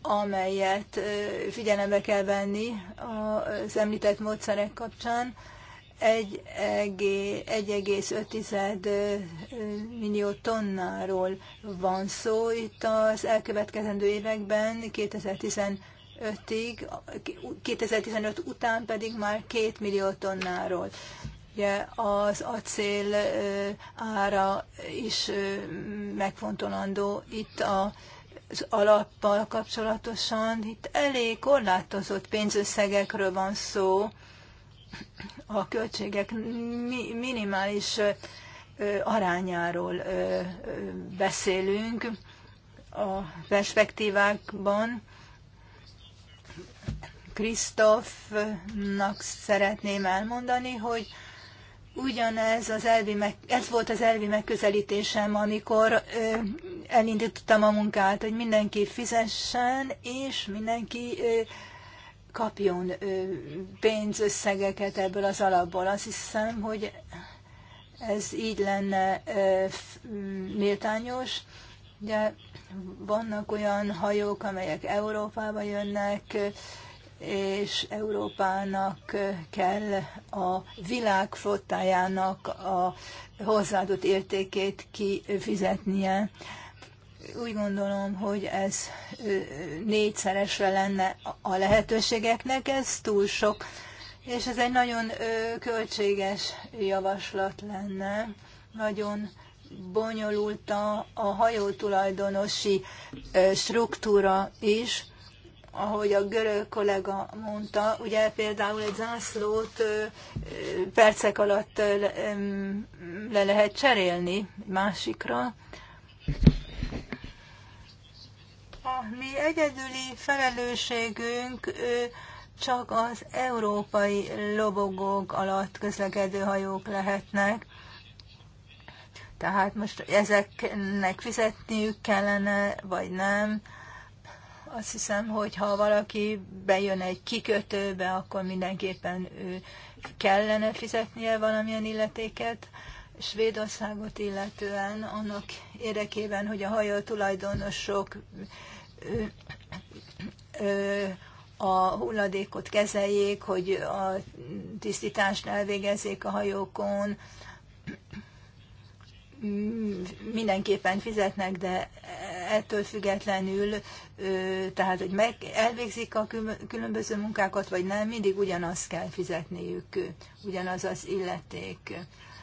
amelyet figyelembe kell venni az említett módszerek kapcsán. 1,5 millió tonnáról van szó itt az elkövetkezendő években, 2015-ig, 2015 után pedig már 2 millió tonnáról ugye az acél ára is megfontolandó itt a az alappal kapcsolatosan itt elég korlátozott pénzösszegekről van szó, a költségek minimális arányáról beszélünk a perspektívákban. Krisztofnak szeretném elmondani, hogy Ugyanez az elvi meg, ez volt az elvi megközelítésem, amikor ö, elindítottam a munkát, hogy mindenki fizessen, és mindenki ö, kapjon ö, pénzösszegeket ebből az alapból. Azt hiszem, hogy ez így lenne ö, méltányos. Ugye vannak olyan hajók, amelyek Európába jönnek, ö, és Európának kell a világ flottájának a hozzáadott értékét kifizetnie. Úgy gondolom, hogy ez négyszeresre lenne a lehetőségeknek, ez túl sok, és ez egy nagyon költséges javaslat lenne, nagyon bonyolult a, a hajótulajdonosi struktúra is, ahogy a görög kollega mondta, ugye például egy zászlót percek alatt le lehet cserélni másikra. A mi egyedüli felelősségünk csak az európai lobogók alatt közlekedő hajók lehetnek. Tehát most ezeknek fizetniük kellene, vagy nem azt hiszem, hogy ha valaki bejön egy kikötőbe, akkor mindenképpen ő kellene fizetnie valamilyen illetéket. Svédországot illetően annak érdekében, hogy a hajó tulajdonosok a hulladékot kezeljék, hogy a tisztítást elvégezzék a hajókon, mindenképpen fizetnek, de ettől függetlenül, tehát hogy meg elvégzik a különböző munkákat, vagy nem, mindig ugyanazt kell fizetniük, ugyanaz az illeték.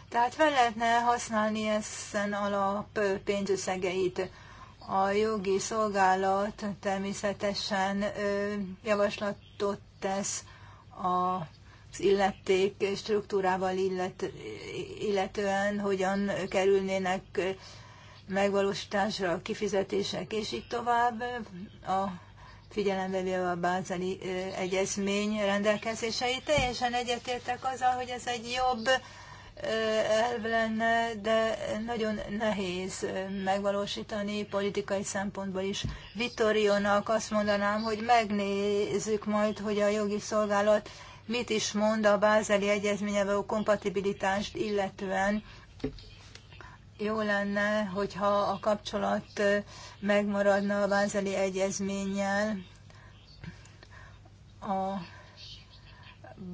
Tehát fel lehetne használni ezen alap pénzösszegeit. A jogi szolgálat természetesen javaslatot tesz a illeték struktúrával illet, illetően hogyan kerülnének megvalósításra a kifizetések, és így tovább a figyelembe véve a bázeli egyezmény rendelkezései. Teljesen egyetértek azzal, hogy ez egy jobb elv lenne, de nagyon nehéz megvalósítani politikai szempontból is. Vittorionak azt mondanám, hogy megnézzük majd, hogy a jogi szolgálat mit is mond a bázeli egyezményevel kompatibilitást illetően. Jó lenne, hogyha a kapcsolat megmaradna a bázeli egyezménnyel. A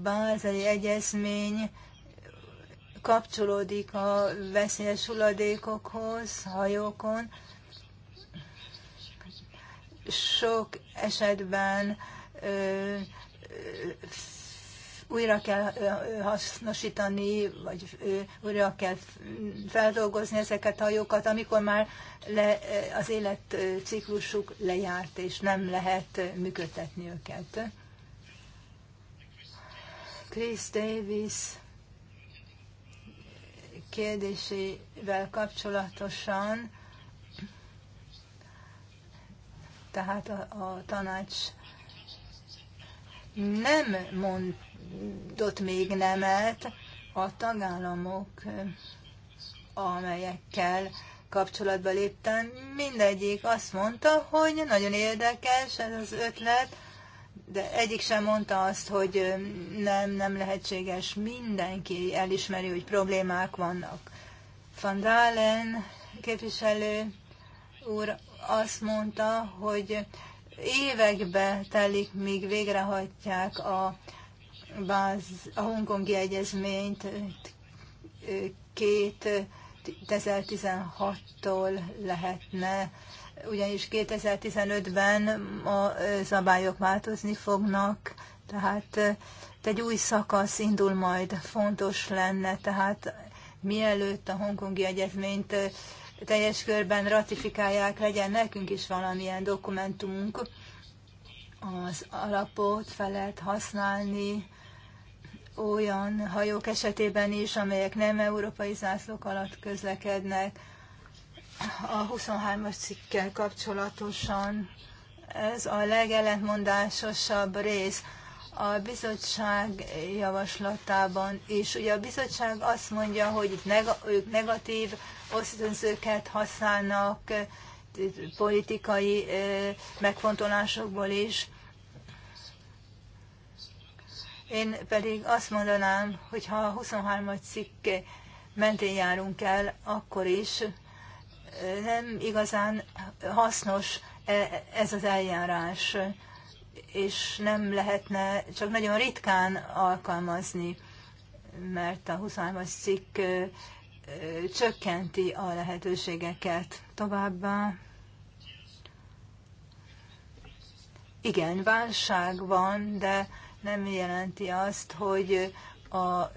bázeli egyezmény kapcsolódik a veszélyes hulladékokhoz, hajókon. Sok esetben ö, újra kell hasznosítani, vagy újra kell feldolgozni ezeket a hajókat, amikor már le, az életciklusuk lejárt, és nem lehet működtetni őket. Chris Davis kérdésével kapcsolatosan, tehát a, a tanács nem mondta, mondott még nemet a tagállamok, amelyekkel kapcsolatba léptem, mindegyik azt mondta, hogy nagyon érdekes ez az ötlet, de egyik sem mondta azt, hogy nem, nem lehetséges, mindenki elismeri, hogy problémák vannak. Van Dalen képviselő úr azt mondta, hogy évekbe telik, míg végrehajtják a báz, a hongkongi egyezményt 2016-tól lehetne, ugyanis 2015-ben a szabályok változni fognak, tehát egy új szakasz indul majd, fontos lenne, tehát mielőtt a hongkongi egyezményt teljes körben ratifikálják, legyen nekünk is valamilyen dokumentumunk, az alapot fel lehet használni olyan hajók esetében is, amelyek nem európai zászlók alatt közlekednek. A 23-as cikkel kapcsolatosan ez a legellentmondásosabb rész a bizottság javaslatában is. Ugye a bizottság azt mondja, hogy itt neg- ők negatív ösztönzőket használnak eh, politikai eh, megfontolásokból is, én pedig azt mondanám, hogy ha a 23. cikk mentén járunk el, akkor is nem igazán hasznos e, ez az eljárás, és nem lehetne csak nagyon ritkán alkalmazni, mert a 23. cikk csökkenti a lehetőségeket továbbá. Igen, válság van, de nem jelenti azt, hogy a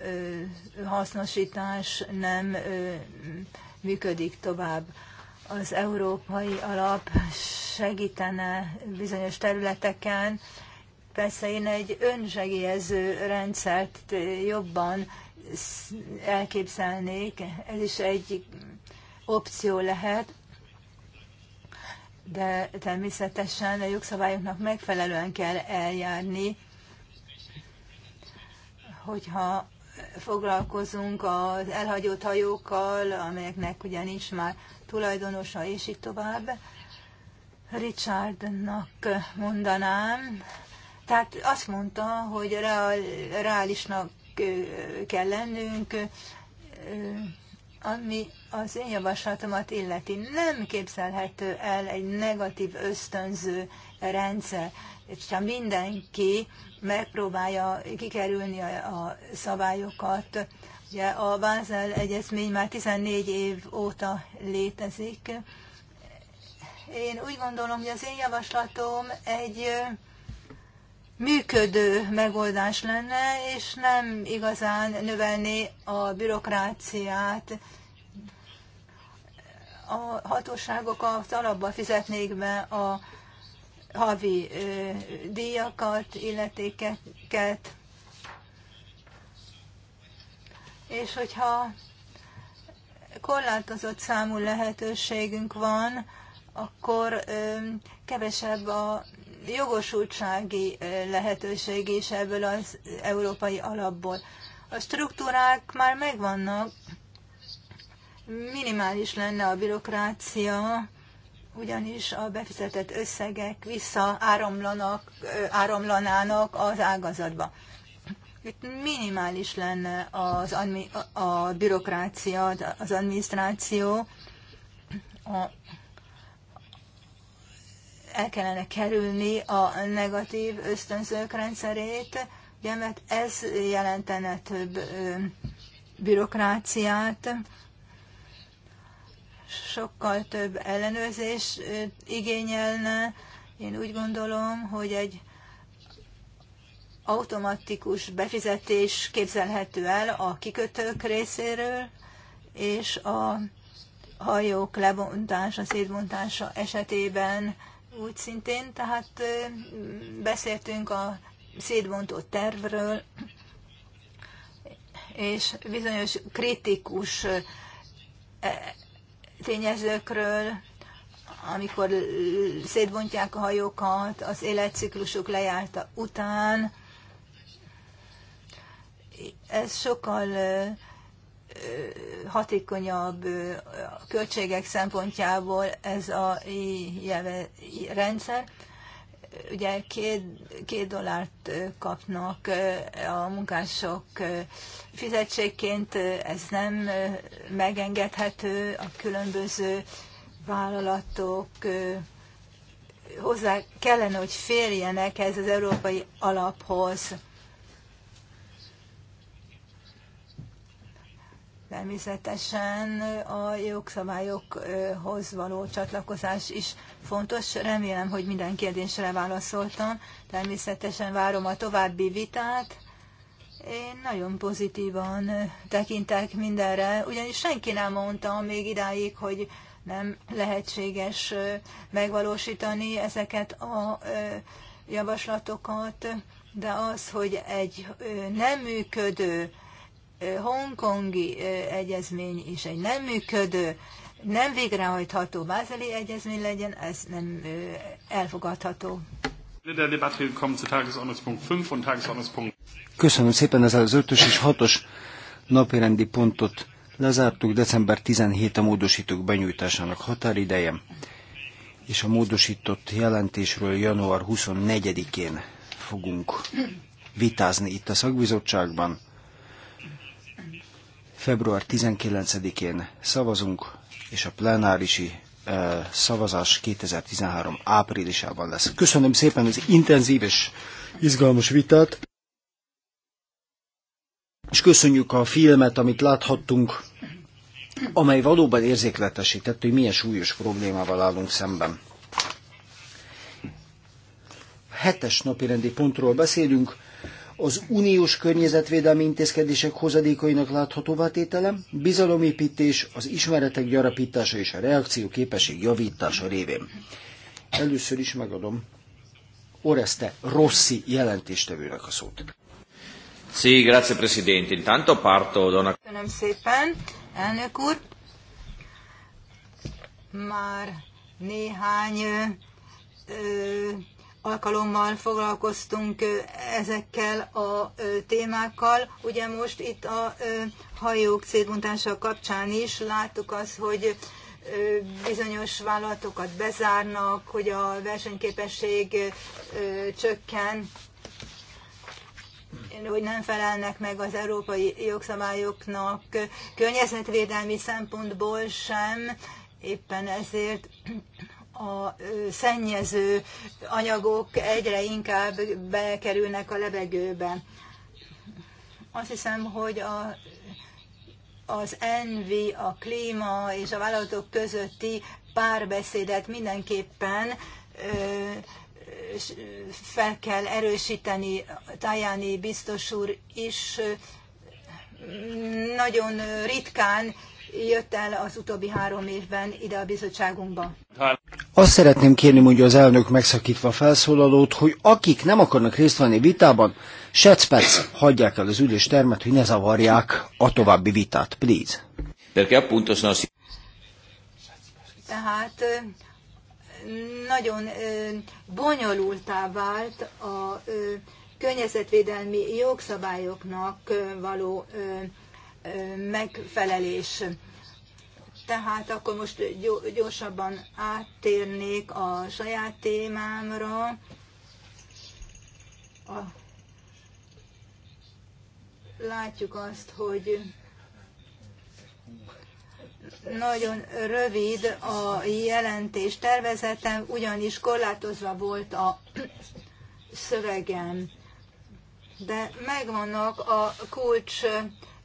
hasznosítás nem működik tovább. Az európai alap segítene bizonyos területeken, persze én egy önsegélyező rendszert jobban elképzelnék, ez is egy opció lehet, de természetesen a jogszabályoknak megfelelően kell eljárni, hogyha foglalkozunk az elhagyott hajókkal, amelyeknek ugye nincs már tulajdonosa, és így tovább. Richardnak mondanám, tehát azt mondta, hogy reál, reálisnak kell lennünk, ami az én javaslatomat illeti. Nem képzelhető el egy negatív ösztönző rendszer és ha mindenki megpróbálja kikerülni a, szabályokat, ugye a Bázel egyezmény már 14 év óta létezik. Én úgy gondolom, hogy az én javaslatom egy működő megoldás lenne, és nem igazán növelni a bürokráciát, a hatóságok az alapba fizetnék be a havi díjakat, illetékeket, és hogyha korlátozott számú lehetőségünk van, akkor kevesebb a jogosultsági lehetőség is ebből az európai alapból. A struktúrák már megvannak, minimális lenne a bürokrácia, ugyanis a befizetett összegek visszaáramlanak, áramlanának az ágazatba. Itt minimális lenne az a bürokrácia, az adminisztráció, a, el kellene kerülni a negatív ösztönzők rendszerét, ugye, mert ez jelentene több bürokráciát, sokkal több ellenőrzés igényelne. Én úgy gondolom, hogy egy automatikus befizetés képzelhető el a kikötők részéről, és a hajók lebontása, szétbontása esetében úgy szintén, tehát beszéltünk a szétbontó tervről, és bizonyos kritikus tényezőkről, amikor szétbontják a hajókat az életciklusuk lejárta után. Ez sokkal hatékonyabb költségek szempontjából ez a rendszer ugye két, két dollárt kapnak a munkások fizetségként, ez nem megengedhető a különböző vállalatok hozzá kellene, hogy férjenek ez az európai alaphoz. Természetesen a jogszabályokhoz való csatlakozás is fontos. Remélem, hogy minden kérdésre válaszoltam. Természetesen várom a további vitát. Én nagyon pozitívan tekintek mindenre, ugyanis senki nem mondta még idáig, hogy nem lehetséges megvalósítani ezeket a javaslatokat, de az, hogy egy nem működő hongkongi egyezmény is egy nem működő, nem végrehajtható bázeli egyezmény legyen, ez nem elfogadható. Köszönöm szépen, ezzel az ötös és hatos napirendi pontot lezártuk. December 17 a módosítók benyújtásának határideje, és a módosított jelentésről január 24-én fogunk vitázni itt a szakbizottságban. Február 19-én szavazunk, és a plenárisi szavazás 2013 áprilisában lesz. Köszönöm szépen az intenzív és izgalmas vitát, és köszönjük a filmet, amit láthattunk, amely valóban érzékletesített, hogy milyen súlyos problémával állunk szemben. Hetes napi rendi pontról beszélünk, az uniós környezetvédelmi intézkedések hozadékainak láthatóvá tétele, bizalomépítés, az ismeretek gyarapítása és a reakcióképesség javítása révén. Először is megadom Oreste Rossi jelentéstevőnek a szót. Sí, grazie Presidente. Intanto parto da una... Köszönöm szépen, elnök úr. Már néhány ö, alkalommal foglalkoztunk ezekkel a témákkal. Ugye most itt a hajók szétbontása kapcsán is láttuk azt, hogy bizonyos vállalatokat bezárnak, hogy a versenyképesség csökken, hogy nem felelnek meg az európai jogszabályoknak környezetvédelmi szempontból sem, éppen ezért a szennyező anyagok egyre inkább bekerülnek a levegőbe. Azt hiszem, hogy a, az envi, a klíma és a vállalatok közötti párbeszédet mindenképpen ö, fel kell erősíteni. Tajani biztos úr is nagyon ritkán jött el az utóbbi három évben ide a bizottságunkba? Azt szeretném kérni, mondja az elnök megszakítva felszólalót, hogy akik nem akarnak részt venni vitában, secpec, hagyják el az ülés termet, hogy ne zavarják a további vitát. Please. Tehát nagyon bonyolultá vált a környezetvédelmi jogszabályoknak való megfelelés. Tehát akkor most gyorsabban áttérnék a saját témámra. A Látjuk azt, hogy nagyon rövid a jelentés tervezetem, ugyanis korlátozva volt a szövegem. De megvannak a kulcs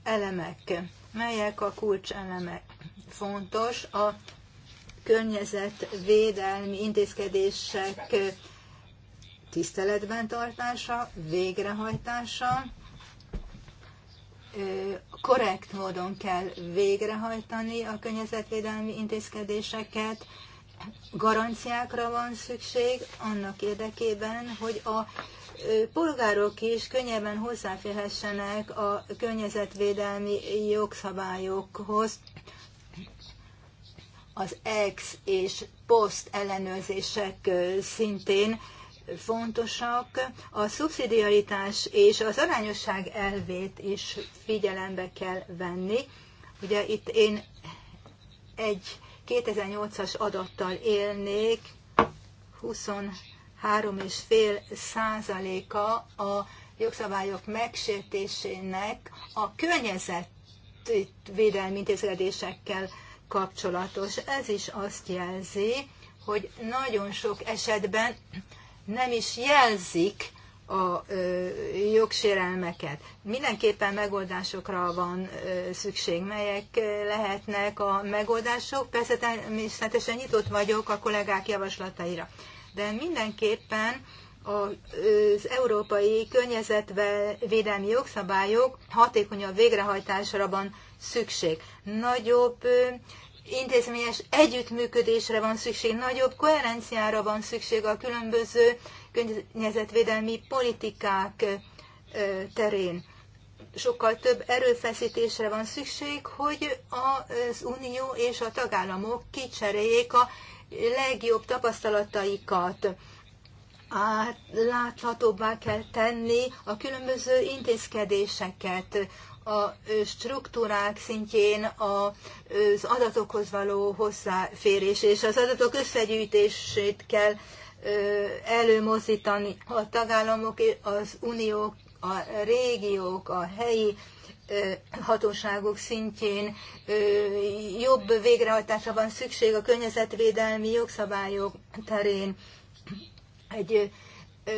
elemek. Melyek a kulcselemek? Fontos a környezetvédelmi intézkedések tiszteletben tartása, végrehajtása, korrekt módon kell végrehajtani a környezetvédelmi intézkedéseket, garanciákra van szükség annak érdekében, hogy a polgárok is könnyebben hozzáférhessenek a környezetvédelmi jogszabályokhoz az ex és post ellenőrzések szintén fontosak. A szubszidiaritás és az arányosság elvét is figyelembe kell venni. Ugye itt én egy 2008-as adattal élnék, 20 3,5 százaléka a jogszabályok megsértésének a környezetvédelmi intézkedésekkel kapcsolatos. Ez is azt jelzi, hogy nagyon sok esetben nem is jelzik a ö, jogsérelmeket. Mindenképpen megoldásokra van ö, szükség, melyek lehetnek a megoldások. Persze természetesen nyitott vagyok a kollégák javaslataira de mindenképpen az európai környezetvédelmi jogszabályok hatékonyabb végrehajtásra van szükség. Nagyobb intézményes együttműködésre van szükség, nagyobb koherenciára van szükség a különböző környezetvédelmi politikák terén. Sokkal több erőfeszítésre van szükség, hogy az Unió és a tagállamok kicseréljék a legjobb tapasztalataikat átláthatóbbá kell tenni a különböző intézkedéseket a struktúrák szintjén az adatokhoz való hozzáférés és az adatok összegyűjtését kell előmozdítani a tagállamok, az uniók, a régiók, a helyi hatóságok szintjén jobb végrehajtásra van szükség a környezetvédelmi jogszabályok terén. Egy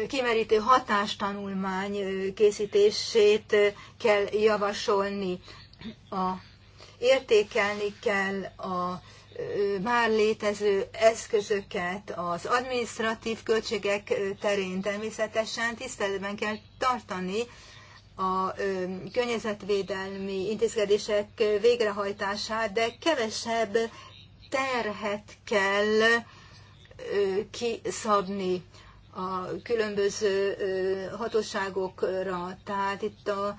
kimerítő hatástanulmány készítését kell javasolni. A, értékelni kell a már létező eszközöket az administratív költségek terén természetesen tiszteletben kell tartani a környezetvédelmi intézkedések végrehajtását, de kevesebb terhet kell kiszabni a különböző hatóságokra. Tehát itt a,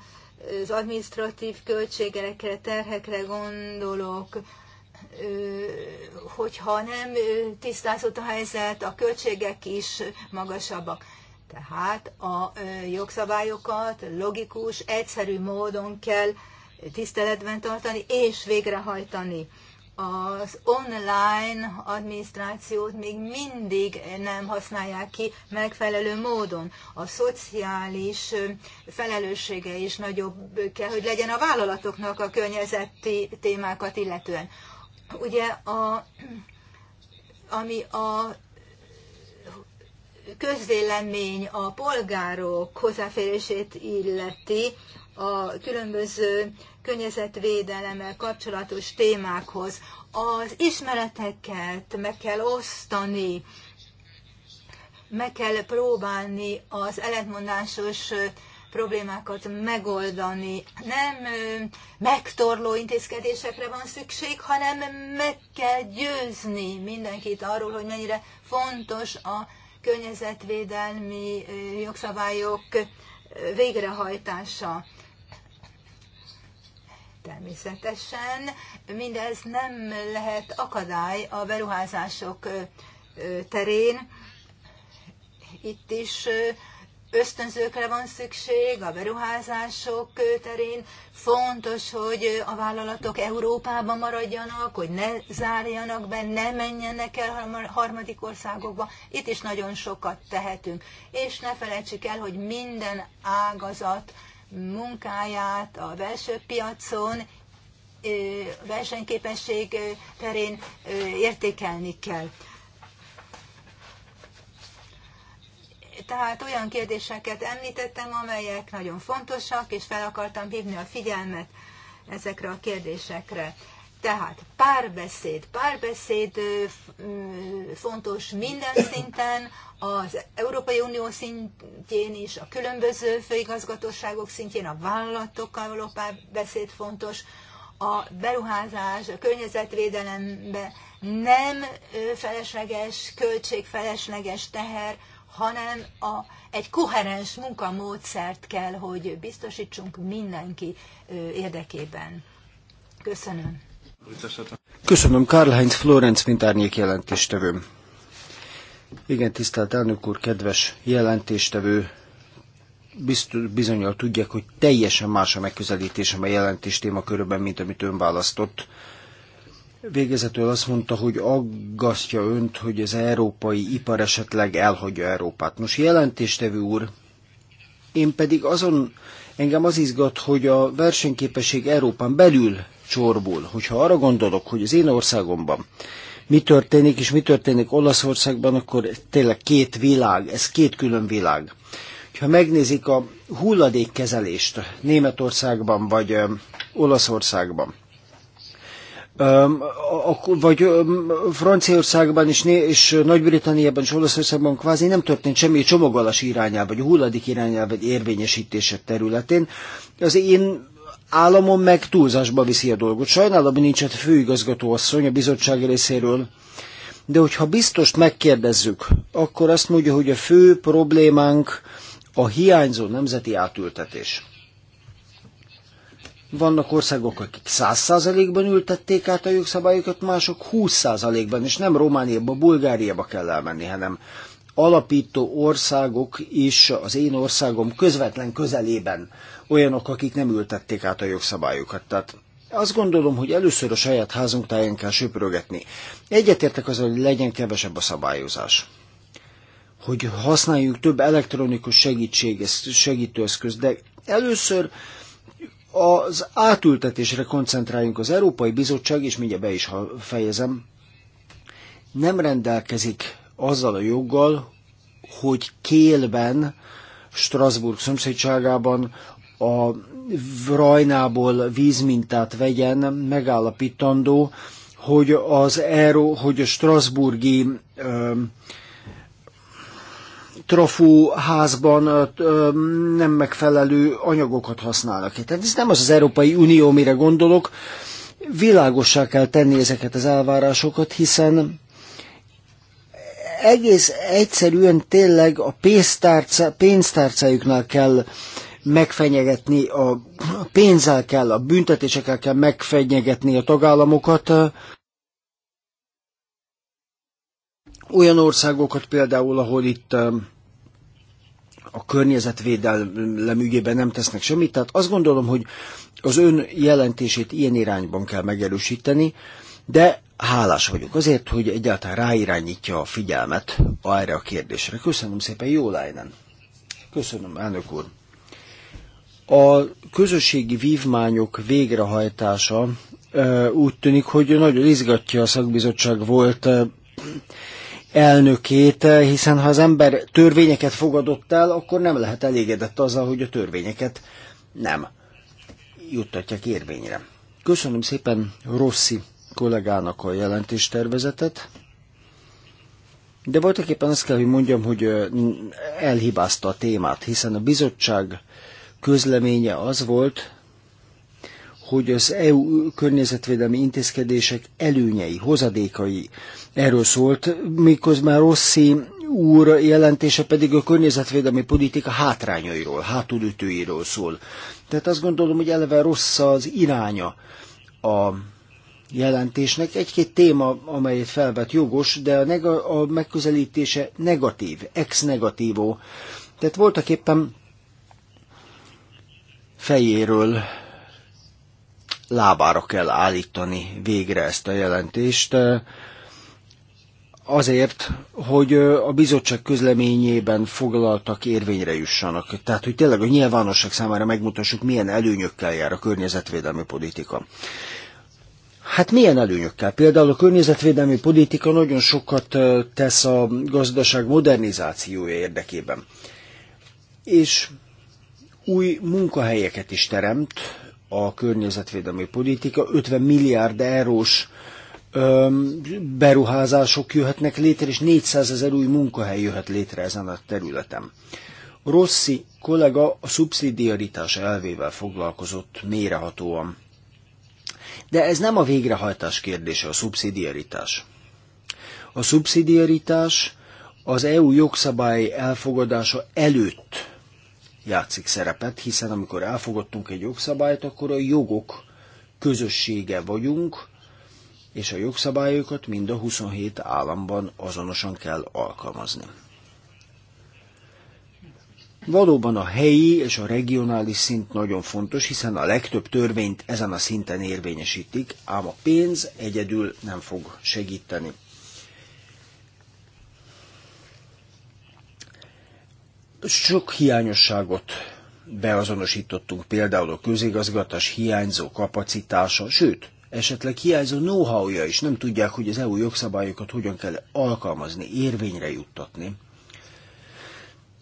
az administratív költségekre, terhekre gondolok, hogyha nem tisztázott a helyzet, a költségek is magasabbak. Tehát a jogszabályokat logikus, egyszerű módon kell tiszteletben tartani és végrehajtani. Az online adminisztrációt még mindig nem használják ki megfelelő módon. A szociális felelőssége is nagyobb kell, hogy legyen a vállalatoknak a környezeti témákat illetően. Ugye a ami a közvélemény, a polgárok hozzáférését illeti a különböző környezetvédelemmel kapcsolatos témákhoz. Az ismereteket meg kell osztani, meg kell próbálni az ellentmondásos problémákat megoldani. Nem megtorló intézkedésekre van szükség, hanem meg kell győzni mindenkit arról, hogy mennyire fontos a környezetvédelmi jogszabályok végrehajtása. Természetesen mindez nem lehet akadály a beruházások terén. Itt is ösztönzőkre van szükség, a beruházások terén. Fontos, hogy a vállalatok Európában maradjanak, hogy ne zárjanak be, ne menjenek el harmadik országokba. Itt is nagyon sokat tehetünk. És ne felejtsük el, hogy minden ágazat munkáját a belső piacon, versenyképesség terén értékelni kell. Tehát olyan kérdéseket említettem, amelyek nagyon fontosak, és fel akartam hívni a figyelmet ezekre a kérdésekre. Tehát párbeszéd. Párbeszéd fontos minden szinten, az Európai Unió szintjén is, a különböző főigazgatóságok szintjén, a vállalatokkal való párbeszéd fontos, a beruházás, a környezetvédelembe nem felesleges, költségfelesleges teher, hanem a, egy koherens munkamódszert kell, hogy biztosítsunk mindenki érdekében. Köszönöm. Köszönöm, Karl-Heinz Florenc, mint árnyék jelentéstevőm. Igen, tisztelt elnök úr, kedves jelentéstevő, bizonyal tudják, hogy teljesen más a megközelítésem a jelentés témakörben, mint amit ön választott. Végezetül azt mondta, hogy aggasztja önt, hogy az európai ipar esetleg elhagyja Európát. Most jelentéstevő úr, én pedig azon, engem az izgat, hogy a versenyképesség Európán belül csorbul. Hogyha arra gondolok, hogy az én országomban mi történik, és mi történik Olaszországban, akkor tényleg két világ, ez két külön világ. Ha megnézik a hulladékkezelést Németországban vagy Olaszországban, vagy Franciaországban is, és Nagy-Britanniában és Olaszországban kvázi nem történt semmi csomagolás irányában, vagy hulladék irányában, vagy érvényesítése területén. Az én államom meg túlzásba viszi a dolgot. Sajnálom, nincs egy főigazgató asszony a bizottság részéről, de hogyha biztost megkérdezzük, akkor azt mondja, hogy a fő problémánk a hiányzó nemzeti átültetés. Vannak országok, akik 100%-ban ültették át a jogszabályokat, mások 20%-ban, és nem Romániába, Bulgáriába kell elmenni, hanem alapító országok is, az én országom közvetlen közelében olyanok, akik nem ültették át a jogszabályokat. Tehát azt gondolom, hogy először a saját házunk táján kell söprögetni. Egyetértek azzal, hogy legyen kevesebb a szabályozás. Hogy használjuk több elektronikus segítség, segítőeszköz, de először az átültetésre koncentráljunk. Az Európai Bizottság, és mindjárt be is fejezem, nem rendelkezik azzal a joggal, hogy Kélben, Strasbourg szomszédságában a rajnából vízmintát vegyen, megállapítandó, hogy az Euró, hogy a Strasburgi ö, trafú házban nem megfelelő anyagokat használnak. Tehát ez nem az az Európai Unió, mire gondolok. Világossá kell tenni ezeket az elvárásokat, hiszen egész egyszerűen tényleg a pénztárca, pénztárcájuknál kell megfenyegetni, a pénzzel kell, a büntetésekkel kell megfenyegetni a tagállamokat, olyan országokat például, ahol itt a környezetvédelem ügyében nem tesznek semmit, tehát azt gondolom, hogy az ön jelentését ilyen irányban kell megerősíteni, de hálás vagyok azért, hogy egyáltalán ráirányítja a figyelmet erre a kérdésre. Köszönöm szépen, jó lájnen. Köszönöm, elnök úr. A közösségi vívmányok végrehajtása úgy tűnik, hogy nagyon izgatja a szakbizottság volt elnökét, hiszen ha az ember törvényeket fogadott el, akkor nem lehet elégedett azzal, hogy a törvényeket nem juttatják érvényre. Köszönöm szépen Rossi kollégának a jelentéstervezetet, de voltak éppen azt kell, hogy mondjam, hogy elhibázta a témát, hiszen a bizottság közleménye az volt, hogy az EU környezetvédelmi intézkedések előnyei, hozadékai. Erről szólt, miközben Rossi úr jelentése pedig a környezetvédelmi politika hátrányairól, hátulütőiről szól. Tehát azt gondolom, hogy eleve rossz az iránya a jelentésnek. Egy-két téma, amelyet felvet jogos, de a, neg- a megközelítése negatív, ex-negatívó. Tehát voltak éppen fejéről lábára kell állítani végre ezt a jelentést, azért, hogy a bizottság közleményében foglaltak érvényre jussanak. Tehát, hogy tényleg a nyilvánosság számára megmutassuk, milyen előnyökkel jár a környezetvédelmi politika. Hát milyen előnyökkel? Például a környezetvédelmi politika nagyon sokat tesz a gazdaság modernizációja érdekében. És új munkahelyeket is teremt, a környezetvédelmi politika, 50 milliárd eurós beruházások jöhetnek létre, és 400 ezer új munkahely jöhet létre ezen a területen. Rossi kollega a szubszidiaritás elvével foglalkozott mérehatóan. De ez nem a végrehajtás kérdése, a szubszidiaritás. A szubszidiaritás az EU jogszabály elfogadása előtt játszik szerepet, hiszen amikor elfogadtunk egy jogszabályt, akkor a jogok közössége vagyunk, és a jogszabályokat mind a 27 államban azonosan kell alkalmazni. Valóban a helyi és a regionális szint nagyon fontos, hiszen a legtöbb törvényt ezen a szinten érvényesítik, ám a pénz egyedül nem fog segíteni. Sok hiányosságot beazonosítottunk, például a közigazgatás hiányzó kapacitása, sőt, esetleg hiányzó know-how-ja is, nem tudják, hogy az EU jogszabályokat hogyan kell alkalmazni, érvényre juttatni.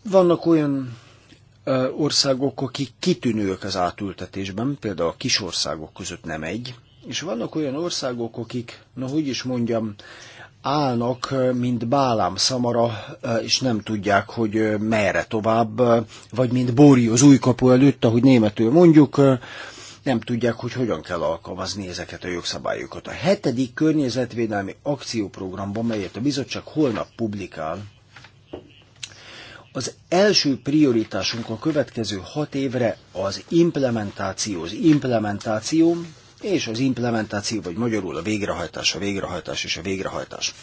Vannak olyan országok, akik kitűnőek az átültetésben, például a kis országok között nem egy, és vannak olyan országok, akik, na hogy is mondjam, állnak, mint bálám szamara, és nem tudják, hogy merre tovább, vagy mint Bóri az új kapu előtt, ahogy németül mondjuk, nem tudják, hogy hogyan kell alkalmazni ezeket a jogszabályokat. A hetedik környezetvédelmi akcióprogramban, melyet a bizottság holnap publikál, az első prioritásunk a következő hat évre az implementáció, az implementáció, és az implementáció, vagy magyarul a végrehajtás, a végrehajtás és a végrehajtás.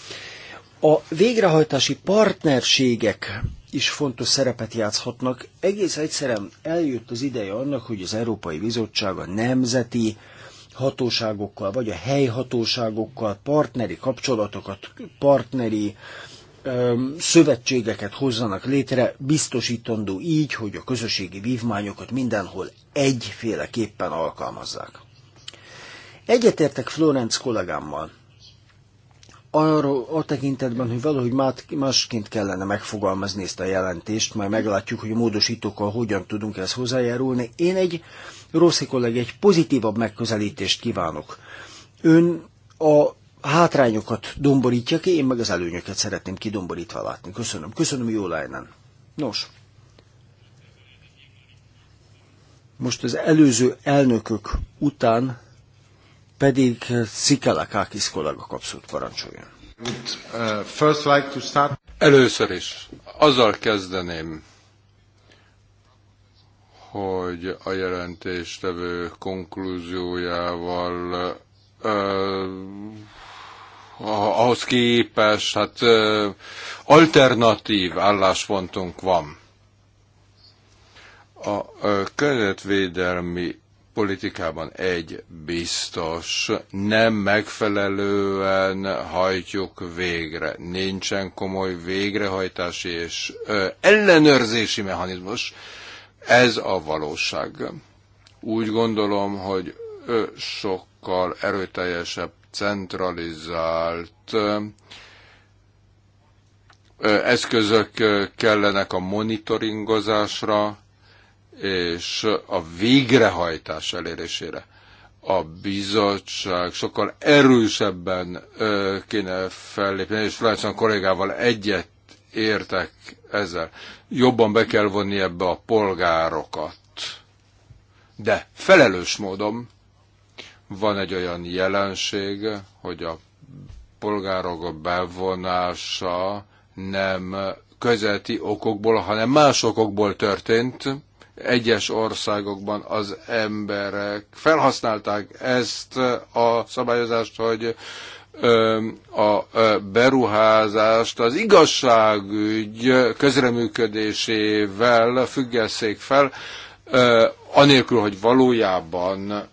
A végrehajtási partnerségek is fontos szerepet játszhatnak. Egész egyszerűen eljött az ideje annak, hogy az Európai Bizottság a nemzeti hatóságokkal, vagy a helyhatóságokkal partneri kapcsolatokat, partneri szövetségeket hozzanak létre, biztosítandó így, hogy a közösségi vívmányokat mindenhol egyféleképpen alkalmazzák. Egyetértek Florenc kollégámmal arról a tekintetben, hogy valahogy másként kellene megfogalmazni ezt a jelentést, majd meglátjuk, hogy a módosítókkal hogyan tudunk ezt hozzájárulni. Én egy rossz kolleg, egy pozitívabb megközelítést kívánok. Ön a hátrányokat domborítja ki, én meg az előnyöket szeretném kidomborítva látni. Köszönöm. Köszönöm, jó lejnen. Nos, most az előző elnökök után pedig eh, Szikelakakis kollega kapszót parancsoljon. Eh, Először is azzal kezdeném, hogy a jelentéstevő konklúziójával ö, eh, ahhoz képest, hát ö, alternatív álláspontunk van. A környezetvédelmi politikában egy biztos, nem megfelelően hajtjuk végre. Nincsen komoly végrehajtási és ö, ellenőrzési mechanizmus. Ez a valóság. Úgy gondolom, hogy ö, sokkal erőteljesebb, centralizált ö, eszközök kellenek a monitoringozásra, és a végrehajtás elérésére. A bizottság sokkal erősebben kéne fellépni, és Flajcson kollégával egyet értek ezzel. Jobban be kell vonni ebbe a polgárokat. De felelős módon van egy olyan jelenség, hogy a polgárok bevonása nem közeti okokból, hanem más okokból történt, egyes országokban az emberek felhasználták ezt a szabályozást, hogy a beruházást az igazságügy közreműködésével függesszék fel, anélkül, hogy valójában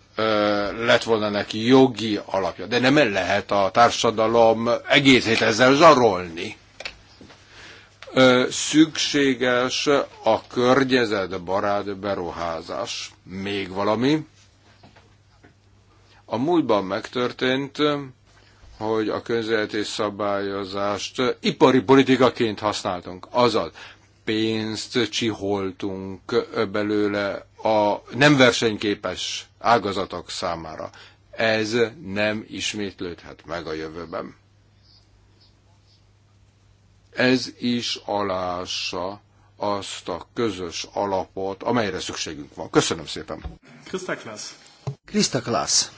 lett volna neki jogi alapja. De nem lehet a társadalom egészét ezzel zsarolni. Szükséges a környezetbarát beruházás. Még valami. A múltban megtörtént, hogy a közéleti szabályozást ipari politikaként használtunk. Azaz, pénzt csiholtunk belőle a nem versenyképes ágazatok számára. Ez nem ismétlődhet meg a jövőben. Ez is alássa azt a közös alapot, amelyre szükségünk van. Köszönöm szépen. Krista Klasz. Krista Klasz.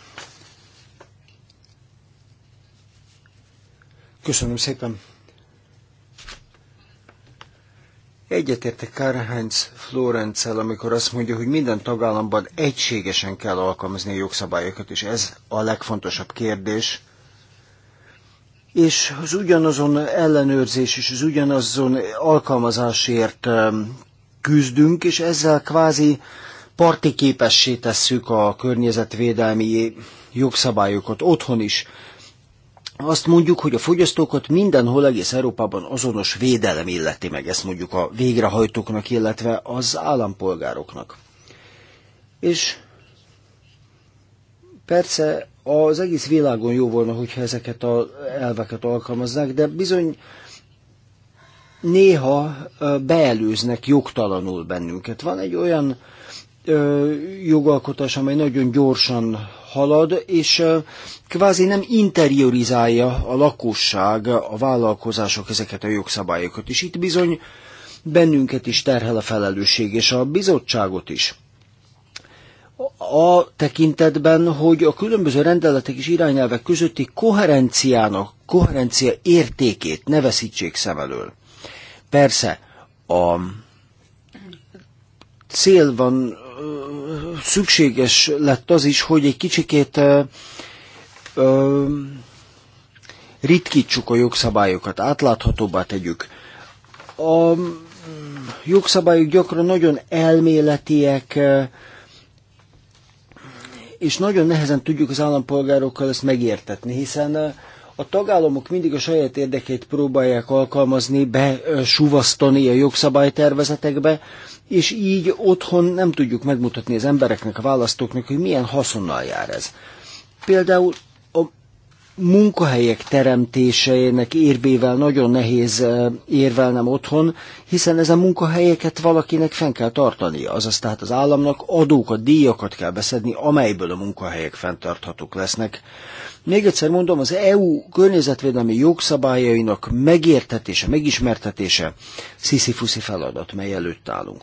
Köszönöm szépen. Egyetértek Karheinz Heinz Florenccel, amikor azt mondja, hogy minden tagállamban egységesen kell alkalmazni a jogszabályokat, és ez a legfontosabb kérdés, és az ugyanazon ellenőrzés és az ugyanazon alkalmazásért um, küzdünk, és ezzel kvázi parti képessé tesszük a környezetvédelmi jogszabályokat otthon is. Azt mondjuk, hogy a fogyasztókat mindenhol egész Európában azonos védelem illeti meg, ezt mondjuk a végrehajtóknak, illetve az állampolgároknak. És persze az egész világon jó volna, hogyha ezeket az elveket alkalmaznák, de bizony néha beelőznek jogtalanul bennünket. Van egy olyan ö, jogalkotás, amely nagyon gyorsan halad, és ö, kvázi nem interiorizálja a lakosság, a vállalkozások ezeket a jogszabályokat. És itt bizony bennünket is terhel a felelősség, és a bizottságot is a tekintetben, hogy a különböző rendeletek és irányelvek közötti koherenciának, koherencia értékét ne veszítsék szem elől. Persze, a cél van, szükséges lett az is, hogy egy kicsikét ritkítsuk a jogszabályokat, átláthatóbbá tegyük. A jogszabályok gyakran nagyon elméletiek, és nagyon nehezen tudjuk az állampolgárokkal ezt megértetni, hiszen a tagállamok mindig a saját érdekét próbálják alkalmazni, besuvasztani a jogszabálytervezetekbe, és így otthon nem tudjuk megmutatni az embereknek, a választóknak, hogy milyen haszonnal jár ez. Például munkahelyek teremtésének érvével nagyon nehéz eh, érvelnem otthon, hiszen ezen munkahelyeket valakinek fenn kell tartani, azaz tehát az államnak adókat, díjakat kell beszedni, amelyből a munkahelyek fenntarthatók lesznek. Még egyszer mondom, az EU környezetvédelmi jogszabályainak megértetése, megismertetése sziszifuszi feladat, mely előtt állunk.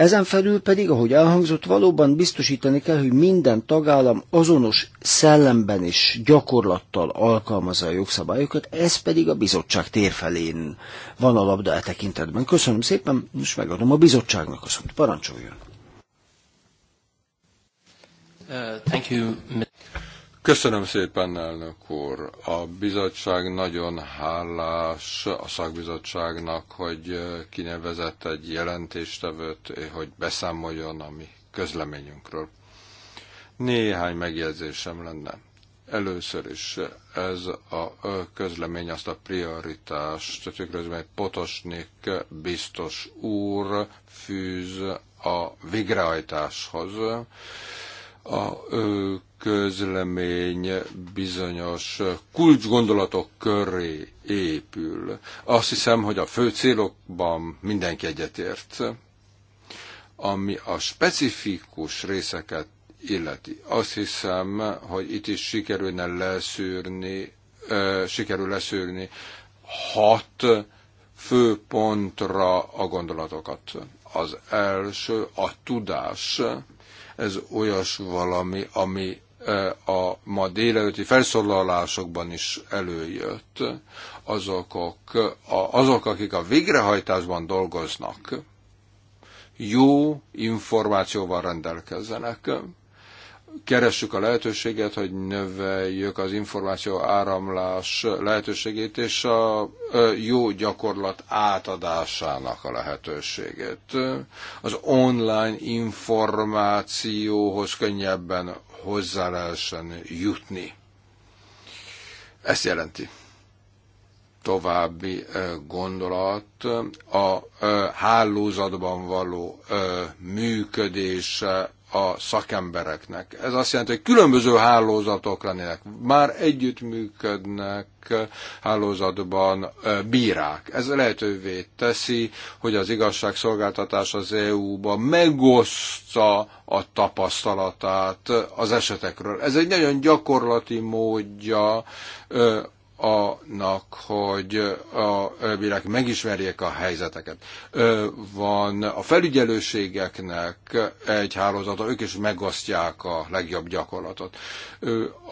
Ezen felül pedig, ahogy elhangzott, valóban biztosítani kell, hogy minden tagállam azonos szellemben és gyakorlattal alkalmazza a jogszabályokat, ez pedig a bizottság térfelén van a labda e tekintetben. Köszönöm szépen, most megadom a bizottságnak a szót. Parancsoljon! Uh, thank you. Köszönöm szépen, elnök úr. A bizottság nagyon hálás a szakbizottságnak, hogy kinevezett egy jelentéstevőt, eh, hogy beszámoljon a mi közleményünkről. Néhány megjegyzésem lenne. Először is eh, ez a közlemény azt a prioritást tükrözi, mert Potosnik biztos úr fűz a végrehajtáshoz. A közlemény bizonyos kulcsgondolatok köré épül. Azt hiszem, hogy a fő célokban mindenki egyetért. Ami a specifikus részeket illeti, azt hiszem, hogy itt is sikerülne leszűrni, sikerül leszűrni hat fő pontra a gondolatokat. Az első a tudás, ez olyas valami, ami a ma délelőtti felszólalásokban is előjött. Azok, azok, akik a végrehajtásban dolgoznak, jó információval rendelkezzenek, keressük a lehetőséget, hogy növeljük az információ áramlás lehetőségét és a jó gyakorlat átadásának a lehetőségét. Az online információhoz könnyebben hozzá lehessen jutni. Ezt jelenti további gondolat a hálózatban való működése a szakembereknek. Ez azt jelenti, hogy különböző hálózatok lennének. Már együttműködnek hálózatban bírák. Ez lehetővé teszi, hogy az igazságszolgáltatás az EU-ba megosztja a tapasztalatát az esetekről. Ez egy nagyon gyakorlati módja annak, hogy a bírák megismerjék a helyzeteket. Van a felügyelőségeknek egy hálózata, ők is megosztják a legjobb gyakorlatot.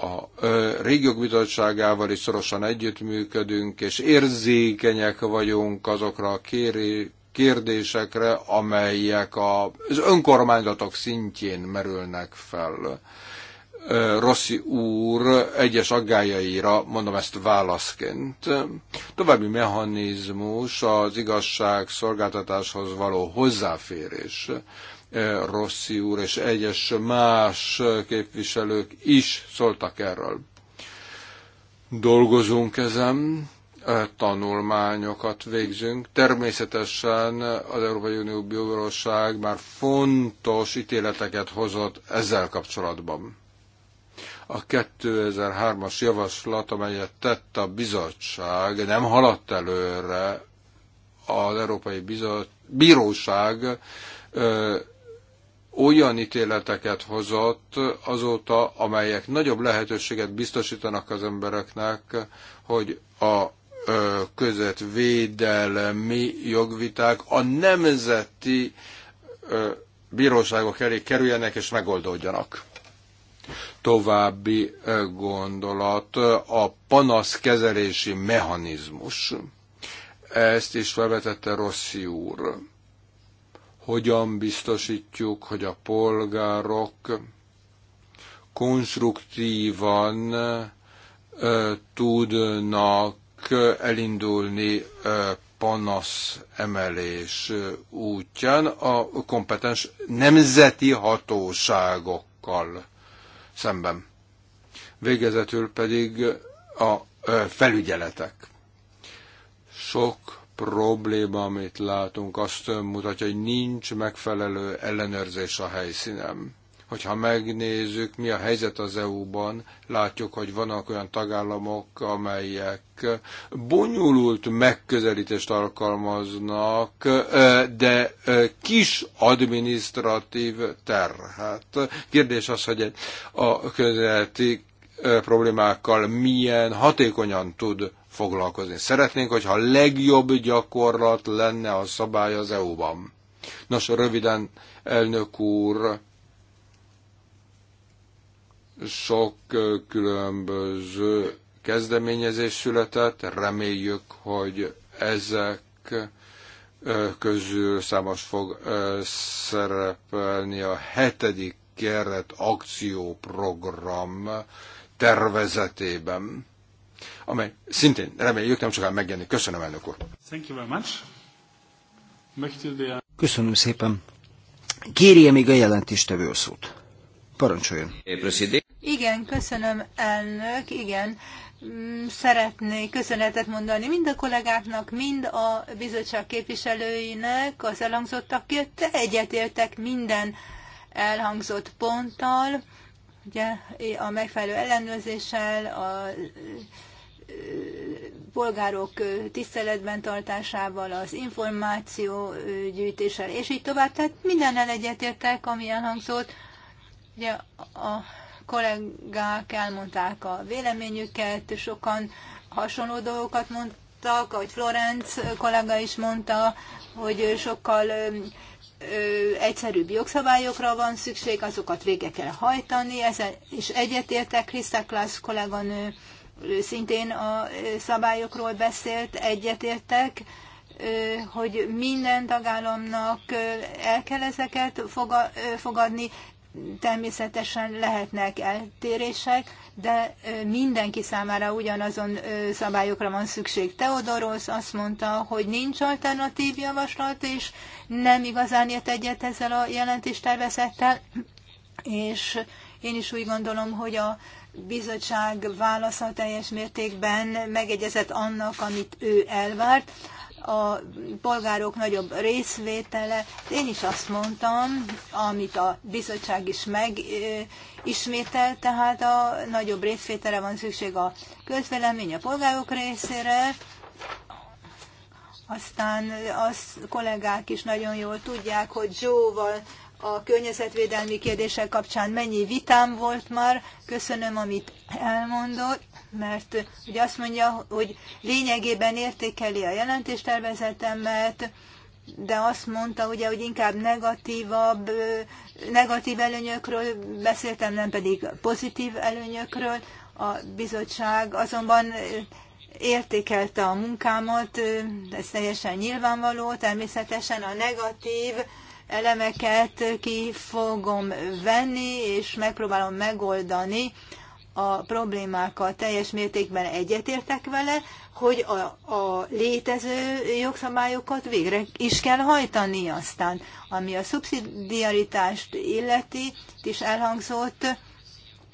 A régiók bizottságával is szorosan együttműködünk, és érzékenyek vagyunk azokra a kéré, kérdésekre, amelyek az önkormányzatok szintjén merülnek fel Rossi úr egyes aggájaira, mondom ezt válaszként. További mechanizmus az igazság szolgáltatáshoz való hozzáférés. Rossi úr és egyes más képviselők is szóltak erről. Dolgozunk ezen, tanulmányokat végzünk. Természetesen az Európai Unió Bíróság már fontos ítéleteket hozott ezzel kapcsolatban a 2003-as javaslat, amelyet tett a bizottság, nem haladt előre az Európai Bizot, Bíróság ö, olyan ítéleteket hozott azóta, amelyek nagyobb lehetőséget biztosítanak az embereknek, hogy a között védelmi jogviták a nemzeti bíróságok elé kerüljenek és megoldódjanak. További eh, gondolat a panaszkezelési mechanizmus. Ezt is felvetette Rossi úr. Hogyan biztosítjuk, hogy a polgárok konstruktívan ö, eh, tudnak elindulni ö, eh, panasz emelés útján a kompetens nemzeti hatóságokkal szemben. Végezetül pedig a felügyeletek. Sok probléma, amit látunk, azt mutatja, hogy nincs megfelelő ellenőrzés a helyszínen. Hogyha megnézzük, mi a helyzet az EU-ban, látjuk, hogy vannak olyan tagállamok, amelyek bonyolult megközelítést alkalmaznak, de kis adminisztratív terhet. Hát, kérdés az, hogy a közeleti problémákkal milyen hatékonyan tud foglalkozni. Szeretnénk, hogyha a legjobb gyakorlat lenne a szabály az EU-ban. Nos, röviden, elnök úr, sok különböző kezdeményezés született, reméljük, hogy ezek közül számos fog szerepelni a hetedik keret akcióprogram tervezetében, amely szintén reméljük nem sokan megjelenik. Köszönöm, elnök úr! Thank you very much. Köszönöm szépen. Kérje még a jelentéstevő szót. Parancsoljon. Igen, köszönöm elnök, igen. Mm, szeretnék köszönetet mondani mind a kollégáknak, mind a bizottság képviselőinek az elhangzottakért. Egyetértek minden elhangzott ponttal, ugye a megfelelő ellenőrzéssel, a polgárok tiszteletben tartásával, az információ gyűjtéssel, és így tovább. Tehát mindennel egyetértek, ami elhangzott. Ugye a kollégák elmondták a véleményüket, sokan hasonló dolgokat mondtak, ahogy Florenc kollega is mondta, hogy sokkal egyszerűbb jogszabályokra van szükség, azokat vége kell hajtani, ezzel, és egyetértek Krista Klasz kolléganő szintén a szabályokról beszélt, egyetértek, hogy minden tagállamnak el kell ezeket fogadni, Természetesen lehetnek eltérések, de mindenki számára ugyanazon szabályokra van szükség. Teodorosz azt mondta, hogy nincs alternatív javaslat, és nem igazán ért egyet ezzel a jelentéstervezettel, és én is úgy gondolom, hogy a bizottság válasza teljes mértékben megegyezett annak, amit ő elvárt a polgárok nagyobb részvétele. Én is azt mondtam, amit a bizottság is megismételt, tehát a nagyobb részvétele van szükség a közvélemény a polgárok részére, aztán az kollégák is nagyon jól tudják, hogy jóval a környezetvédelmi kérdések kapcsán mennyi vitám volt már. Köszönöm, amit elmondott mert ugye azt mondja, hogy lényegében értékeli a jelentéstervezetemet, de azt mondta ugye, hogy inkább negatívabb, negatív előnyökről beszéltem, nem pedig pozitív előnyökről. A bizottság azonban értékelte a munkámat, ez teljesen nyilvánvaló, természetesen a negatív elemeket ki fogom venni, és megpróbálom megoldani a problémákkal teljes mértékben egyetértek vele, hogy a, a létező jogszabályokat végre is kell hajtani aztán. Ami a szubszidiaritást illeti, is elhangzott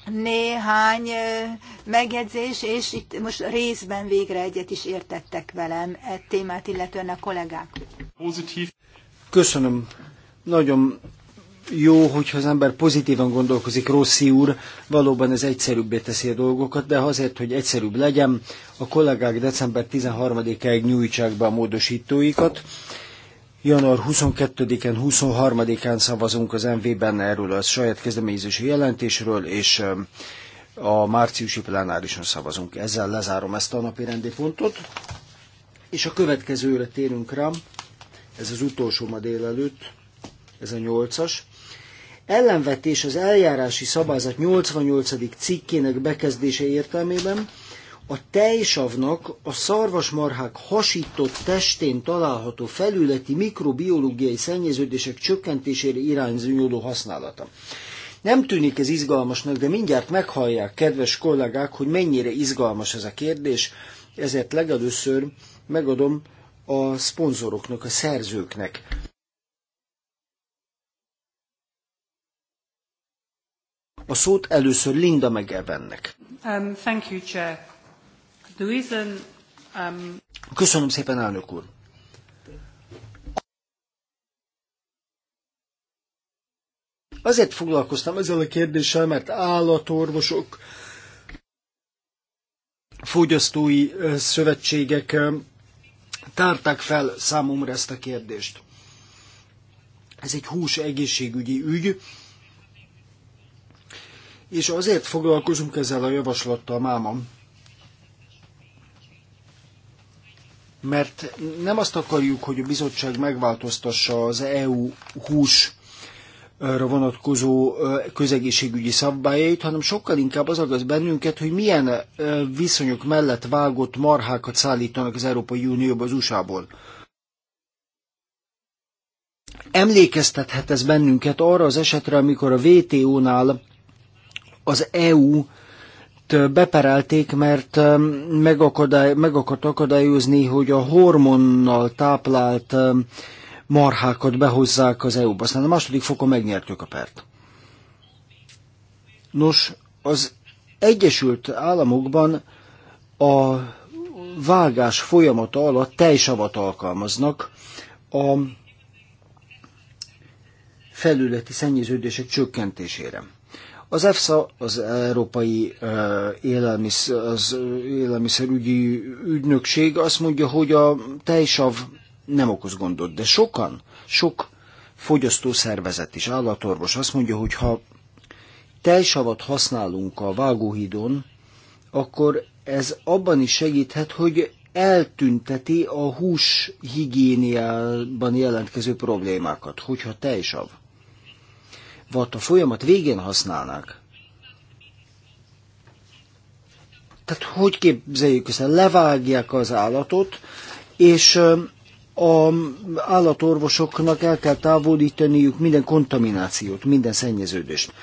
néhány megjegyzés, és itt most részben végre egyet is értettek velem e témát, illetően a kollégák. Köszönöm. Nagyon jó, hogyha az ember pozitívan gondolkozik, Rossi úr, valóban ez egyszerűbbé teszi a dolgokat, de azért, hogy egyszerűbb legyen, a kollégák december 13-áig nyújtsák be a módosítóikat. Január 22-en, 23-án szavazunk az MV-ben erről a saját kezdeményezési jelentésről, és um, a márciusi plenárison szavazunk. Ezzel lezárom ezt a napi rendi pontot, és a következőre térünk rám, ez az utolsó ma délelőtt, ez a nyolcas ellenvetés az eljárási szabályzat 88. cikkének bekezdése értelmében a tejsavnak a szarvasmarhák hasított testén található felületi mikrobiológiai szennyeződések csökkentésére irányzó használata. Nem tűnik ez izgalmasnak, de mindjárt meghallják, kedves kollégák, hogy mennyire izgalmas ez a kérdés, ezért legelőször megadom a szponzoroknak, a szerzőknek A szót először Linda Megevennek. Um, thank you, Chair. The reason, um... Köszönöm szépen, elnök úr. Azért foglalkoztam ezzel a kérdéssel, mert állatorvosok, fogyasztói szövetségek tárták fel számomra ezt a kérdést. Ez egy hús egészségügyi ügy, és azért foglalkozunk ezzel a javaslattal mámam, mert nem azt akarjuk, hogy a bizottság megváltoztassa az EU hús vonatkozó közegészségügyi szabályait, hanem sokkal inkább az aggaszt bennünket, hogy milyen viszonyok mellett vágott marhákat szállítanak az Európai Unióba az USA-ból. Emlékeztethet ez bennünket arra az esetre, amikor a WTO-nál az EU t beperelték, mert meg, akadály, meg akart akadályozni, hogy a hormonnal táplált um, marhákat behozzák az EU-ba. Aztán a második fokon megnyertük a pert. Nos, az Egyesült Államokban a vágás folyamata alatt tejsavat alkalmaznak a felületi szennyeződések csökkentésére. Az EFSA, az Európai Élelmiszerügyi Ügynökség azt mondja, hogy a tejsav nem okoz gondot, de sokan, sok fogyasztószervezet is, állatorvos azt mondja, hogy ha tejsavat használunk a vágóhídon, akkor ez abban is segíthet, hogy eltünteti a hús higiéniában jelentkező problémákat, hogyha tejsav volt a folyamat végén használnák. Tehát hogy képzeljük ezt? Levágják az állatot, és a állatorvosoknak el kell távolítaniuk minden kontaminációt, minden szennyeződést.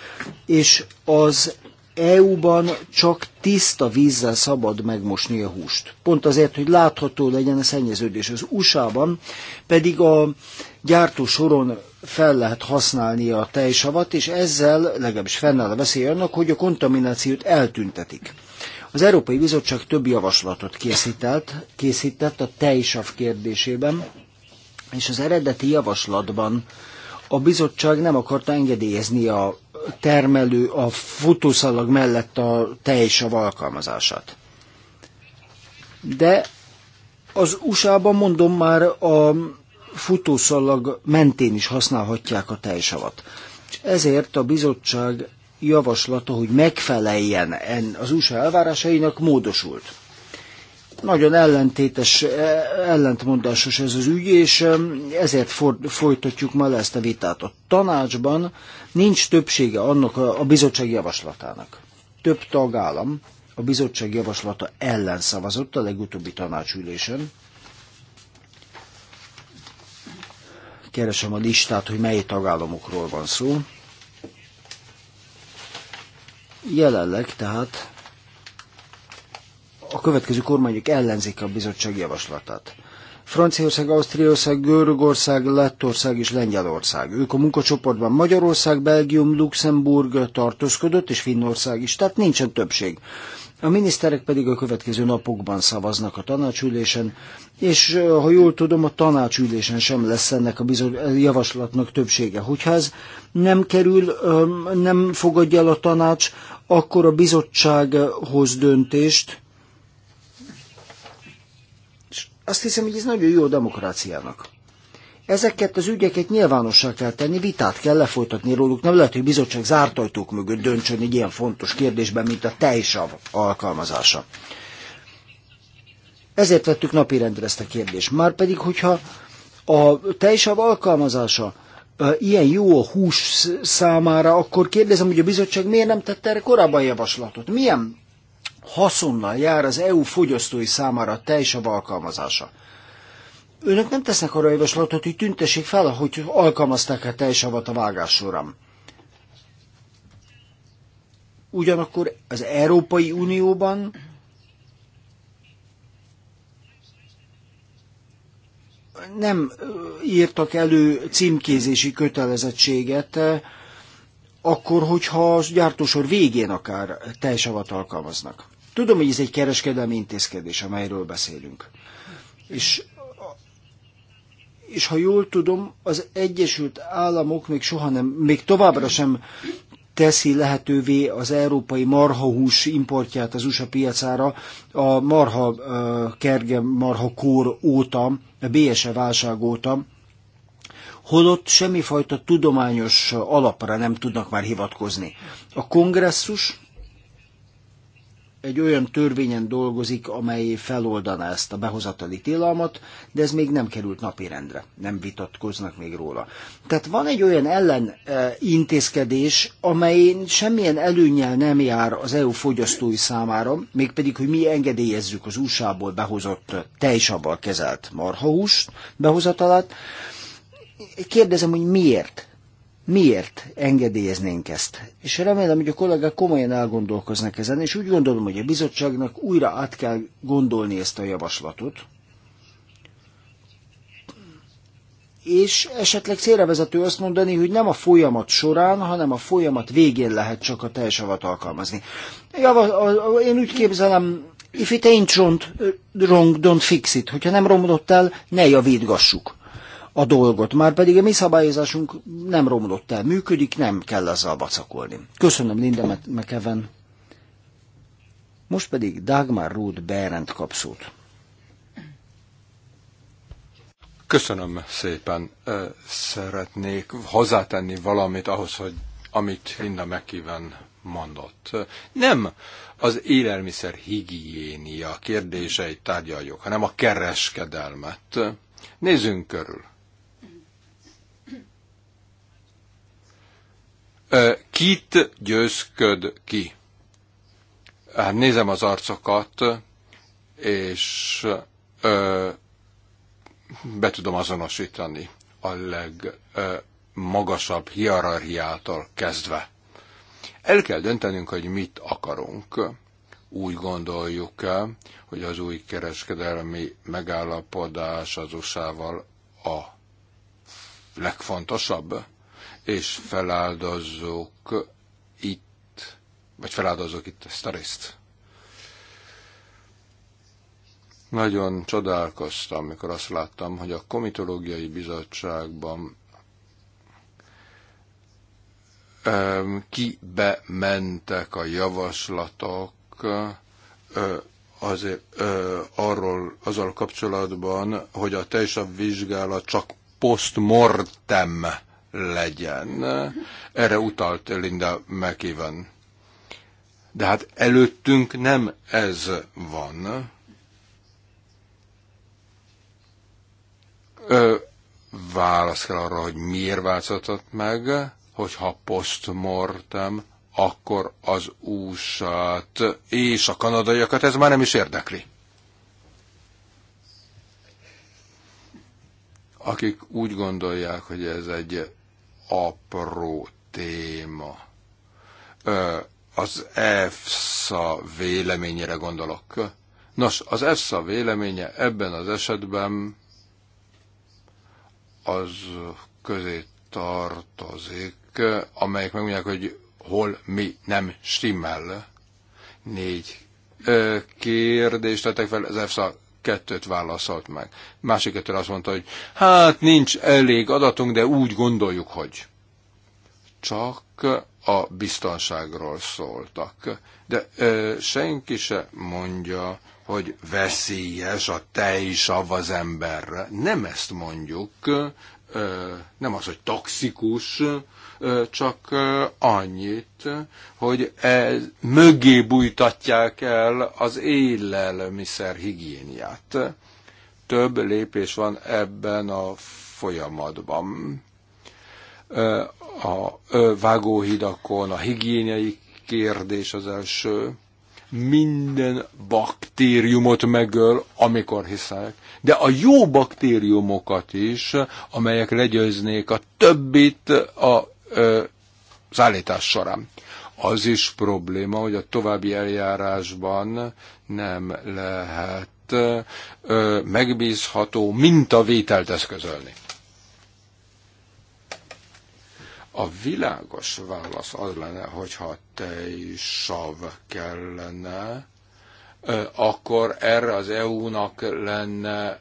És az EU-ban csak tiszta vízzel szabad megmosni a húst. Pont azért, hogy látható legyen a szennyeződés. Az USA-ban pedig a gyártó soron fel lehet használni a tejsavat, és ezzel legalábbis fennáll a veszély annak, hogy a kontaminációt eltüntetik. Az Európai Bizottság több javaslatot készített, készített a tejsav kérdésében, és az eredeti javaslatban a bizottság nem akarta engedélyezni a termelő, a futószalag mellett a tejsav alkalmazását. De az USA-ban mondom már a futószalag mentén is használhatják a tejsavat. És ezért a bizottság javaslata, hogy megfeleljen az USA elvárásainak, módosult. Nagyon ellentétes, e, ellentmondásos ez az ügy, és e, ezért for, folytatjuk már ezt a vitát. A tanácsban nincs többsége annak a, a bizottság javaslatának. Több tagállam a bizottság javaslata ellen szavazott a legutóbbi tanácsülésen, Keresem a listát, hogy mely tagállamokról van szó. Jelenleg tehát a következő kormányok ellenzik a bizottság javaslatát. Franciaország, Ausztriaország, Görögország, Lettország és Lengyelország. Ők a munkacsoportban Magyarország, Belgium, Luxemburg tartózkodott, és Finnország is, tehát nincsen többség. A miniszterek pedig a következő napokban szavaznak a tanácsülésen, és ha jól tudom, a tanácsülésen sem lesz ennek a bizony, javaslatnak többsége. Hogyha ez nem kerül, nem fogadja el a tanács, akkor a bizottság hoz döntést. És azt hiszem, hogy ez nagyon jó a demokráciának. Ezeket az ügyeket nyilvánossá kell tenni, vitát kell lefolytatni róluk. Nem lehet, hogy bizottság zárt ajtók mögött döntsön egy ilyen fontos kérdésben, mint a tejsav alkalmazása. Ezért vettük napirendre ezt a kérdést. Márpedig, hogyha a tejsav alkalmazása ilyen jó a hús számára, akkor kérdezem, hogy a bizottság miért nem tette erre korábban javaslatot? Milyen haszonnal jár az EU fogyasztói számára a tejsav alkalmazása? önök nem tesznek arra javaslatot, hogy tüntessék fel, hogy alkalmazták a avat a vágás során. Ugyanakkor az Európai Unióban nem írtak elő címkézési kötelezettséget, akkor, hogyha a gyártósor végén akár teljes avat alkalmaznak. Tudom, hogy ez egy kereskedelmi intézkedés, amelyről beszélünk. És és ha jól tudom, az Egyesült Államok még soha nem, még továbbra sem teszi lehetővé az európai marhahús importját az USA piacára a marha kerge, marha kór óta, a BSE válság óta, holott semmifajta tudományos alapra nem tudnak már hivatkozni. A kongresszus egy olyan törvényen dolgozik, amely feloldaná ezt a behozatali tilalmat, de ez még nem került napirendre, nem vitatkoznak még róla. Tehát van egy olyan ellen e, intézkedés, amely semmilyen előnyel nem jár az EU fogyasztói számára, mégpedig, hogy mi engedélyezzük az USA-ból behozott tejsabbal kezelt marhahúst behozatalát. Kérdezem, hogy miért? Miért engedélyeznénk ezt? És remélem, hogy a kollégák komolyan elgondolkoznak ezen, és úgy gondolom, hogy a bizottságnak újra át kell gondolni ezt a javaslatot, és esetleg célrevezető azt mondani, hogy nem a folyamat során, hanem a folyamat végén lehet csak a teljes avat alkalmazni. én úgy képzelem, if it ain't wrong, don't fix it. Hogyha nem romlott el, ne javítgassuk a dolgot. Márpedig a mi szabályozásunk nem romlott el, működik, nem kell ezzel bacakolni. Köszönöm Linda McEwen. Most pedig Dagmar Ruth Berend kap szót. Köszönöm szépen. Szeretnék hozzátenni valamit ahhoz, hogy amit Linda McEwen mondott. Nem az élelmiszer higiénia kérdéseit tárgyaljuk, hanem a kereskedelmet. Nézzünk körül. Kit győzköd ki? Hát nézem az arcokat, és be tudom azonosítani a legmagasabb hierarchiától kezdve. El kell döntenünk, hogy mit akarunk. Úgy gondoljuk -e, hogy az új kereskedelmi megállapodás az USA-val a legfontosabb? és feláldozzuk itt, vagy feláldozzuk itt ezt a részt. Nagyon csodálkoztam, amikor azt láttam, hogy a komitológiai bizottságban kibe mentek a javaslatok azért arról, azzal kapcsolatban, hogy a teljes vizsgálat csak postmortem legyen. Erre utalt Linda McEwan. De hát előttünk nem ez van. Ö, válasz kell arra, hogy miért változtatott meg, hogyha postmortem, akkor az usa és a kanadaiakat ez már nem is érdekli. Akik úgy gondolják, hogy ez egy apró téma. Az EFSA véleményére gondolok. Nos, az EFSA véleménye ebben az esetben az közé tartozik, amelyek megmondják, hogy hol mi nem stimmel. Négy kérdést tettek fel az EFSA kettőt válaszolt meg. Másik kettőre azt mondta, hogy hát nincs elég adatunk, de úgy gondoljuk, hogy csak a biztonságról szóltak. De ö, senki se mondja, hogy veszélyes a tejsav az emberre. Nem ezt mondjuk, ö, nem az, hogy toxikus, csak annyit, hogy ez, mögé bújtatják el az élelmiszer higiéniát. Több lépés van ebben a folyamatban. A vágóhidakon a higiéniai kérdés az első, minden baktériumot megöl, amikor hiszek, de a jó baktériumokat is, amelyek legyőznék a többit a az állítás során. Az is probléma, hogy a további eljárásban nem lehet ö, megbízható mintavételt eszközölni. A világos válasz az lenne, hogyha sav kellene, akkor erre az EU-nak lenne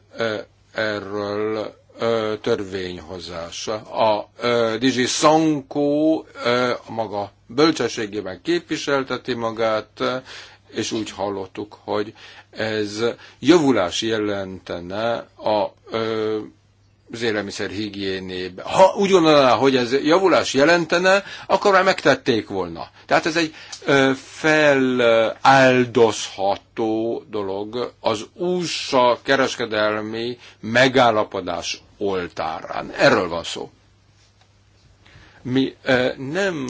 erről törvényhozása. A Dizsi Szankó a maga bölcsességében képviselteti magát, és úgy hallottuk, hogy ez javulás jelentene a az élelmiszer higiénébe. Ha úgy gondolná, hogy ez javulás jelentene, akkor már megtették volna. Tehát ez egy ö, feláldozható dolog az USA kereskedelmi megállapodás oltárán. Erről van szó. Mi ö, nem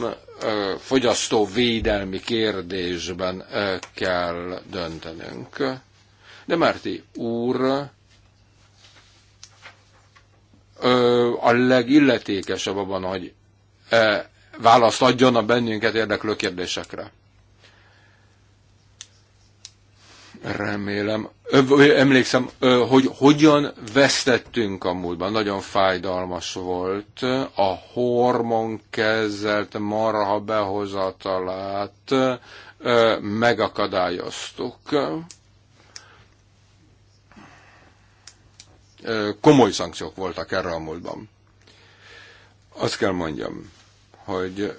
ö, védelmi kérdésben ö, kell döntenünk. De Márti úr, a legilletékesebb abban, hogy választ adjon a bennünket érdeklő kérdésekre. Remélem. Emlékszem, hogy hogyan vesztettünk a múltban. Nagyon fájdalmas volt a hormonkezelt marha behozatalát megakadályoztuk komoly szankciók voltak erre a múltban. Azt kell mondjam, hogy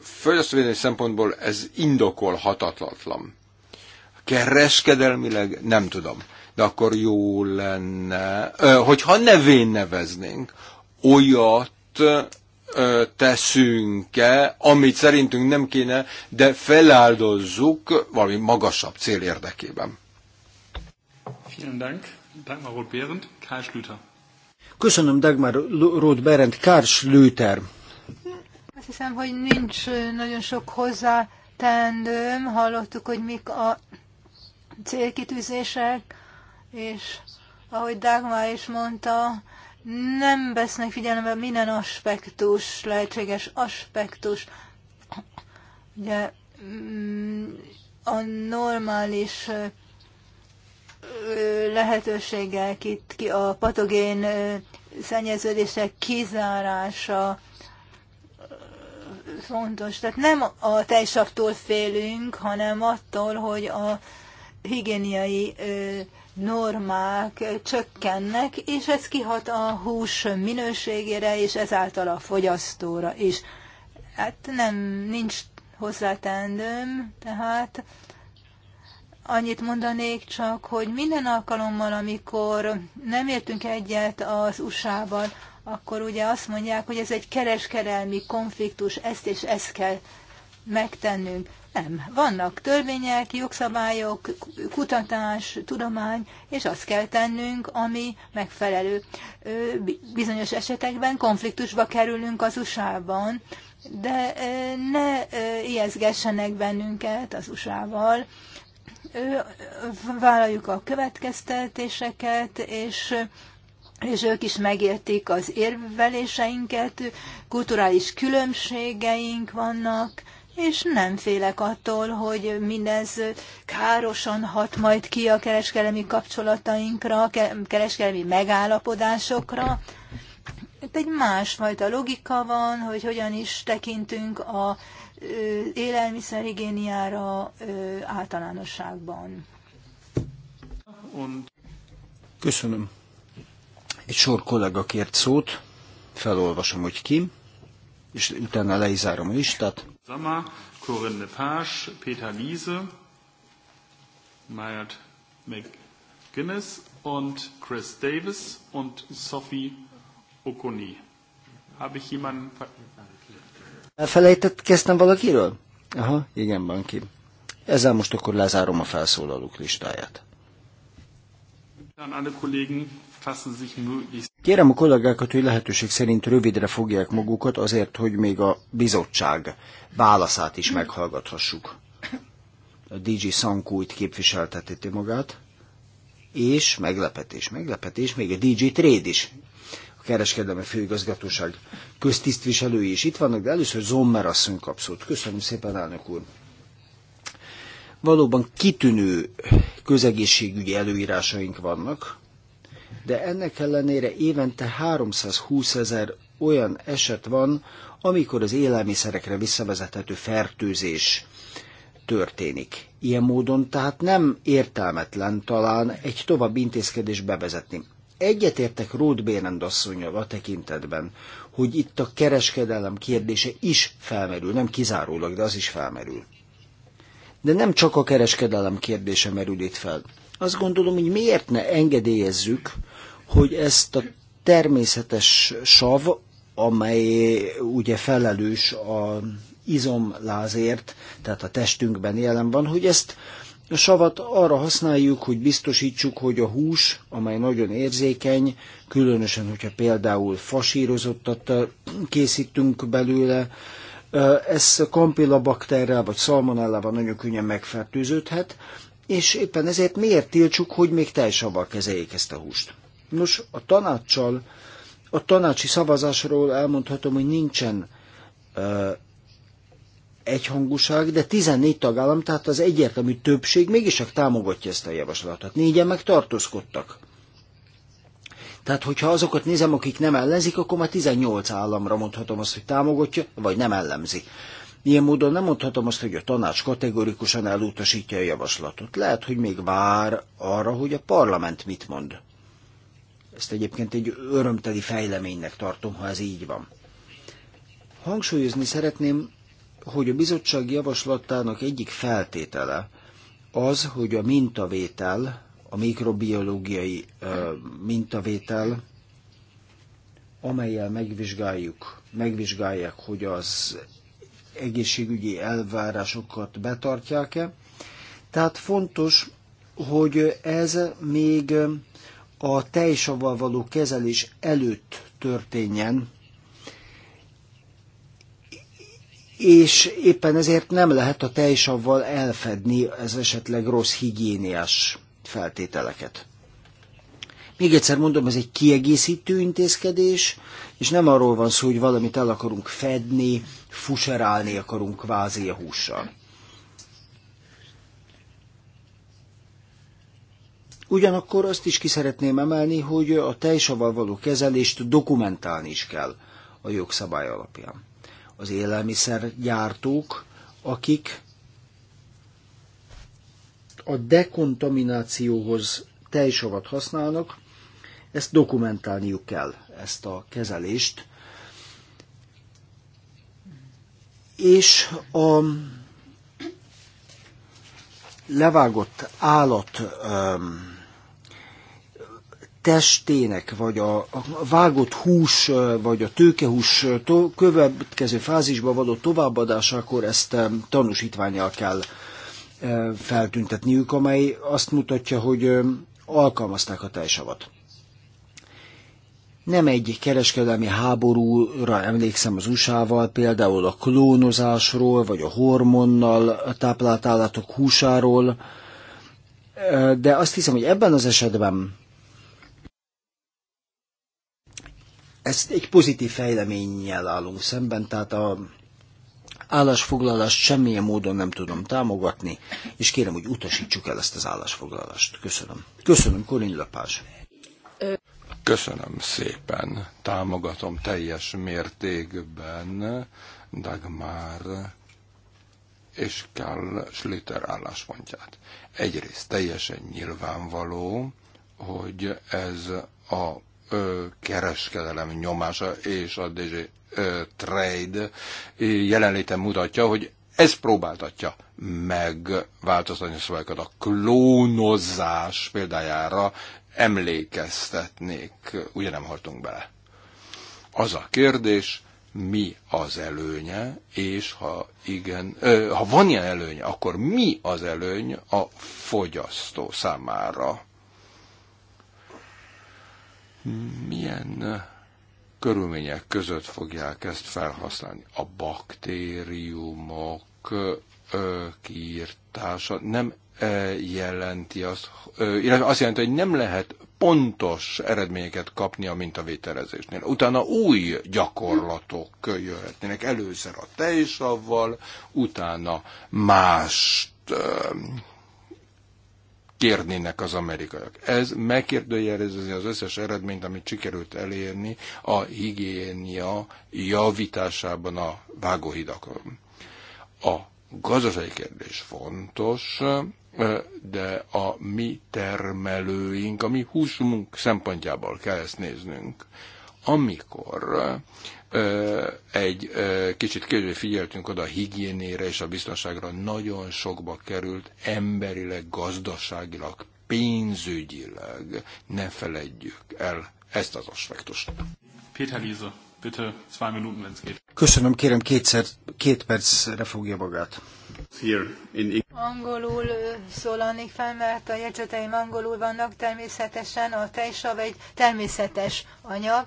fogyasztóvédelmi szempontból ez indokolhatatlan. Kereskedelmileg nem tudom, de akkor jó lenne, hogyha nevén neveznénk, olyat teszünk-e, amit szerintünk nem kéne, de feláldozzuk valami magasabb cél érdekében. Vielen Dank. Dagmar Roth Berend, Karl Schlüter. Köszönöm Dagmar Roth Berend, Karl Schlüter. Azt hiszem, hogy nincs nagyon sok hozzá teendőm. Hallottuk, hogy mik a célkitűzések, és ahogy Dagmar is mondta, nem vesznek figyelembe minden aspektus, lehetséges aspektus. Ugye mm, a normális lehetőségek itt ki a patogén szennyeződések kizárása fontos. Tehát nem a tejsaktól félünk, hanem attól, hogy a higiéniai normák csökkennek, és ez kihat a hús minőségére, és ezáltal a fogyasztóra is. Hát nem, nincs hozzátendőm, tehát Annyit mondanék csak, hogy minden alkalommal, amikor nem értünk egyet az USA-ban, akkor ugye azt mondják, hogy ez egy kereskedelmi konfliktus, ezt és ezt kell megtennünk. Nem. Vannak törvények, jogszabályok, kutatás, tudomány, és azt kell tennünk, ami megfelelő. Bizonyos esetekben konfliktusba kerülünk az USA-ban, de ne ijeszgessenek bennünket az USA-val, vállaljuk a következtetéseket, és és ők is megértik az érveléseinket, kulturális különbségeink vannak, és nem félek attól, hogy mindez károsan hat majd ki a kereskedelmi kapcsolatainkra, a kereskedelmi megállapodásokra. Itt egy másfajta logika van, hogy hogyan is tekintünk a élelmiszerigéniára általánosságban. Köszönöm. Egy sor kollega kért szót, felolvasom, hogy ki, és utána leizárom a listát. Zama, Corinne Lepage, Peter Liese, Mayat McGuinness und Chris Davis und Sophie Okoni. Habe ich jemanden Elfelejtett kezdtem valakiről? Aha, igen, Banki. Ezzel most akkor lezárom a felszólalók listáját. Kérem a kollégákat, hogy lehetőség szerint rövidre fogják magukat, azért, hogy még a bizottság válaszát is meghallgathassuk. A DG Sankújt képviselteteti magát, és meglepetés, meglepetés, még a DG Trade is kereskedelmi főigazgatóság köztisztviselői is itt vannak, de először Zommer asszony kap szót. Köszönöm szépen, elnök úr! Valóban kitűnő közegészségügyi előírásaink vannak, de ennek ellenére évente 320 ezer olyan eset van, amikor az élelmiszerekre visszavezethető fertőzés történik. Ilyen módon tehát nem értelmetlen talán egy további intézkedés bevezetni. Egyetértek Ruth Bérend asszonyjal a tekintetben, hogy itt a kereskedelem kérdése is felmerül, nem kizárólag, de az is felmerül. De nem csak a kereskedelem kérdése merül itt fel. Azt gondolom, hogy miért ne engedélyezzük, hogy ezt a természetes sav, amely ugye felelős a izomlázért, tehát a testünkben jelen van, hogy ezt a savat arra használjuk, hogy biztosítsuk, hogy a hús, amely nagyon érzékeny, különösen, hogyha például fasírozottat készítünk belőle, ez kampilabakterrel vagy szalmonellával nagyon könnyen megfertőződhet, és éppen ezért miért tiltsuk, hogy még tejsavval kezeljék ezt a húst? Nos, a tanácssal, a tanácsi szavazásról elmondhatom, hogy nincsen egyhangúság, de 14 tagállam, tehát az egyértelmű többség mégis csak támogatja ezt a javaslatot. Négyen meg tartózkodtak. Tehát, hogyha azokat nézem, akik nem ellenzik, akkor már 18 államra mondhatom azt, hogy támogatja, vagy nem ellenzi. Ilyen módon nem mondhatom azt, hogy a tanács kategorikusan elutasítja a javaslatot. Lehet, hogy még vár arra, hogy a parlament mit mond. Ezt egyébként egy örömteli fejleménynek tartom, ha ez így van. Hangsúlyozni szeretném, hogy a bizottság javaslatának egyik feltétele az, hogy a mintavétel, a mikrobiológiai mintavétel, amelyel megvizsgáljuk, megvizsgálják, hogy az egészségügyi elvárásokat betartják-e. Tehát fontos, hogy ez még a tejsavval való kezelés előtt történjen, és éppen ezért nem lehet a tejsavval elfedni az esetleg rossz higiéniás feltételeket. Még egyszer mondom, ez egy kiegészítő intézkedés, és nem arról van szó, hogy valamit el akarunk fedni, fuserálni akarunk kvázi a hússal. Ugyanakkor azt is ki szeretném emelni, hogy a tejsavval való kezelést dokumentálni is kell a jogszabály alapján az élelmiszergyártók, akik a dekontaminációhoz tejsavat használnak, ezt dokumentálniuk kell, ezt a kezelést. És a levágott állat um, testének, vagy a vágott hús, vagy a tőkehús következő fázisba való továbbadásakor ezt tanúsítványjal kell feltüntetniük, amely azt mutatja, hogy alkalmazták a tejsavat. Nem egy kereskedelmi háborúra emlékszem az USA-val, például a klónozásról, vagy a hormonnal táplált állatok húsáról, de azt hiszem, hogy ebben az esetben ezt egy pozitív fejleménnyel állunk szemben, tehát a állásfoglalást semmilyen módon nem tudom támogatni, és kérem, hogy utasítsuk el ezt az állásfoglalást. Köszönöm. Köszönöm, Korin Lapás. Köszönöm szépen. Támogatom teljes mértékben Dagmar és Karl Schlitter álláspontját. Egyrészt teljesen nyilvánvaló, hogy ez a kereskedelem nyomása és a DG Trade jelenléte mutatja, hogy ez próbáltatja megváltoztatni a szöveget. A klónozás példájára emlékeztetnék, ugye nem hartunk bele. Az a kérdés, mi az előnye, és ha igen, ö, ha van ilyen előnye, akkor mi az előny a fogyasztó számára? milyen körülmények között fogják ezt felhasználni. A baktériumok ö, kiírtása nem jelenti azt, illetve azt jelenti, hogy nem lehet pontos eredményeket kapni a mintavételezésnél. Utána új gyakorlatok jöhetnének. Először a tejsavval, utána mást kérnének az amerikaiak. Ez megkérdőjelezi az összes eredményt, amit sikerült elérni a higiénia javításában a vágóhidakon. A gazdasági kérdés fontos, de a mi termelőink, a mi húsunk szempontjából kell ezt néznünk amikor egy kicsit később figyeltünk oda a higiénére és a biztonságra, nagyon sokba került emberileg, gazdaságilag, pénzügyileg. Ne feledjük el ezt az aspektust. Péter Liza, bitte zwei Minuten, es geht. Köszönöm, kérem, kétszer, két percre fogja magát. Angolul szólalnék fel, mert a jegyzeteim angolul vannak természetesen, a tejsav egy természetes anyag,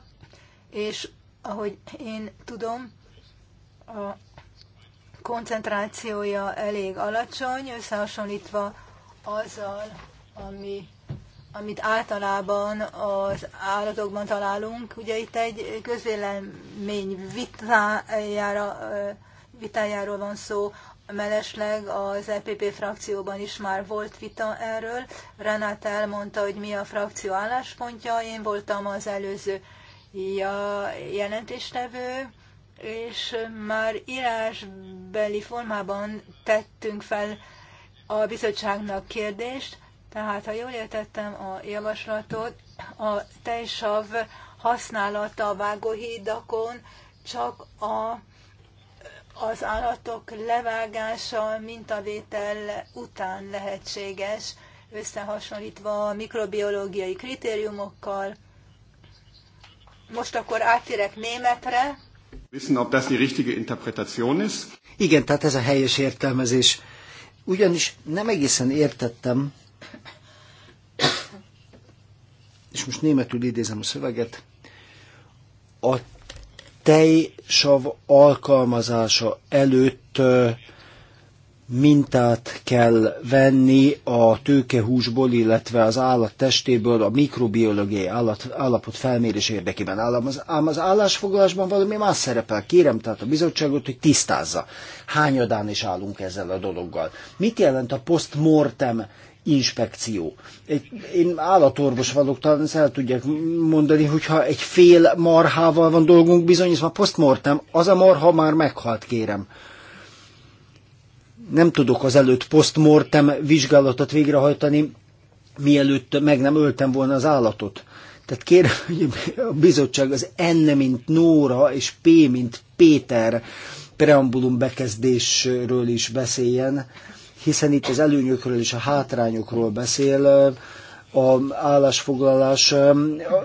és ahogy én tudom, a koncentrációja elég alacsony, összehasonlítva azzal, ami, amit általában az állatokban találunk. Ugye itt egy közvélemény vitájára, vitájáról van szó, Melesleg az EPP frakcióban is már volt vita erről. Renát elmondta, hogy mi a frakció álláspontja. Én voltam az előző ja, jelentéstevő, és már írásbeli formában tettünk fel a bizottságnak kérdést, tehát ha jól értettem a javaslatot, a tejsav használata a vágóhídakon csak a, az állatok levágása mintavétel után lehetséges, összehasonlítva a mikrobiológiai kritériumokkal, most akkor átérek németre. Wissen, ob das die richtige Interpretation ist? Igen, tehát ez a helyes értelmezés. Ugyanis nem egészen értettem, és most németül idézem a szöveget, a sav alkalmazása előtt mintát kell venni a tőkehúsból, illetve az állat testéből a mikrobiológiai állat, állapot felmérés érdekében. Ám az, ám az állásfoglalásban valami más szerepel. Kérem tehát a bizottságot, hogy tisztázza. Hányadán is állunk ezzel a dologgal. Mit jelent a postmortem inspekció. Egy, én állatorvos vagyok, talán ezt el tudják mondani, hogyha egy fél marhával van dolgunk, bizony, ez már postmortem, az a marha már meghalt, kérem nem tudok az előtt postmortem vizsgálatot végrehajtani, mielőtt meg nem öltem volna az állatot. Tehát kérem, hogy a bizottság az N, mint Nóra, és P, mint Péter preambulum bekezdésről is beszéljen, hiszen itt az előnyökről és a hátrányokról beszél a állásfoglalás,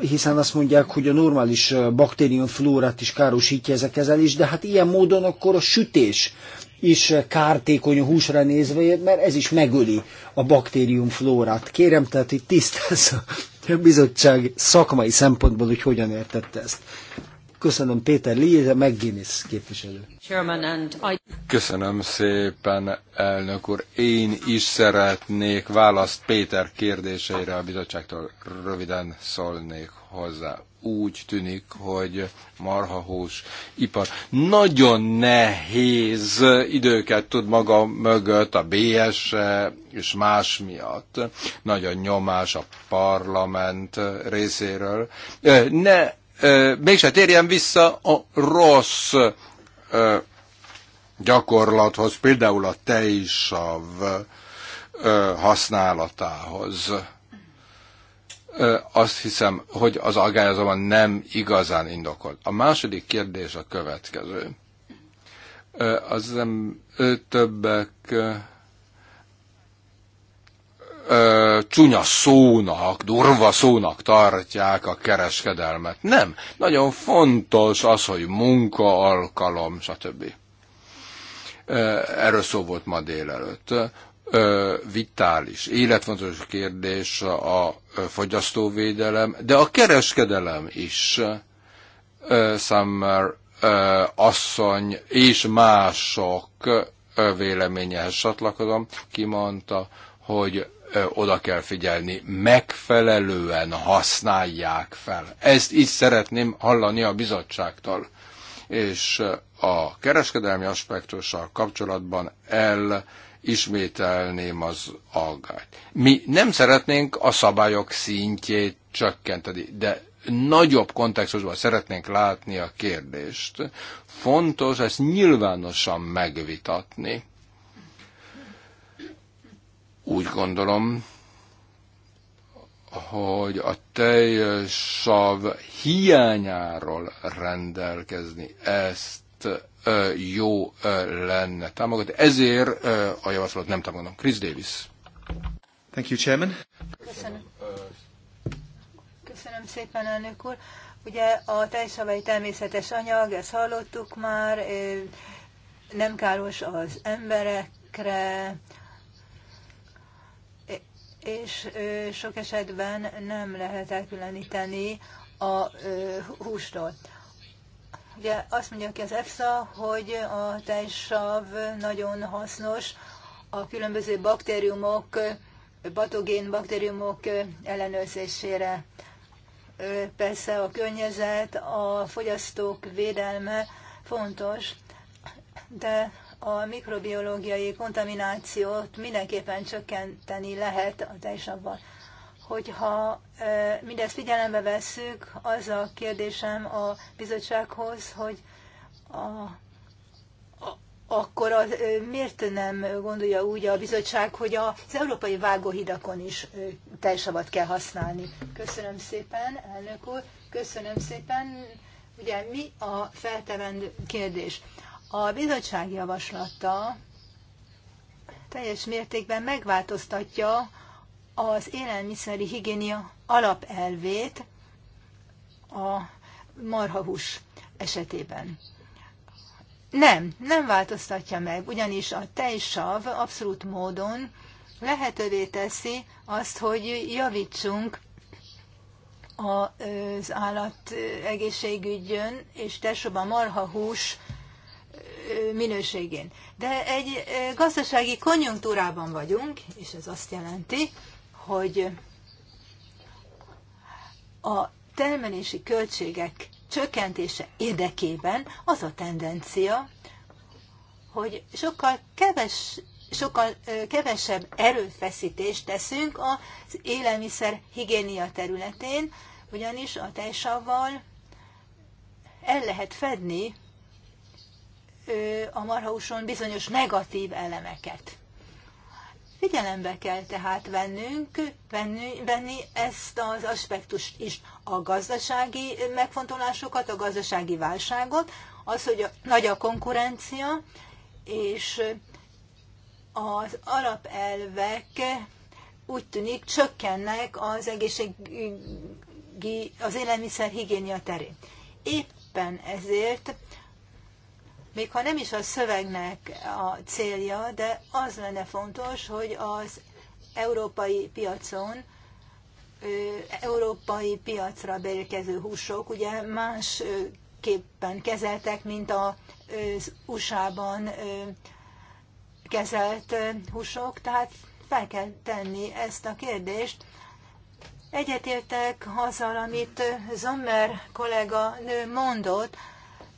hiszen azt mondják, hogy a normális baktériumflórát is károsítja ez a kezelés, de hát ilyen módon akkor a sütés is kártékony a húsra nézve, mert ez is megöli a baktérium flórát. Kérem, tehát, itt tisztázza a bizottság szakmai szempontból, hogy hogyan értette ezt. Köszönöm Péter Lee, McGuinness képviselő. Köszönöm szépen, elnök úr. Én is szeretnék választ Péter kérdéseire a bizottságtól. Röviden szólnék hozzá. Úgy tűnik, hogy marhahús ipar nagyon nehéz időket tud maga mögött a BS e és más miatt. Nagyon nyomás a parlament részéről. Ne mégse térjen vissza a rossz gyakorlathoz, például a tejsav használatához. Azt hiszem, hogy az agály azonban nem igazán indokolt. A második kérdés a következő. Az nem többek ö, csúnya szónak, durva szónak tartják a kereskedelmet. Nem. Nagyon fontos az, hogy munka, alkalom, stb. Ö, erről szó volt ma délelőtt. Ö, vitális, életfontos kérdés a fogyasztóvédelem, de a kereskedelem is. Ö, Summer ö, asszony és mások véleményehez csatlakozom, kimondta, hogy oda kell figyelni, megfelelően használják fel. Ezt így szeretném hallani a bizottságtól. És a kereskedelmi aspektussal kapcsolatban el ismételném az aggályt. Mi nem szeretnénk a szabályok szintjét csökkenteni, de nagyobb kontextusban szeretnénk látni a kérdést. Fontos ezt nyilvánosan megvitatni úgy gondolom, hogy a sav hiányáról rendelkezni ezt jó lenne támogatni. Ezért a javaslatot nem támogatom. Chris Davis. Thank you, Chairman. Köszönöm. Köszönöm szépen, elnök úr. Ugye a tejsav egy természetes anyag, ezt hallottuk már, nem káros az emberekre, és sok esetben nem lehet elkülöníteni a hústól. Ugye azt mondja ki az EFSA, hogy a tejsav nagyon hasznos a különböző baktériumok, patogén baktériumok ellenőrzésére. Persze a környezet, a fogyasztók védelme fontos, de a mikrobiológiai kontaminációt mindenképpen csökkenteni lehet a tejsavval. Hogyha mindezt figyelembe vesszük, az a kérdésem a bizottsághoz, hogy a, a, akkor az, miért nem gondolja úgy a bizottság, hogy az európai vágóhidakon is tejsavat kell használni? Köszönöm szépen, elnök úr, köszönöm szépen. Ugye mi a feltevendő kérdés? A bizottság javaslata teljes mértékben megváltoztatja az élelmiszeri higiénia alapelvét a marhahús esetében. Nem, nem változtatja meg, ugyanis a tejsav abszolút módon lehetővé teszi azt, hogy javítsunk az állat egészségügyön, és tesóban a marhahús minőségén. De egy gazdasági konjunktúrában vagyunk, és ez azt jelenti, hogy a termelési költségek csökkentése érdekében az a tendencia, hogy sokkal keves, sokkal kevesebb erőfeszítést teszünk az élelmiszer higiénia területén, ugyanis a tejsavval el lehet fedni a marhauson bizonyos negatív elemeket. Figyelembe kell tehát vennünk, venni, venni ezt az aspektust is, a gazdasági megfontolásokat, a gazdasági válságot, az, hogy a, nagy a konkurencia, és az alapelvek úgy tűnik csökkennek az egészségi, az élelmiszer higiénia terén. Éppen ezért még ha nem is a szövegnek a célja, de az lenne fontos, hogy az európai piacon, európai piacra beérkező húsok ugye másképpen kezeltek, mint az USA-ban kezelt húsok, tehát fel kell tenni ezt a kérdést. Egyetértek azzal, amit Zommer kollega nő mondott,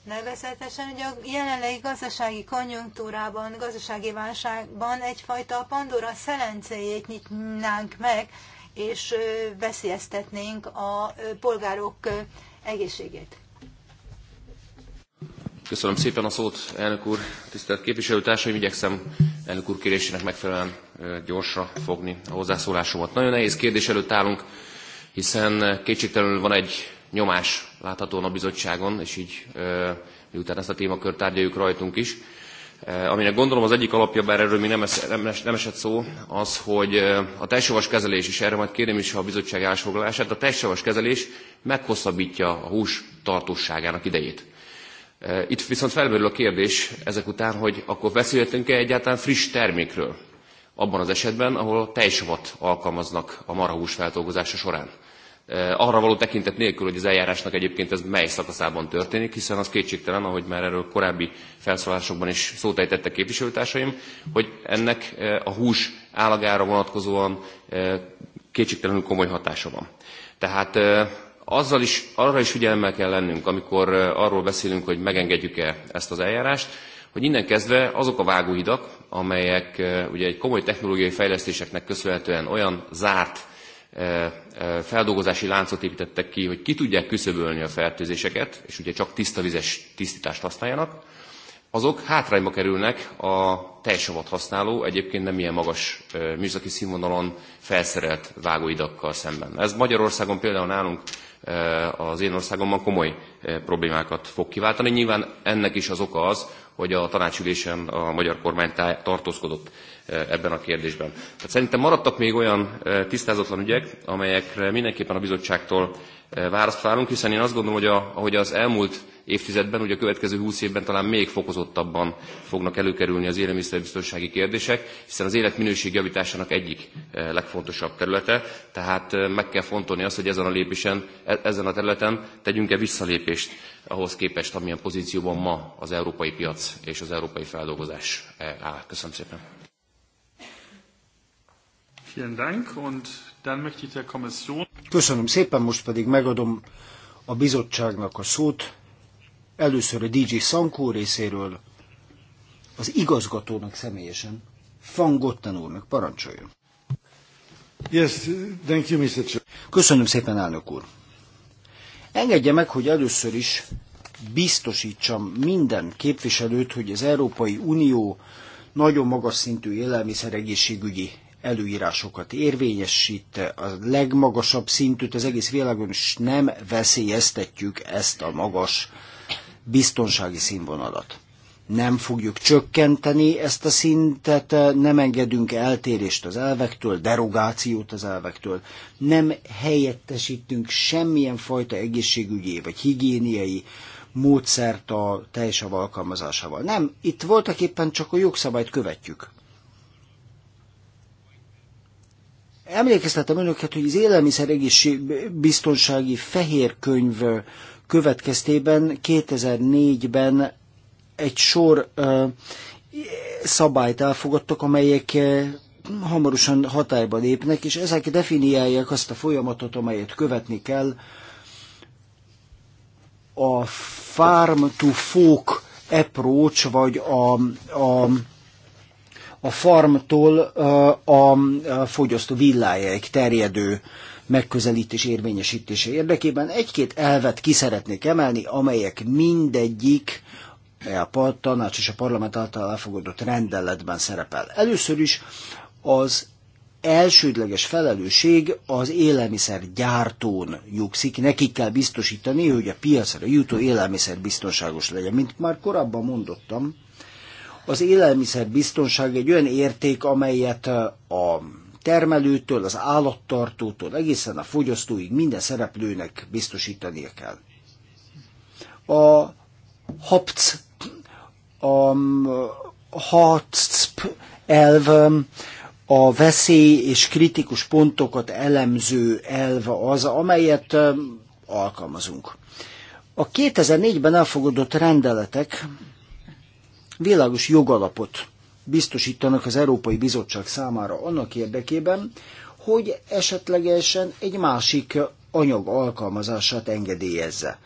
Nevezetesen ugye a jelenlegi gazdasági konjunktúrában, gazdasági válságban egyfajta Pandora szelencéjét nyitnánk meg, és veszélyeztetnénk a polgárok egészségét. Köszönöm szépen a szót, elnök úr, tisztelt képviselőtársaim, igyekszem elnök úr kérésének megfelelően gyorsra fogni a hozzászólásomat. Nagyon nehéz kérdés előtt állunk, hiszen kétségtelenül van egy nyomás láthatóan a bizottságon, és így miután ezt a témakört tárgyaljuk rajtunk is. Aminek gondolom az egyik alapja, bár erről még nem, esz, nem, nem esett szó, az, hogy a testsavas kezelés, és erre majd kérem is a bizottság állásfoglalását, a testsavas kezelés meghosszabbítja a hús tartóságának idejét. Itt viszont felmerül a kérdés ezek után, hogy akkor beszélhetünk-e egyáltalán friss termékről, abban az esetben, ahol tejsavat alkalmaznak a marhahús feltolgozása során. Eh, arra való tekintet nélkül, hogy az eljárásnak egyébként ez mely szakaszában történik, hiszen az kétségtelen, ahogy már erről korábbi felszólásokban is szótejtettek képviselőtársaim, hogy ennek eh, a hús állagára vonatkozóan eh, kétségtelenül komoly hatása van. Tehát azzal is, arra is figyelemmel kell lennünk, amikor arról beszélünk, hogy megengedjük-e ezt az eljárást, hogy innen kezdve azok a vágóhidak, amelyek ugye egy komoly technológiai fejlesztéseknek köszönhetően olyan zárt feldolgozási láncot építettek ki, hogy ki tudják küszöbölni a fertőzéseket, és ugye csak tiszta vizes tisztítást használjanak, azok hátrányba kerülnek a teljesavat használó, egyébként nem ilyen magas műszaki színvonalon felszerelt vágóidakkal szemben. Ez Magyarországon például nálunk az én országomban komoly problémákat fog kiváltani. Nyilván ennek is az oka az, hogy a tanácsülésen a magyar kormány tartózkodott. Eh, ebben a kérdésben. Tehát szerintem maradtak még olyan eh, tisztázatlan ügyek, amelyekre mindenképpen a bizottságtól eh, választ várunk, hiszen én azt gondolom, hogy a, ahogy az elmúlt évtizedben, ugye a következő húsz évben talán még fokozottabban fognak előkerülni az élelmiszerbiztonsági kérdések, hiszen az életminőség javításának egyik legfontosabb területe, tehát meg kell fontolni azt, hogy ezen a, lépésen, e, ezen a területen tegyünk-e visszalépést ahhoz képest, amilyen pozícióban ma az európai piac és az európai feldolgozás áll. Köszönöm szépen. Vielen Dank, und dann möchte ich der Kommission... Köszönöm szépen, most pedig megadom a bizottságnak a szót. Először a DJ Sankó részéről, az igazgatónak személyesen, Fangotten úrnak parancsoljon. Yes, thank you, Mr. Chair. Köszönöm szépen, elnök úr. Engedje meg, hogy először is biztosítsam minden képviselőt, hogy az Európai Unió nagyon magas szintű élelmiszeregészségügyi előírásokat érvényesít a legmagasabb szintűt az egész világon, és nem veszélyeztetjük ezt a magas biztonsági színvonalat. Nem fogjuk csökkenteni ezt a szintet, nem engedünk eltérést az elvektől, derogációt az elvektől, nem helyettesítünk semmilyen fajta egészségügyi vagy higiéniai módszert a teljesav alkalmazásával. Nem, itt voltak éppen csak a jogszabályt követjük. Emlékeztetem önöket, hogy az élelmiszer biztonsági fehér könyv következtében 2004-ben egy sor ö, szabályt elfogadtak, amelyek ö, hamarosan hatályba lépnek, és ezek definiálják azt a folyamatot, amelyet követni kell a farm to fork approach, vagy a, a a farmtól a fogyasztó villájáig terjedő megközelítés érvényesítése érdekében. Egy-két elvet ki szeretnék emelni, amelyek mindegyik e, a tanács és a parlament által elfogadott rendeletben szerepel. Először is az elsődleges felelősség az élelmiszer gyártón nyugszik. Nekik kell biztosítani, hogy a piacra jutó élelmiszer biztonságos legyen. Mint már korábban mondottam, az élelmiszer biztonság egy olyan érték, amelyet a termelőtől, az állattartótól, egészen a fogyasztóig minden szereplőnek biztosítania kell. A HAPC, a HACCP elv a veszély és kritikus pontokat elemző elv az, amelyet alkalmazunk. A 2004-ben elfogadott rendeletek világos jogalapot biztosítanak az Európai Bizottság számára annak érdekében, hogy esetlegesen egy másik anyag alkalmazását engedélyezze.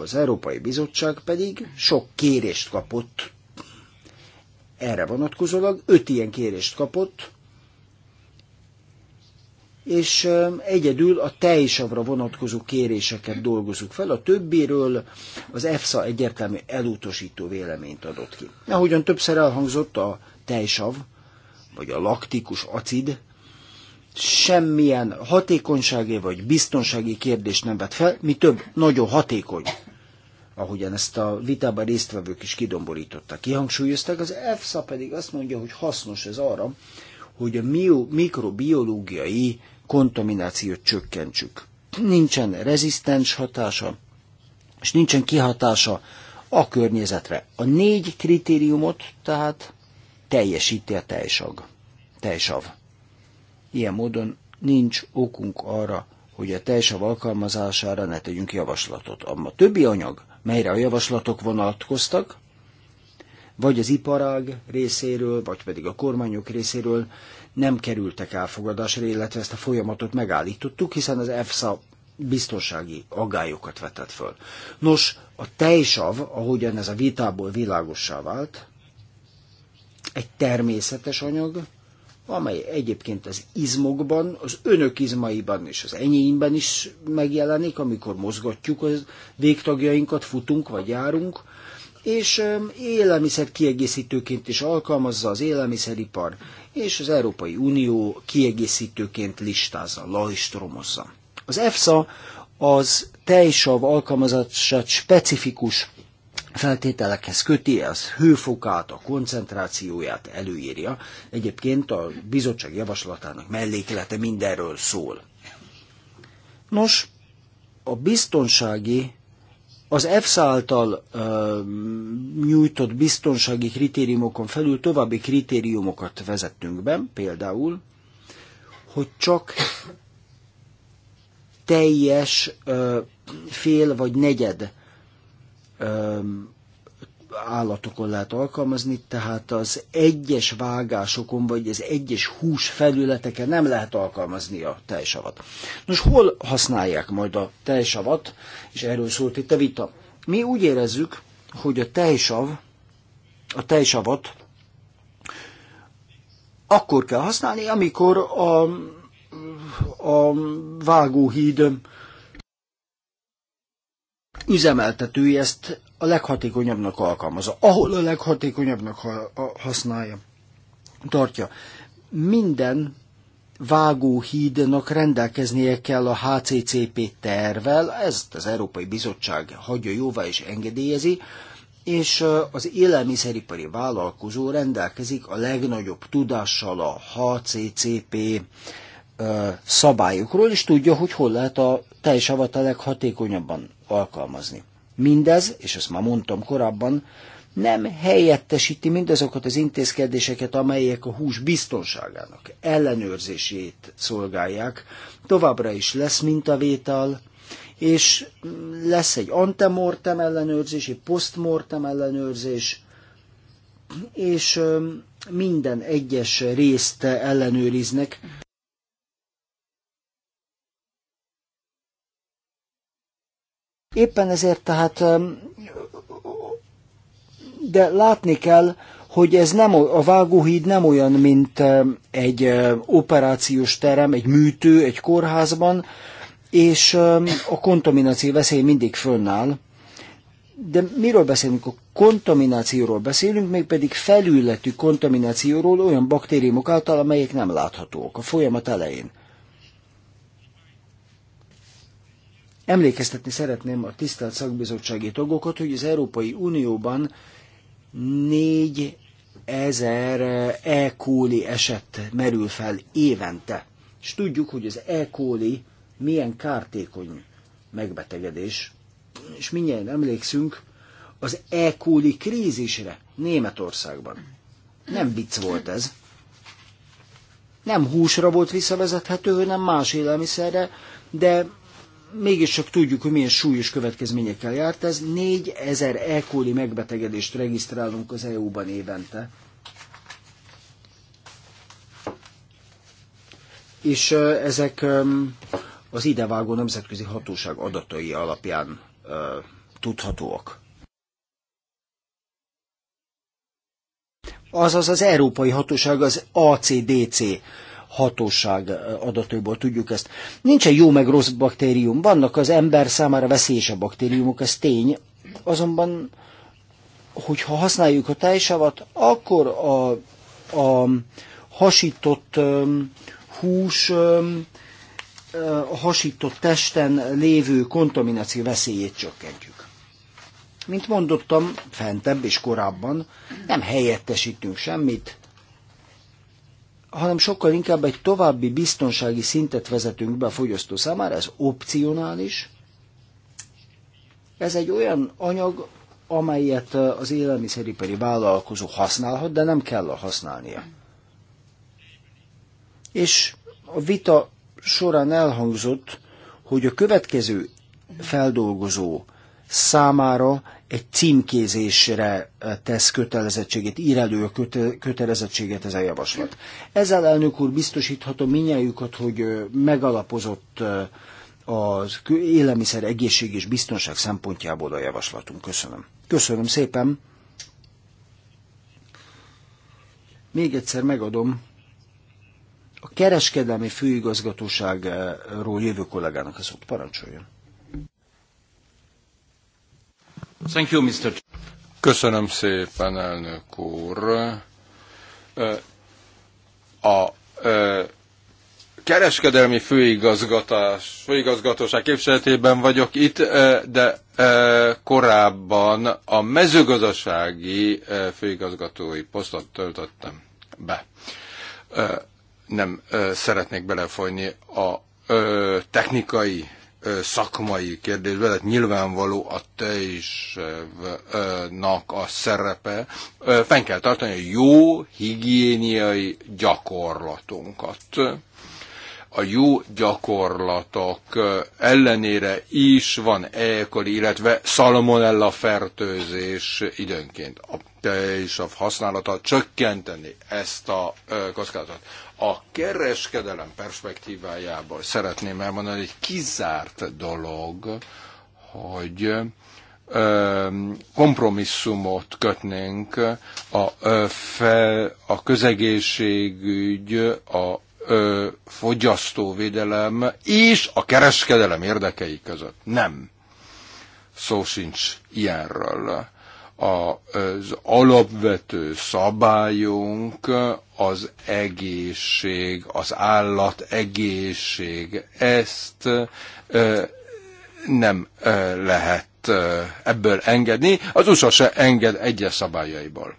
Az Európai Bizottság pedig sok kérést kapott erre vonatkozólag, öt ilyen kérést kapott, és egyedül a tejsavra vonatkozó kéréseket dolgozunk fel, a többiről az EFSA egyértelmű elutasító véleményt adott ki. Ahogyan többször elhangzott, a tejsav, vagy a laktikus acid semmilyen hatékonysági vagy biztonsági kérdést nem vett fel, mi több, nagyon hatékony ahogyan ezt a vitában résztvevők is kidomborították, kihangsúlyozták, az EFSA pedig azt mondja, hogy hasznos ez arra, hogy a mikrobiológiai kontaminációt csökkentsük. Nincsen rezisztens hatása, és nincsen kihatása a környezetre. A négy kritériumot tehát teljesíti a tejsag, tejsav. Ilyen módon nincs okunk arra, hogy a tejsav alkalmazására ne tegyünk javaslatot. A többi anyag, melyre a javaslatok vonatkoztak, vagy az iparág részéről, vagy pedig a kormányok részéről nem kerültek elfogadásra, illetve ezt a folyamatot megállítottuk, hiszen az EFSA biztonsági aggályokat vetett föl. Nos, a tejsav, ahogyan ez a vitából világossá vált, egy természetes anyag, amely egyébként az izmokban, az önök izmaiban és az enyémben is megjelenik, amikor mozgatjuk az végtagjainkat, futunk vagy járunk, és élelmiszer kiegészítőként is alkalmazza az élelmiszeripar, és az Európai Unió kiegészítőként listázza, lajstromozza. Az EFSA az tejsav alkalmazását specifikus feltételekhez köti, az hőfokát, a koncentrációját előírja. Egyébként a bizottság javaslatának melléklete mindenről szól. Nos, a biztonsági az EFSA által uh, nyújtott biztonsági kritériumokon felül további kritériumokat vezettünk be, például, hogy csak teljes uh, fél vagy negyed állatokon lehet alkalmazni, tehát az egyes vágásokon, vagy az egyes hús felületeken nem lehet alkalmazni a tejsavat. Nos, hol használják majd a tejsavat, és erről szólt itt a vita. Mi úgy érezzük, hogy a tejsav, a tejsavat akkor kell használni, amikor a, a vágóhíd üzemeltetői ezt a leghatékonyabbnak alkalmazza, ahol a leghatékonyabbnak használja, tartja. Minden vágóhídnak rendelkeznie kell a HCCP tervel, ezt az Európai Bizottság hagyja jóvá és engedélyezi, és az élelmiszeripari vállalkozó rendelkezik a legnagyobb tudással a HCCP szabályokról, és tudja, hogy hol lehet a teljes a leghatékonyabban alkalmazni. Mindez, és ezt már mondtam korábban, nem helyettesíti mindazokat az intézkedéseket, amelyek a hús biztonságának ellenőrzését szolgálják. Továbbra is lesz mintavétel, és lesz egy antemortem ellenőrzés, egy postmortem ellenőrzés, és minden egyes részt ellenőriznek. Éppen ezért tehát, de látni kell, hogy ez nem, a vágóhíd nem olyan, mint egy operációs terem, egy műtő, egy kórházban, és a kontamináció veszély mindig fönnáll. De miről beszélünk? A kontaminációról beszélünk, mégpedig felületű kontaminációról olyan baktériumok által, amelyek nem láthatók a folyamat elején. Emlékeztetni szeretném a tisztelt szakbizottsági tagokat, hogy az Európai Unióban 4000 ezer E. coli eset merül fel évente. És tudjuk, hogy az E. coli milyen kártékony megbetegedés. És mindjárt emlékszünk az E. coli krízisre Németországban. Nem vicc volt ez. Nem húsra volt visszavezethető, hanem más élelmiszerre, de mégiscsak tudjuk, hogy milyen súlyos következményekkel járt ez. 4000 E. coli megbetegedést regisztrálunk az EU-ban évente. És ezek az idevágó nemzetközi hatóság adatai alapján tudhatóak. Azaz az Európai Hatóság, az ACDC hatóság adatokból tudjuk ezt. Nincsen jó meg rossz baktérium, vannak az ember számára a baktériumok, ez tény, azonban hogyha használjuk a tejsavat, akkor a, a hasított um, hús um, a hasított testen lévő kontamináció veszélyét csökkentjük. Mint mondottam, fentebb és korábban nem helyettesítünk semmit, hanem sokkal inkább egy további biztonsági szintet vezetünk be a fogyasztó számára, ez opcionális. Ez egy olyan anyag, amelyet eh, az élelmiszeripari vállalkozó használhat, de nem kell a használnia. És a vita során elhangzott, hogy a következő feldolgozó számára egy címkézésre eh, tesz kötelezettséget, a köte, kötelezettséget ez a javaslat. Ezzel elnök úr biztosíthatom minnyájukat, hogy eh, megalapozott eh, az élelmiszer egészség és biztonság szempontjából a javaslatunk. Köszönöm. Köszönöm szépen. Még egyszer megadom a kereskedelmi főigazgatóságról jövő kollégának a szót. Parancsoljon. Köszönöm szépen, elnök úr. A kereskedelmi főigazgatás, főigazgatóság képviseletében vagyok itt, de korábban a mezőgazdasági főigazgatói posztot töltöttem be. Nem szeretnék belefolyni a technikai szakmai kérdésben, tehát nyilvánvaló a tejsnak a szerepe. Fenn kell tartani a jó higiéniai gyakorlatunkat. A jó gyakorlatok ellenére is van ekkor, illetve szalmonella fertőzés időnként. A tejsav használata csökkenteni ezt a kockázatot. A kereskedelem perspektívájából szeretném elmondani, hogy kizárt dolog, hogy kompromisszumot kötnénk a, fel, a közegészségügy, a fogyasztóvédelem és a kereskedelem érdekei között. Nem. Szó sincs ilyenről az alapvető szabályunk az egészség, az állat egészség. Ezt nem lehet ebből engedni. Az USA se enged egyes szabályaiból.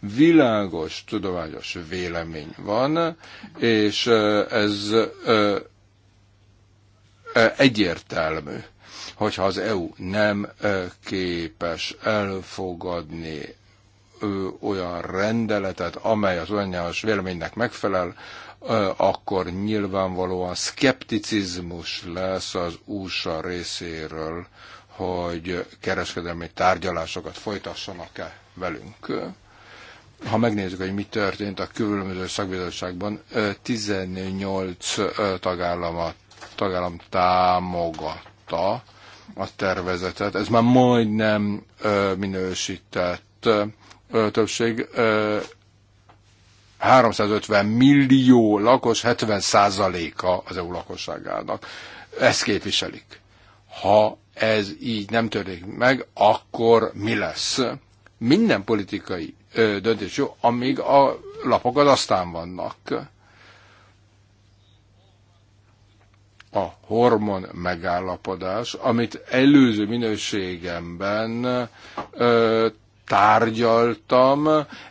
Világos, tudományos vélemény van, és ez egyértelmű hogyha az EU nem képes elfogadni olyan rendeletet, amely az olyanjános véleménynek megfelel, akkor nyilvánvalóan szkepticizmus lesz az USA részéről, hogy kereskedelmi tárgyalásokat folytassanak-e velünk. Ha megnézzük, hogy mi történt a különböző szakbizottságban, 18 tagállama, tagállam támogatta a tervezetet. Ez már majdnem minősített többség. 350 millió lakos, 70 százaléka az EU lakosságának. Ezt képviselik. Ha ez így nem történik meg, akkor mi lesz? Minden politikai döntés jó, amíg a lapok az aztán vannak a hormon megállapodás, amit előző minőségemben ö, tárgyaltam,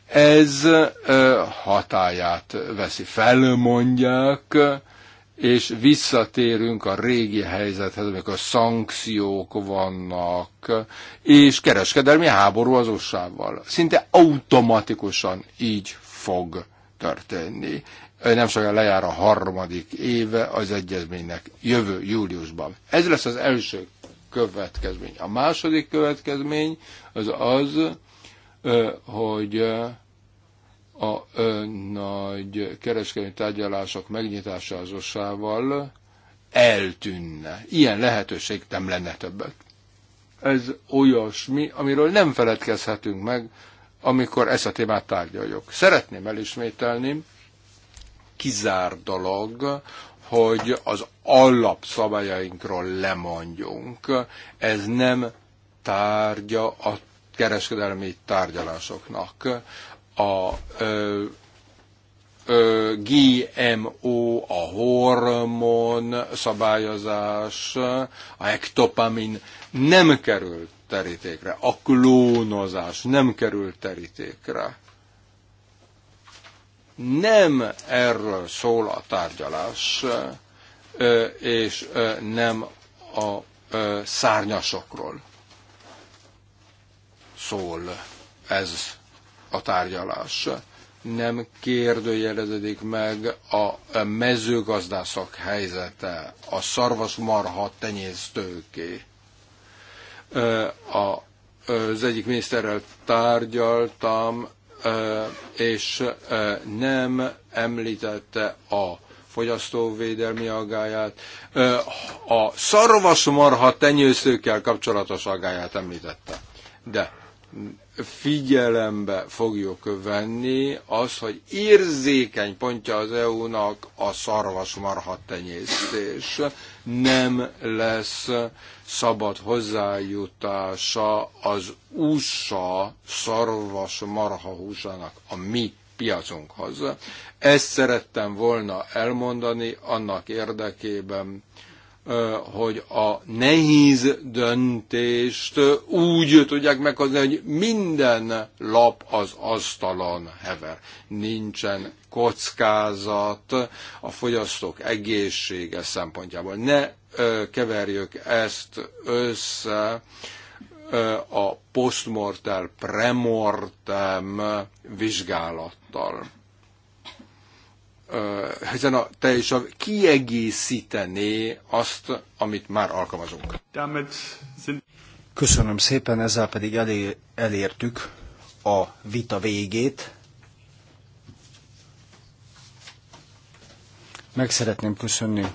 ez ö, hatáját veszi. Felmondják, és visszatérünk a régi helyzethez, amikor szankciók vannak, és kereskedelmi háború az usa -val. Szinte automatikusan így fog történni nem sokan lejár a harmadik éve az egyezménynek jövő júliusban. Ez lesz az első következmény. A második következmény az az, hogy a nagy kereskedelmi tárgyalások megnyitása az osával eltűnne. Ilyen lehetőség nem lenne többet. Ez olyasmi, amiről nem feledkezhetünk meg, amikor ezt a témát tárgyaljuk. Szeretném elismételni, kizár dolog, hogy az alapszabályainkról lemondjunk. Ez nem tárgya a kereskedelmi tárgyalásoknak. A ö, ö, GMO, a hormon szabályozás, a ektopamin nem került terítékre, a klónozás nem került terítékre. Nem erről szól a tárgyalás, és nem a szárnyasokról szól ez a tárgyalás. Nem kérdőjeleződik meg a mezőgazdászok helyzete, a szarvasmarha tenyésztőké. A, az egyik miniszterrel tárgyaltam, és nem említette a fogyasztóvédelmi aggáját, a szarvasmarha tenyészőkkel kapcsolatos aggáját említette. De figyelembe fogjuk venni az, hogy érzékeny pontja az EU-nak a szarvasmarha tenyésztés. Nem lesz szabad hozzájutása az USA szarvasmarha húsának a mi piacunkhoz. Ezt szerettem volna elmondani annak érdekében, hogy a nehéz döntést úgy tudják meghozni, hogy minden lap az asztalon hever. Nincsen kockázat a fogyasztók egészsége szempontjából. Ne keverjük ezt össze a postmortem, premortem vizsgálattal hiszen a a kiegészítené azt, amit már alkalmazunk. Köszönöm szépen, ezzel pedig elé, elértük a vita végét. Meg szeretném köszönni,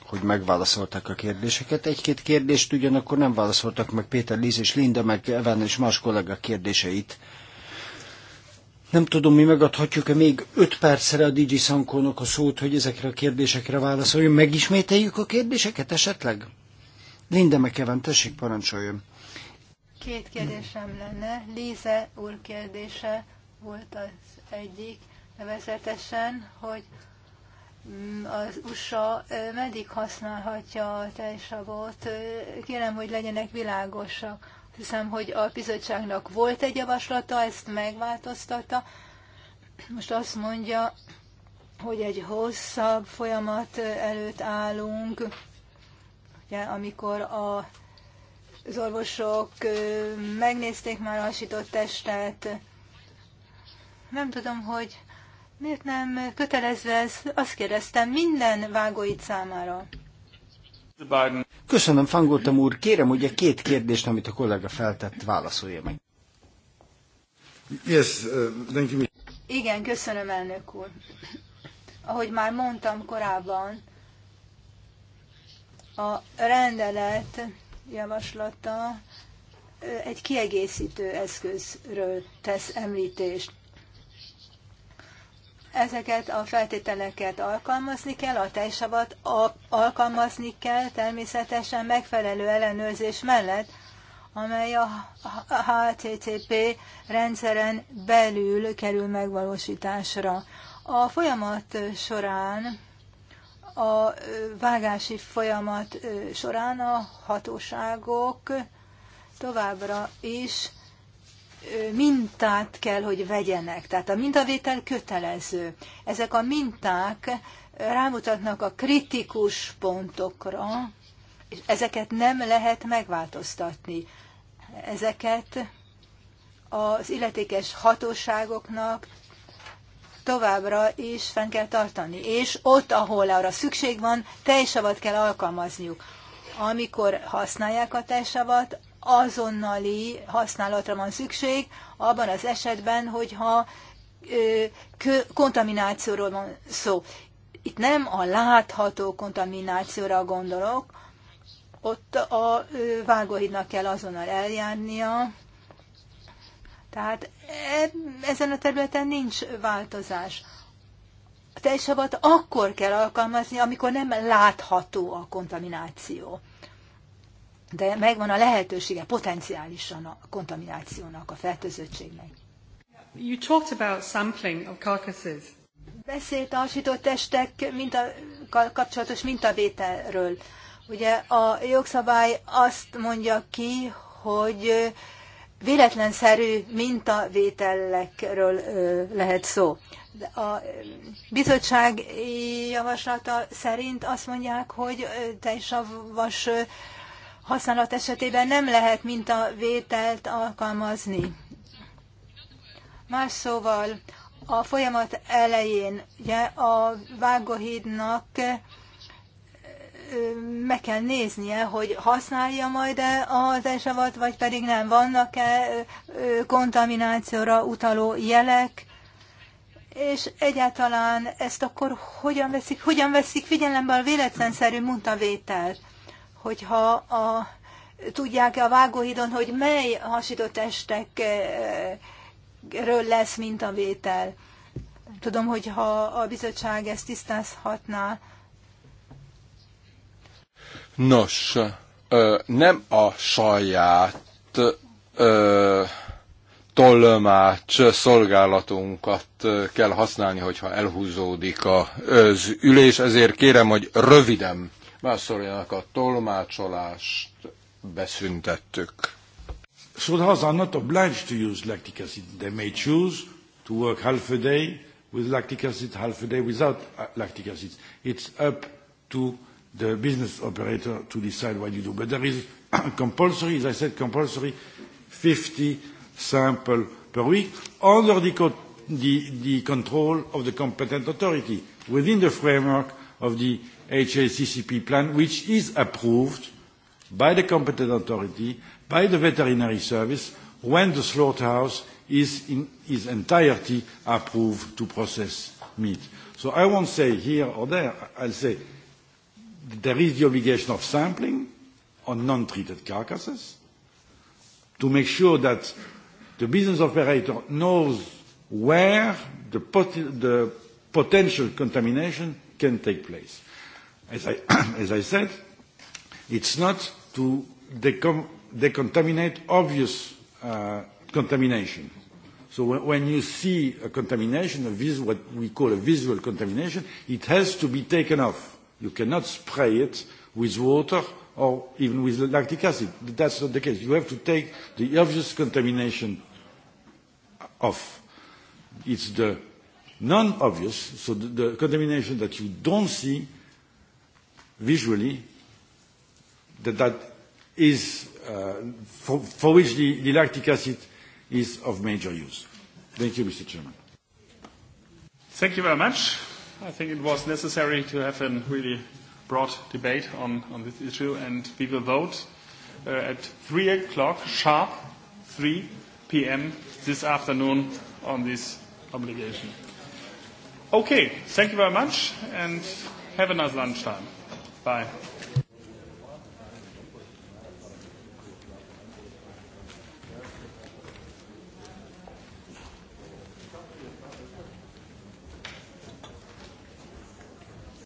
hogy megválaszolták a kérdéseket. Egy-két kérdést ugyanakkor nem válaszoltak meg Péter Líz és Linda, meg Evan és más kollega kérdéseit nem tudom, mi megadhatjuk-e még öt percre a Digi Sankónak a szót, hogy ezekre a kérdésekre válaszoljon. Megismételjük a kérdéseket esetleg? Linda McEwen, tessék, parancsoljon. Két kérdésem lenne. Líze úr kérdése volt az egyik, nevezetesen, hogy mm, az USA meddig használhatja a tejsavot. Kérem, hogy legyenek világosak hiszem, hogy a bizottságnak volt egy javaslata, ezt megváltoztatta. Most azt mondja, hogy egy hosszabb folyamat előtt állunk, ugye, amikor a, az orvosok megnézték már a hasított testet. Nem tudom, hogy miért nem kötelezve ez, azt kérdeztem minden vágóit számára. Köszönöm, Fangoltam úr. Kérem, hogy a két kérdést, amit a kollega feltett, válaszolja meg. Yes, uh, thank you. Igen, köszönöm, elnök úr. Ahogy már mondtam korábban, a rendelet javaslata egy kiegészítő eszközről tesz említést. Ezeket a feltételeket alkalmazni kell, a tejsavat alkalmazni kell természetesen megfelelő ellenőrzés mellett, amely a HTTP rendszeren belül kerül megvalósításra. A folyamat során, a vágási folyamat során a hatóságok továbbra is mintát kell, hogy vegyenek. Tehát a mintavétel kötelező. Ezek a minták rámutatnak a kritikus pontokra, és ezeket nem lehet megváltoztatni. Ezeket az illetékes hatóságoknak továbbra is fenn kell tartani. És ott, ahol arra szükség van, teljesavat kell alkalmazniuk. Amikor használják a teljesavat, azonnali használatra van szükség, abban az esetben, hogyha kontaminációról van szó. Itt nem a látható kontaminációra gondolok, ott a vágóhídnak kell azonnal eljárnia, tehát e, ezen a területen nincs változás. A tejsavat akkor kell alkalmazni, amikor nem látható a kontamináció de megvan a lehetősége potenciálisan a kontaminációnak, a fertőzöttségnek. You talked about sampling of carcasses. Beszélt a hasított testek minta, kapcsolatos mintavételről. Ugye a jogszabály azt mondja ki, hogy véletlenszerű mintavételekről lehet szó. A bizottság javaslata szerint azt mondják, hogy a vas használat esetében nem lehet mintavételt alkalmazni. Más szóval a folyamat elején ugye, a vágóhídnak meg kell néznie, hogy használja majd-e az esavat, vagy pedig nem. Vannak-e kontaminációra utaló jelek, és egyáltalán ezt akkor hogyan veszik, hogyan veszik figyelembe a véletlenszerű mutavételt? hogyha a, tudják-e a vágóhidon, hogy mely hasított testekről lesz mintavétel. Tudom, hogy ha a bizottság ezt tisztázhatná. Nos, ö, nem a saját ö, tolmács szolgálatunkat kell használni, hogyha elhúzódik az ülés, ezért kérem, hogy röviden Mászorjának a tolmácsolást beszüntettük. School house are not obliged to use lactic acid. They may choose to work half a day with lactic acid, half a day without uh, lactic acid. It's up to the business operator to decide what you do. But there is compulsory, as I said, compulsory 50 sample per week under the, co the, the control of the competent authority within the framework of the HACCP plan, which is approved by the competent authority, by the veterinary service, when the slaughterhouse is in its entirety approved to process meat. So I won't say here or there, I'll say there is the obligation of sampling on non-treated carcasses to make sure that the business operator knows where the, the potential contamination can take place as I, as I said, it's not to decom- decontaminate obvious uh, contamination. So when, when you see a contamination, a vis- what we call a visual contamination, it has to be taken off. You cannot spray it with water or even with lactic acid. That's not the case. You have to take the obvious contamination off. It's the non-obvious, so the, the contamination that you don't see visually that that is uh, for, for which the, the lactic acid is of major use. Thank you, Mr. Chairman. Thank you very much. I think it was necessary to have a really broad debate on, on this issue, and we will vote uh, at 3 o'clock sharp, 3 p.m. this afternoon on this obligation. Okay, thank you very much, and have a nice lunchtime. Bye.